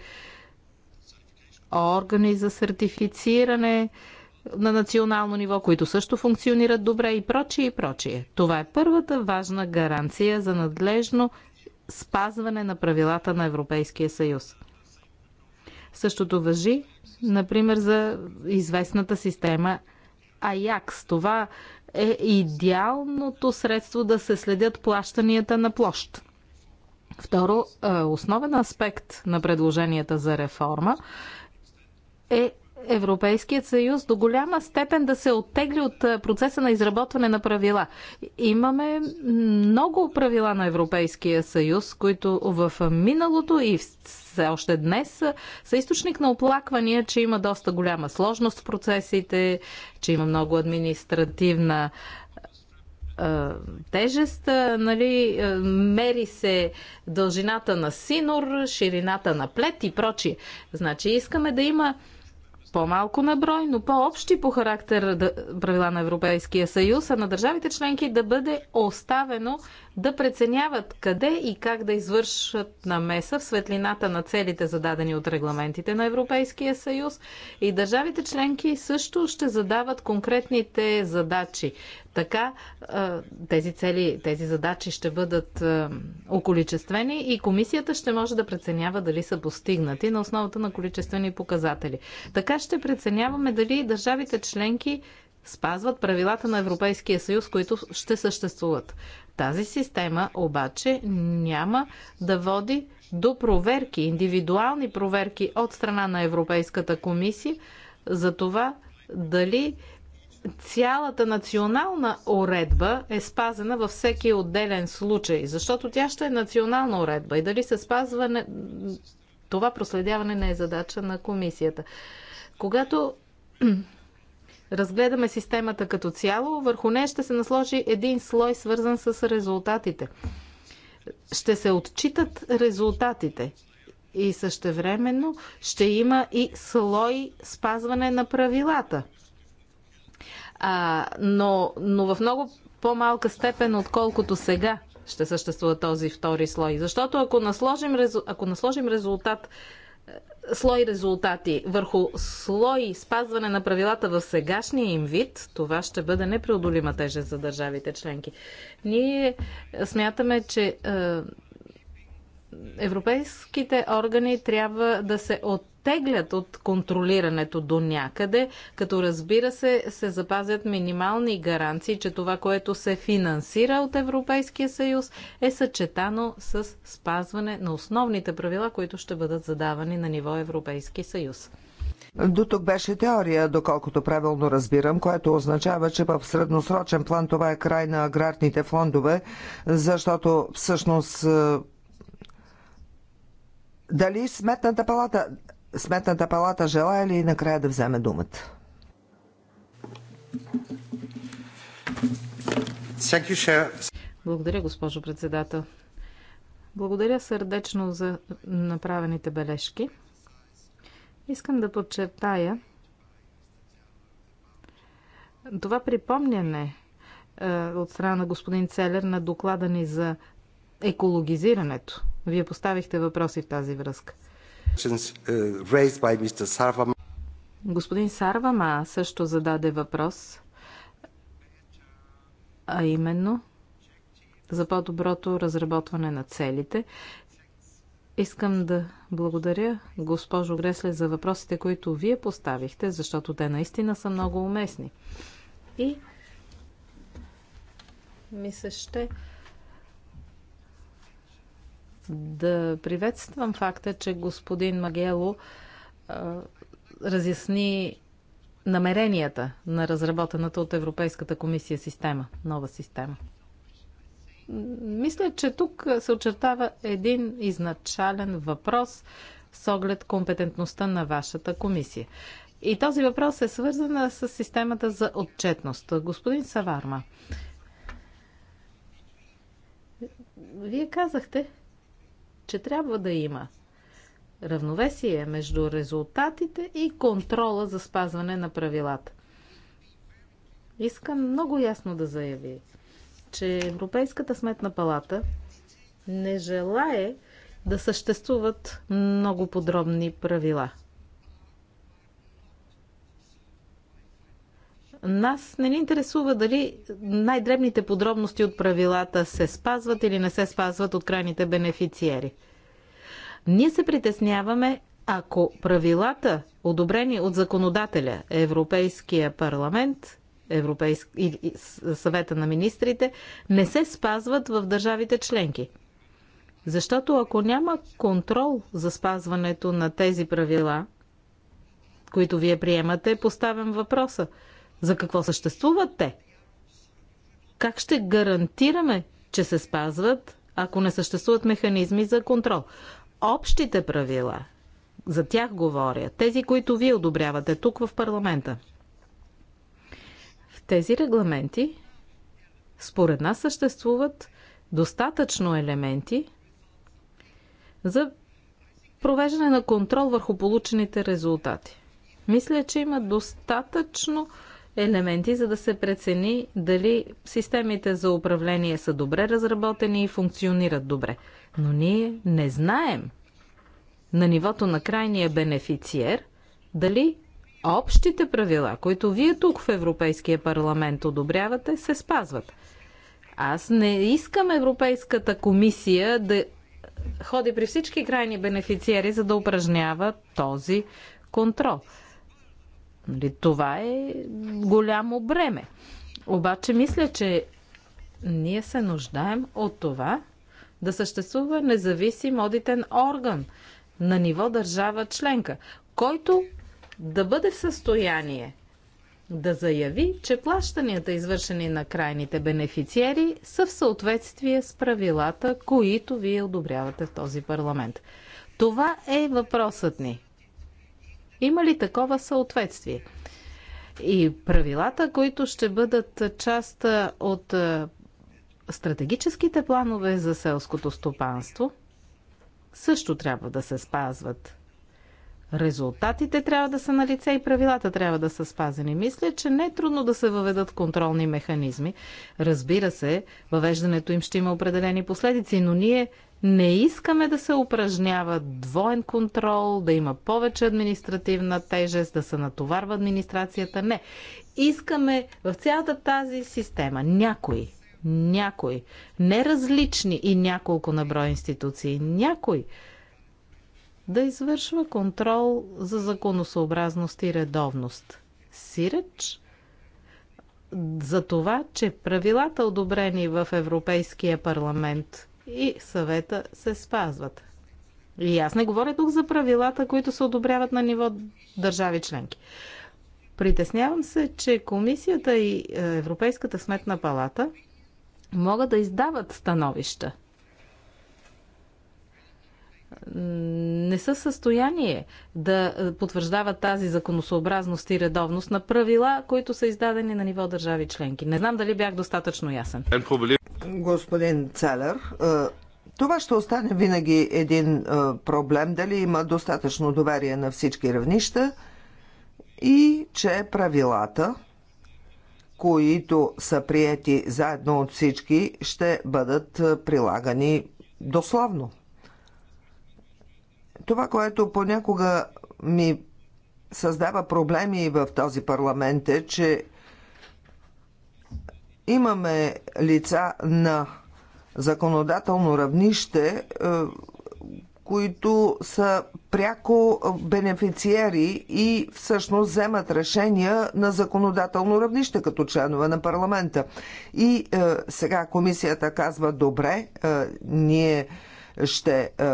органи за сертифициране на национално ниво, които също функционират добре и прочие и прочие. Това е първата важна гаранция за надлежно спазване на правилата на Европейския съюз. Същото въжи, например, за известната система Аякс. Това е идеалното средство да се следят плащанията на площ. Второ, е, основен аспект на предложенията за реформа е Европейският съюз до голяма степен да се оттегли от е, процеса на изработване на правила. Имаме много правила на Европейския съюз, които в е, миналото и все още днес е, са източник на оплаквания, че има доста голяма сложност в процесите, че има много административна тежест, нали, мери се дължината на синор, ширината на плет и прочие. Значи искаме да има по-малко на брой, но по-общи по характер правила на Европейския съюз, а на държавите членки да бъде оставено да преценяват къде и как да извършат намеса в светлината на целите зададени от регламентите на Европейския съюз и държавите членки също ще задават конкретните задачи. Така тези цели, тези задачи ще бъдат околичествени и комисията ще може да преценява дали са постигнати на основата на количествени показатели. Така ще преценяваме дали държавите членки спазват правилата на Европейския съюз, които ще съществуват. Тази система обаче няма да води до проверки, индивидуални проверки от страна на Европейската комисия за това дали цялата национална уредба е спазена във всеки отделен случай, защото тя ще е национална уредба и дали се спазва това проследяване не е задача на комисията. Когато разгледаме системата като цяло, върху нея ще се насложи един слой, свързан с резултатите. Ще се отчитат резултатите и същевременно ще има и слой спазване на правилата. А, но, но в много по-малка степен, отколкото сега ще съществува този втори слой. Защото ако насложим, ако насложим резултат слой резултати върху слой спазване на правилата в сегашния им вид, това ще бъде непреодолима тежест за държавите членки. Ние смятаме, че е, европейските органи трябва да се от оттеглят от контролирането до някъде, като разбира се се запазят минимални гаранции, че това, което се финансира от Европейския съюз е съчетано с спазване на основните правила, които ще бъдат задавани на ниво Европейски съюз. До тук беше теория, доколкото правилно разбирам, което означава, че в средносрочен план това е край на аграрните фондове, защото всъщност е, дали сметната палата Сметната палата желая ли накрая да вземе думата? Благодаря, госпожо председател. Благодаря сърдечно за направените бележки. Искам да подчертая това припомняне е, от страна на господин Целер на доклада ни за екологизирането. Вие поставихте въпроси в тази връзка – Uh, Господин Сарвама също зададе въпрос, а именно за по-доброто разработване на целите. Искам да благодаря госпожо Гресле за въпросите, които вие поставихте, защото те наистина са много уместни. И ми се ще да приветствам факта, че господин Магело а, разясни намеренията на разработената от Европейската комисия система, нова система. Мисля, че тук се очертава един изначален въпрос с оглед компетентността на вашата комисия. И този въпрос е свързан с системата за отчетност. Господин Саварма, вие казахте, че трябва да има равновесие между резултатите и контрола за спазване на правилата. Искам много ясно да заяви, че Европейската сметна палата не желае да съществуват много подробни правила. Нас не ни интересува дали най-дребните подробности от правилата се спазват или не се спазват от крайните бенефициери. Ние се притесняваме, ако правилата, одобрени от законодателя, Европейския парламент Европейск... и съвета на министрите, не се спазват в държавите членки. Защото ако няма контрол за спазването на тези правила, които вие приемате, поставям въпроса – за какво съществуват те? Как ще гарантираме, че се спазват, ако не съществуват механизми за контрол? Общите правила, за тях говоря, тези, които вие одобрявате тук в парламента. В тези регламенти, според нас, съществуват достатъчно елементи за провеждане на контрол върху получените резултати. Мисля, че има достатъчно елементи, за да се прецени дали системите за управление са добре разработени и функционират добре. Но ние не знаем на нивото на крайния бенефициер дали общите правила, които вие тук в Европейския парламент одобрявате, се спазват. Аз не искам Европейската комисия да ходи при всички крайни бенефициери, за да упражнява този контрол. Нали, това е голямо бреме. Обаче мисля, че ние се нуждаем от това да съществува независим одитен орган на ниво държава членка, който да бъде в състояние да заяви, че плащанията, извършени на крайните бенефициери, са в съответствие с правилата, които вие одобрявате в този парламент. Това е въпросът ни. Има ли такова съответствие? И правилата, които ще бъдат част от стратегическите планове за селското стопанство, също трябва да се спазват. Резултатите трябва да са на лице и правилата трябва да са спазени. Мисля, че не е трудно да се въведат контролни механизми. Разбира се, въвеждането им ще има определени последици, но ние не искаме да се упражнява двоен контрол, да има повече административна тежест, да се натоварва администрацията. Не. Искаме в цялата тази система някой, някой, не различни и няколко на брой институции, някой да извършва контрол за законосъобразност и редовност. Сиреч за това, че правилата, одобрени в Европейския парламент и съвета се спазват. И аз не говоря тук за правилата, които се одобряват на ниво държави членки. Притеснявам се, че комисията и е, Европейската сметна палата могат да издават становища не са в състояние да е, потвърждават тази законосообразност и редовност на правила, които са издадени на ниво държави членки. Не знам дали бях достатъчно ясен. Господин Целер, е, това ще остане винаги един е, проблем, дали има достатъчно доверие на всички равнища и че правилата, които са приети заедно от всички, ще бъдат прилагани дословно. Това, което понякога ми създава проблеми в този парламент е, че имаме лица на законодателно равнище, е, които са пряко бенефициери и всъщност вземат решения на законодателно равнище като членове на парламента. И е, сега комисията казва, добре, е, ние ще е,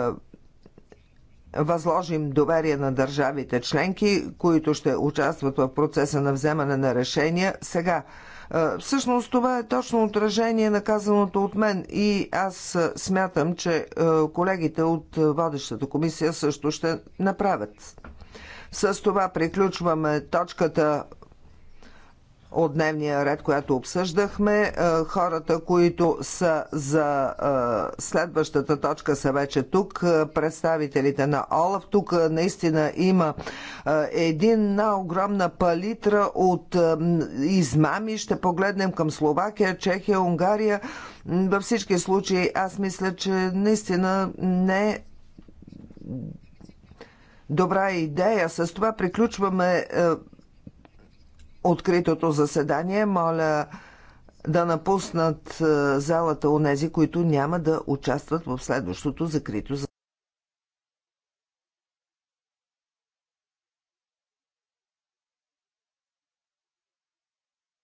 възложим доверие на държавите членки, които ще участват в процеса на вземане на решения. Сега, всъщност това е точно отражение на казаното от мен и аз смятам, че колегите от водещата комисия също ще направят. С това приключваме точката от дневния ред, която обсъждахме. Е, хората, които са за е, следващата точка са вече тук. Е, представителите на ОЛАФ. Тук наистина има една огромна палитра от измами. Ще погледнем към Словакия, Чехия, Унгария. Във всички случаи аз мисля, че наистина не добра идея. С това приключваме откритото заседание. Моля да напуснат е, залата у нези, които няма да участват в следващото закрито заседание.